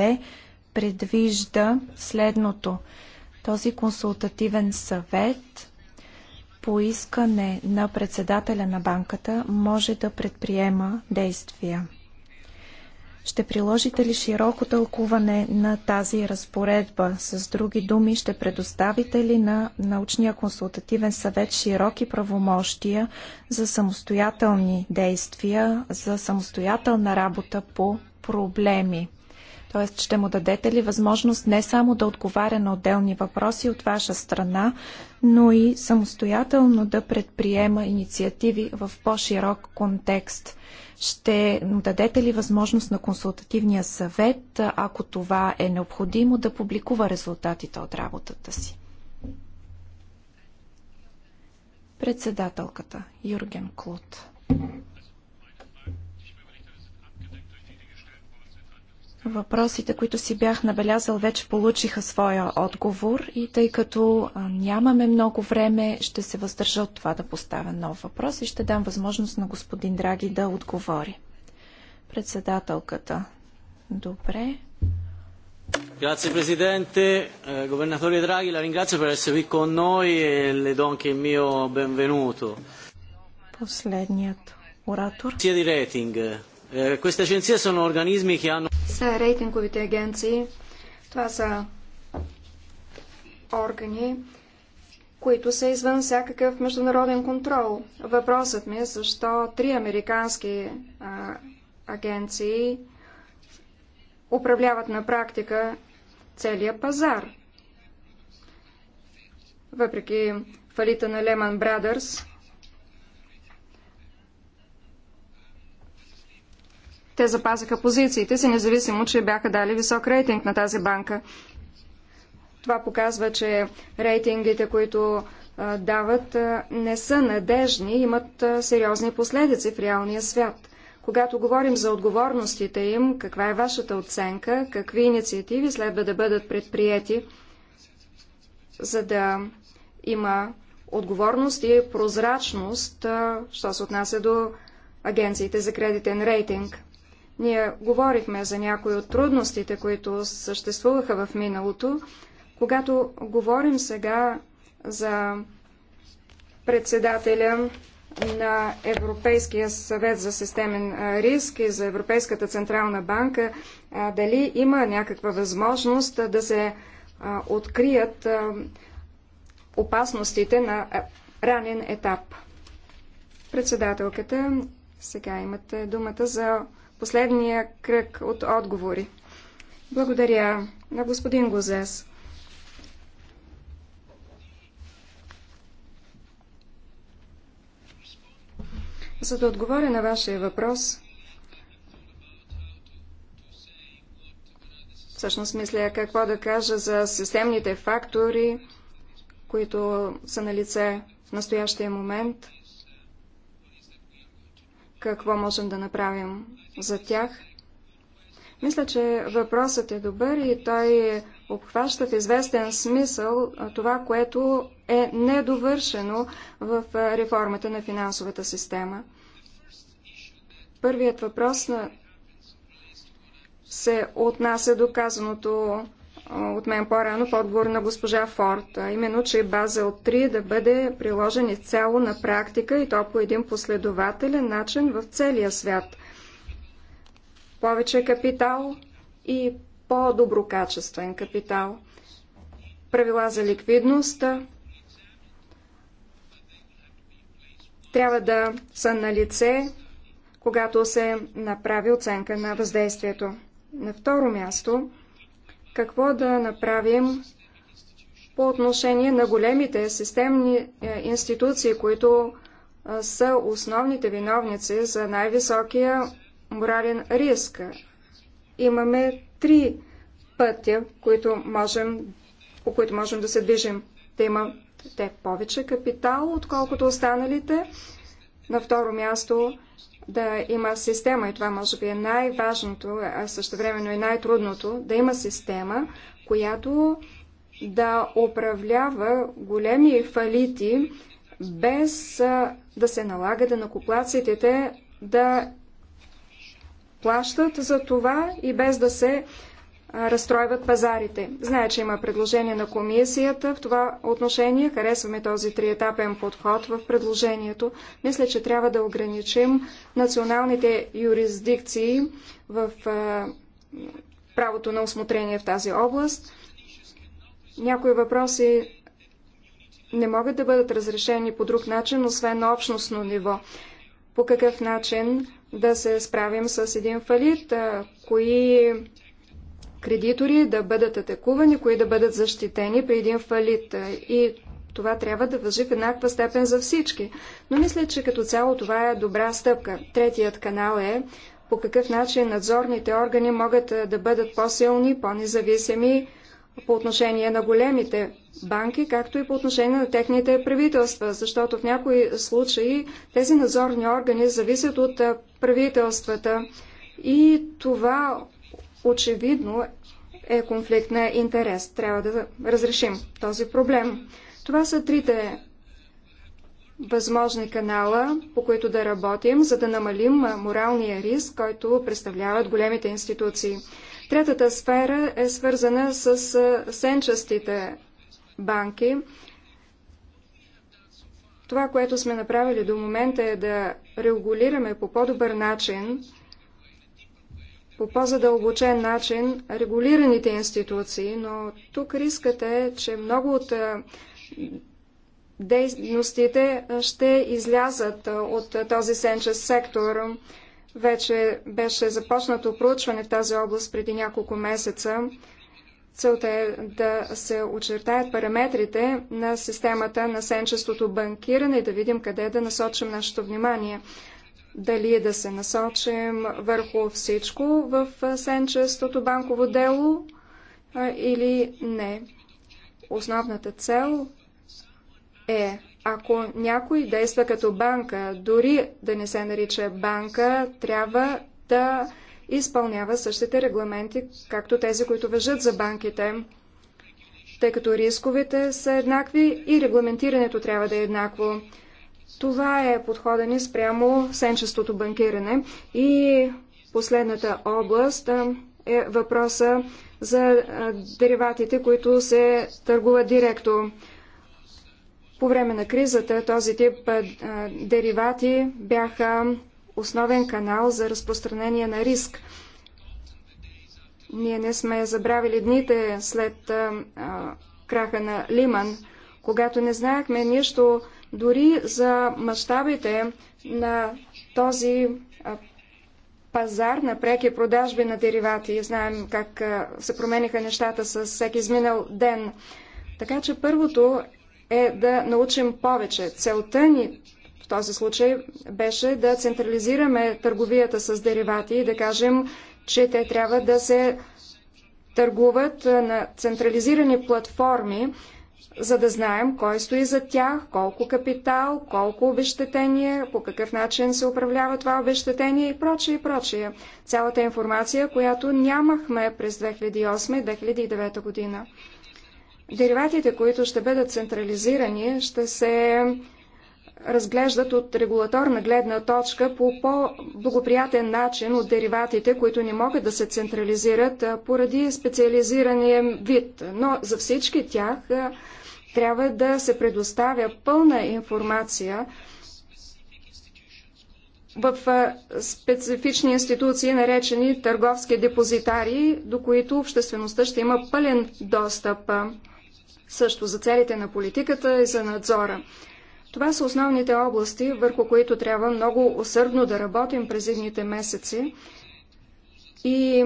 предвижда следното. Този консултативен съвет по искане на председателя на банката може да предприема действия. Ще приложите ли широко тълкуване на тази разпоредба? С други думи, ще предоставите ли на научния консултативен съвет широки правомощия за самостоятелни действия, за самостоятелна работа по проблеми? Тоест, ще му дадете ли възможност не само да отговаря на отделни въпроси от ваша страна, но и самостоятелно да предприема инициативи в по-широк контекст – ще дадете ли възможност на консултативния съвет, ако това е необходимо, да публикува резултатите от работата си? Председателката Юрген Клут. Въпросите, които си бях набелязал, вече получиха своя отговор и тъй като нямаме много време, ще се въздържа от това да поставя нов въпрос и ще дам възможност на господин Драги да отговори. Председателката. Добре. Grazie Presidente, eh, Governatore Draghi, la ringrazio per essere qui con noi e le do anche il mio benvenuto. Последният оратор. Сия ди рейтинг. Eh, queste agenzie sono organismi che hanno... Са рейтинговите агенции. Това са органи, които са извън всякакъв международен контрол. Въпросът ми е защо три американски а, агенции управляват на практика целия пазар. Въпреки фалита на Lehman Brothers, Те запазиха позициите си, независимо, че бяха дали висок рейтинг на тази банка. Това показва, че рейтингите, които дават, не са надежни, имат сериозни последици в реалния свят. Когато говорим за отговорностите им, каква е вашата оценка, какви инициативи следва да бъдат предприяти, за да има отговорност и прозрачност, що се отнася до агенциите за кредитен рейтинг. Ние говорихме за някои от трудностите, които съществуваха в миналото. Когато говорим сега за председателя на Европейския съвет за системен риск и за Европейската централна банка, дали има някаква възможност да се открият опасностите на ранен етап. Председателката, сега имате думата за последния кръг от отговори. Благодаря на господин Гозес. За да отговоря на вашия въпрос, всъщност мисля какво да кажа за системните фактори, които са на лице в настоящия момент – какво можем да направим за тях. Мисля, че въпросът е добър и той обхваща в известен смисъл това, което е недовършено в реформата на финансовата система. Първият въпрос на... се отнася до казаното от мен по-рано в отговор на госпожа Форд, а именно, че Базел 3 да бъде приложен изцяло на практика и то по един последователен начин в целия свят. Повече капитал и по-доброкачествен капитал. Правила за ликвидност трябва да са на лице, когато се направи оценка на въздействието. На второ място – какво да направим по отношение на големите системни е, институции, които са основните виновници за най-високия морален риск. Имаме три пътя, които можем, по които можем да се движим. Те имат те повече капитал, отколкото останалите. На второ място да има система, и това може би е най-важното, а също времено и най-трудното, да има система, която да управлява големи фалити, без да се налага да накоплаците да плащат за това и без да се разстройват пазарите. Знае, че има предложение на комисията. В това отношение харесваме този триетапен подход в предложението. Мисля, че трябва да ограничим националните юрисдикции в правото на осмотрение в тази област. Някои въпроси не могат да бъдат разрешени по друг начин, освен на общностно ниво. По какъв начин да се справим с един фалит, кои кредитори да бъдат атакувани, кои да бъдат защитени при един фалит. И това трябва да въжи в еднаква степен за всички. Но мисля, че като цяло това е добра стъпка. Третият канал е по какъв начин надзорните органи могат да бъдат по-силни, по-независими по отношение на големите банки, както и по отношение на техните правителства, защото в някои случаи тези надзорни органи зависят от правителствата. И това очевидно е конфликт на интерес. Трябва да разрешим този проблем. Това са трите възможни канала, по които да работим, за да намалим моралния риск, който представляват големите институции. Третата сфера е свързана с сенчастите банки. Това, което сме направили до момента е да регулираме по по-добър начин по по-задълбочен начин регулираните институции, но тук рискът е, че много от дейностите ще излязат от този сенчест сектор. Вече беше започнато проучване в тази област преди няколко месеца. Целта е да се очертаят параметрите на системата на сенчестото банкиране и да видим къде да насочим нашето внимание дали е да се насочим върху всичко в сенчестото банково дело или не. Основната цел е, ако някой действа като банка, дори да не се нарича банка, трябва да изпълнява същите регламенти, както тези, които въжат за банките. Тъй като рисковете са еднакви и регламентирането трябва да е еднакво. Това е подхода ни спрямо сенчестото банкиране. И последната област е въпроса за дериватите, които се търгуват директно. По време на кризата този тип деривати бяха основен канал за разпространение на риск. Ние не сме забравили дните след краха на Лиман, когато не знаехме нищо дори за мащабите на този пазар на преки продажби на деривати. Знаем как се промениха нещата с всеки изминал ден. Така че първото е да научим повече. Целта ни в този случай беше да централизираме търговията с деривати и да кажем, че те трябва да се търгуват на централизирани платформи, за да знаем кой стои за тях, колко капитал, колко обещетение, по какъв начин се управлява това обещетение и прочее, и прочее. Цялата информация, която нямахме през 2008-2009 година. Дериватите, които ще бъдат централизирани, ще се разглеждат от регулаторна гледна точка по по-благоприятен начин от дериватите, които не могат да се централизират поради специализирания вид. Но за всички тях трябва да се предоставя пълна информация в специфични институции, наречени търговски депозитари, до които обществеността ще има пълен достъп също за целите на политиката и за надзора. Това са основните области, върху които трябва много усърдно да работим през едните месеци. И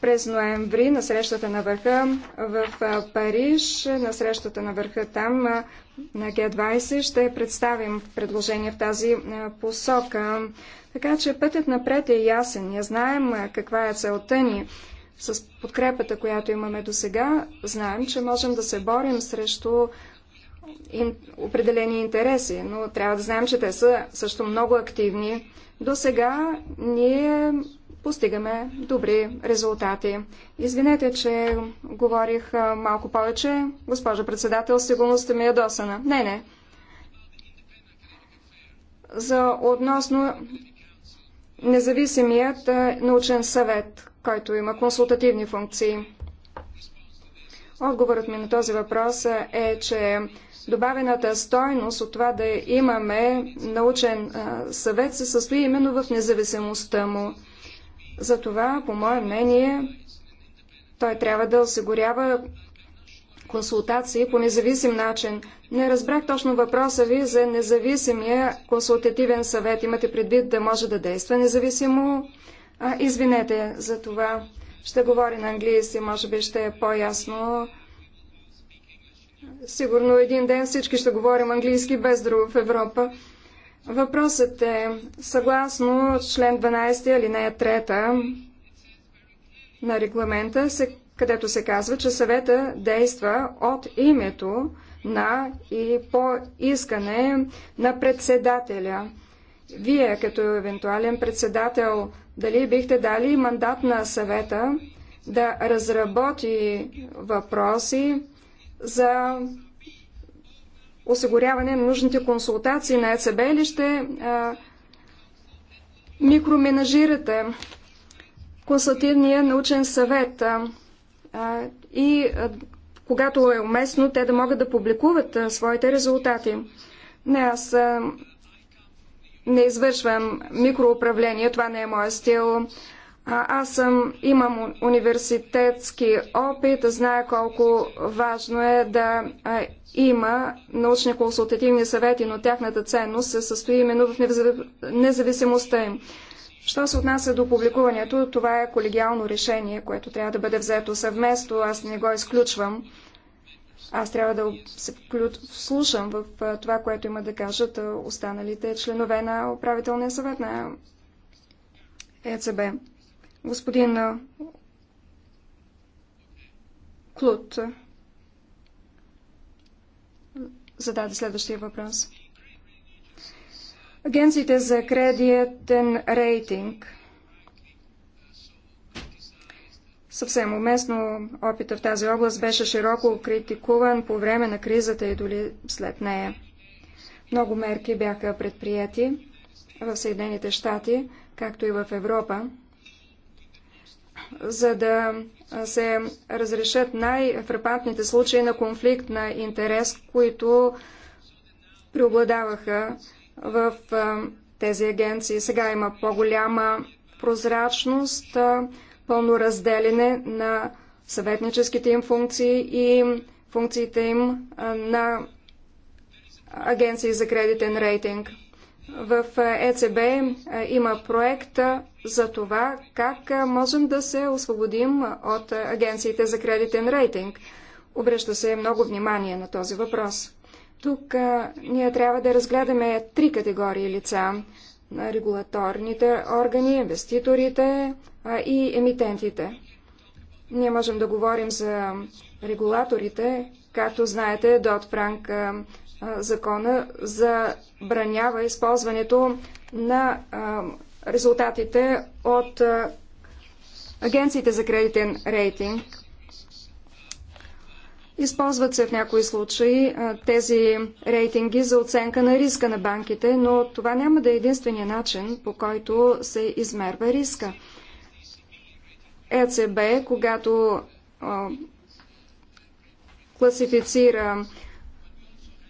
през ноември на срещата на върха в Париж, на срещата на върха там на Г20 ще представим предложение в тази посока. Така че пътят напред е ясен. Ние знаем каква е целта ни. С подкрепата, която имаме до сега, знаем, че можем да се борим срещу определени интереси, но трябва да знаем, че те са също много активни. До сега ние постигаме добри резултати. Извинете, че говорих малко повече. Госпожа председател, сигурността ми е досана. Не, не. За относно независимият научен съвет, който има консултативни функции. Отговорът ми на този въпрос е, че Добавената стойност от това да имаме научен съвет се състои именно в независимостта му. Затова, по мое мнение, той трябва да осигурява консултации по независим начин. Не разбрах точно въпроса ви за независимия консултативен съвет. Имате предвид да може да действа независимо? А, извинете за това. Ще говоря на английски, може би ще е по-ясно Сигурно един ден всички ще говорим английски без друго в Европа. Въпросът е, съгласно член 12 алинея 3 на регламента, където се казва, че съвета действа от името на и по искане на председателя. Вие, като евентуален председател, дали бихте дали мандат на съвета да разработи въпроси, за осигуряване на нужните консултации на ЕЦБ или ще а, микроменажирате консултивния научен съвет а, а, и а, когато е уместно, те да могат да публикуват а, своите резултати. Не, аз а, не извършвам микроуправление, това не е моят стил. А, аз съм, имам университетски опит, зная колко важно е да а, има научни консултативни съвети, но тяхната ценност се състои именно в независимостта им. Що се отнася до публикуването, това е колегиално решение, което трябва да бъде взето съвместно. Аз не го изключвам. Аз трябва да се слушам в това, което има да кажат останалите членове на управителния съвет на ЕЦБ господин Клут зададе следващия въпрос. Агенциите за кредитен рейтинг. Съвсем уместно опита в тази област беше широко критикуван по време на кризата и доли след нея. Много мерки бяха предприяти в Съединените щати, както и в Европа за да се разрешат най-фрапантните случаи на конфликт на интерес, които преобладаваха в тези агенции. Сега има по-голяма прозрачност, пълно разделене на съветническите им функции и функциите им на агенции за кредитен рейтинг. В е, ЕЦБ е, има проект е, за това как можем да се освободим от агенциите за кредитен рейтинг. Обръща се много внимание на този въпрос. Тук а, ние трябва да разгледаме три категории лица на регулаторните органи, инвеститорите а, и емитентите. Ние можем да говорим за регулаторите. Както знаете, Дот Франк а, закона забранява използването на резултатите от агенциите за кредитен рейтинг. Използват се в някои случаи тези рейтинги за оценка на риска на банките, но това няма да е единствения начин, по който се измерва риска. ЕЦБ, когато класифицира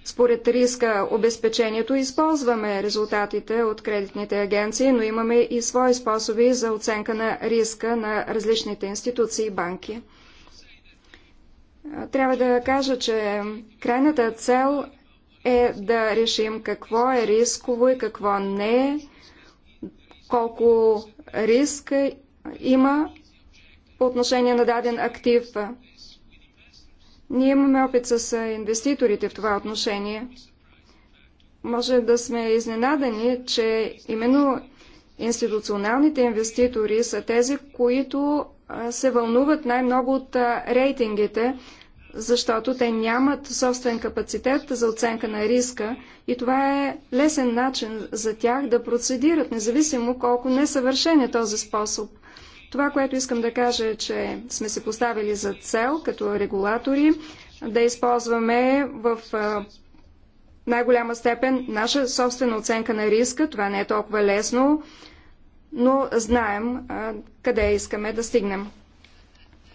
според риска обезпечението използваме резултатите от кредитните агенции, но имаме и свои способи за оценка на риска на различните институции и банки. Трябва да кажа, че крайната цел е да решим какво е рисково и какво не е, колко риск има по отношение на даден актив. Ние имаме опит с инвеститорите в това отношение. Може да сме изненадани, че именно институционалните инвеститори са тези, които се вълнуват най-много от рейтингите, защото те нямат собствен капацитет за оценка на риска и това е лесен начин за тях да процедират, независимо колко несъвършен е този способ. Това, което искам да кажа е, че сме се поставили за цел като регулатори да използваме в най-голяма степен наша собствена оценка на риска. Това не е толкова лесно, но знаем къде искаме да стигнем.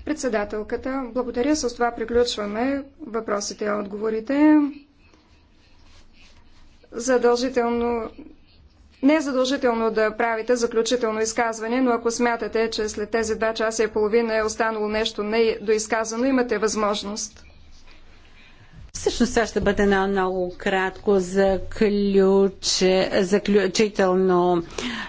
Председателката, благодаря. С това приключваме въпросите и отговорите. Задължително не е задължително да правите заключително изказване, но ако смятате, че след тези два часа и половина е останало нещо недоизказано, имате възможност. Всъщност това ще бъде на много кратко заключително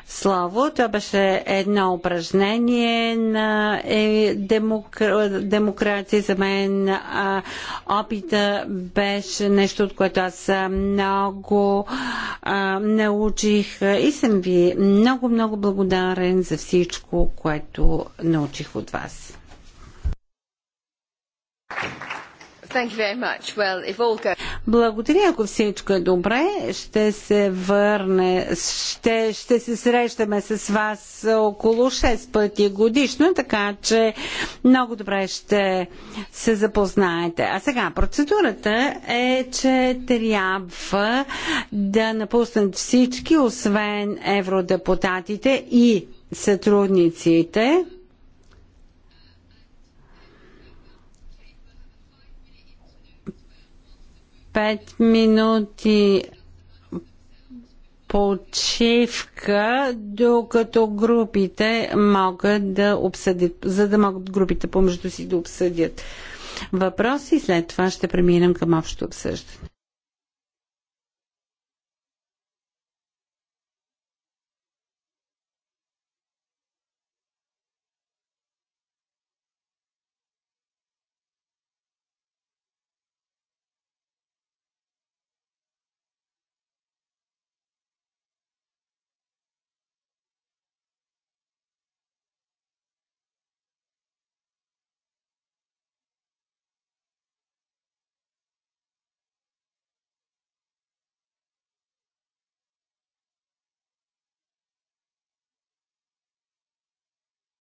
слово. Това беше едно упражнение на е, демокра... демокрация. За мен а, опита беше нещо, от което аз много а, научих и съм ви много-много благодарен за всичко, което научих от вас. Thank you. Благодаря, ако всичко е добре. Ще се върне, ще, ще се срещаме с вас около 6 пъти годишно, така че много добре ще се запознаете. А сега, процедурата е, че трябва да напуснат всички, освен евродепутатите и сътрудниците. 5 минути почивка, докато групите могат да обсъдят, за да могат групите помежду си да обсъдят въпроси. След това ще преминем към общо обсъждане.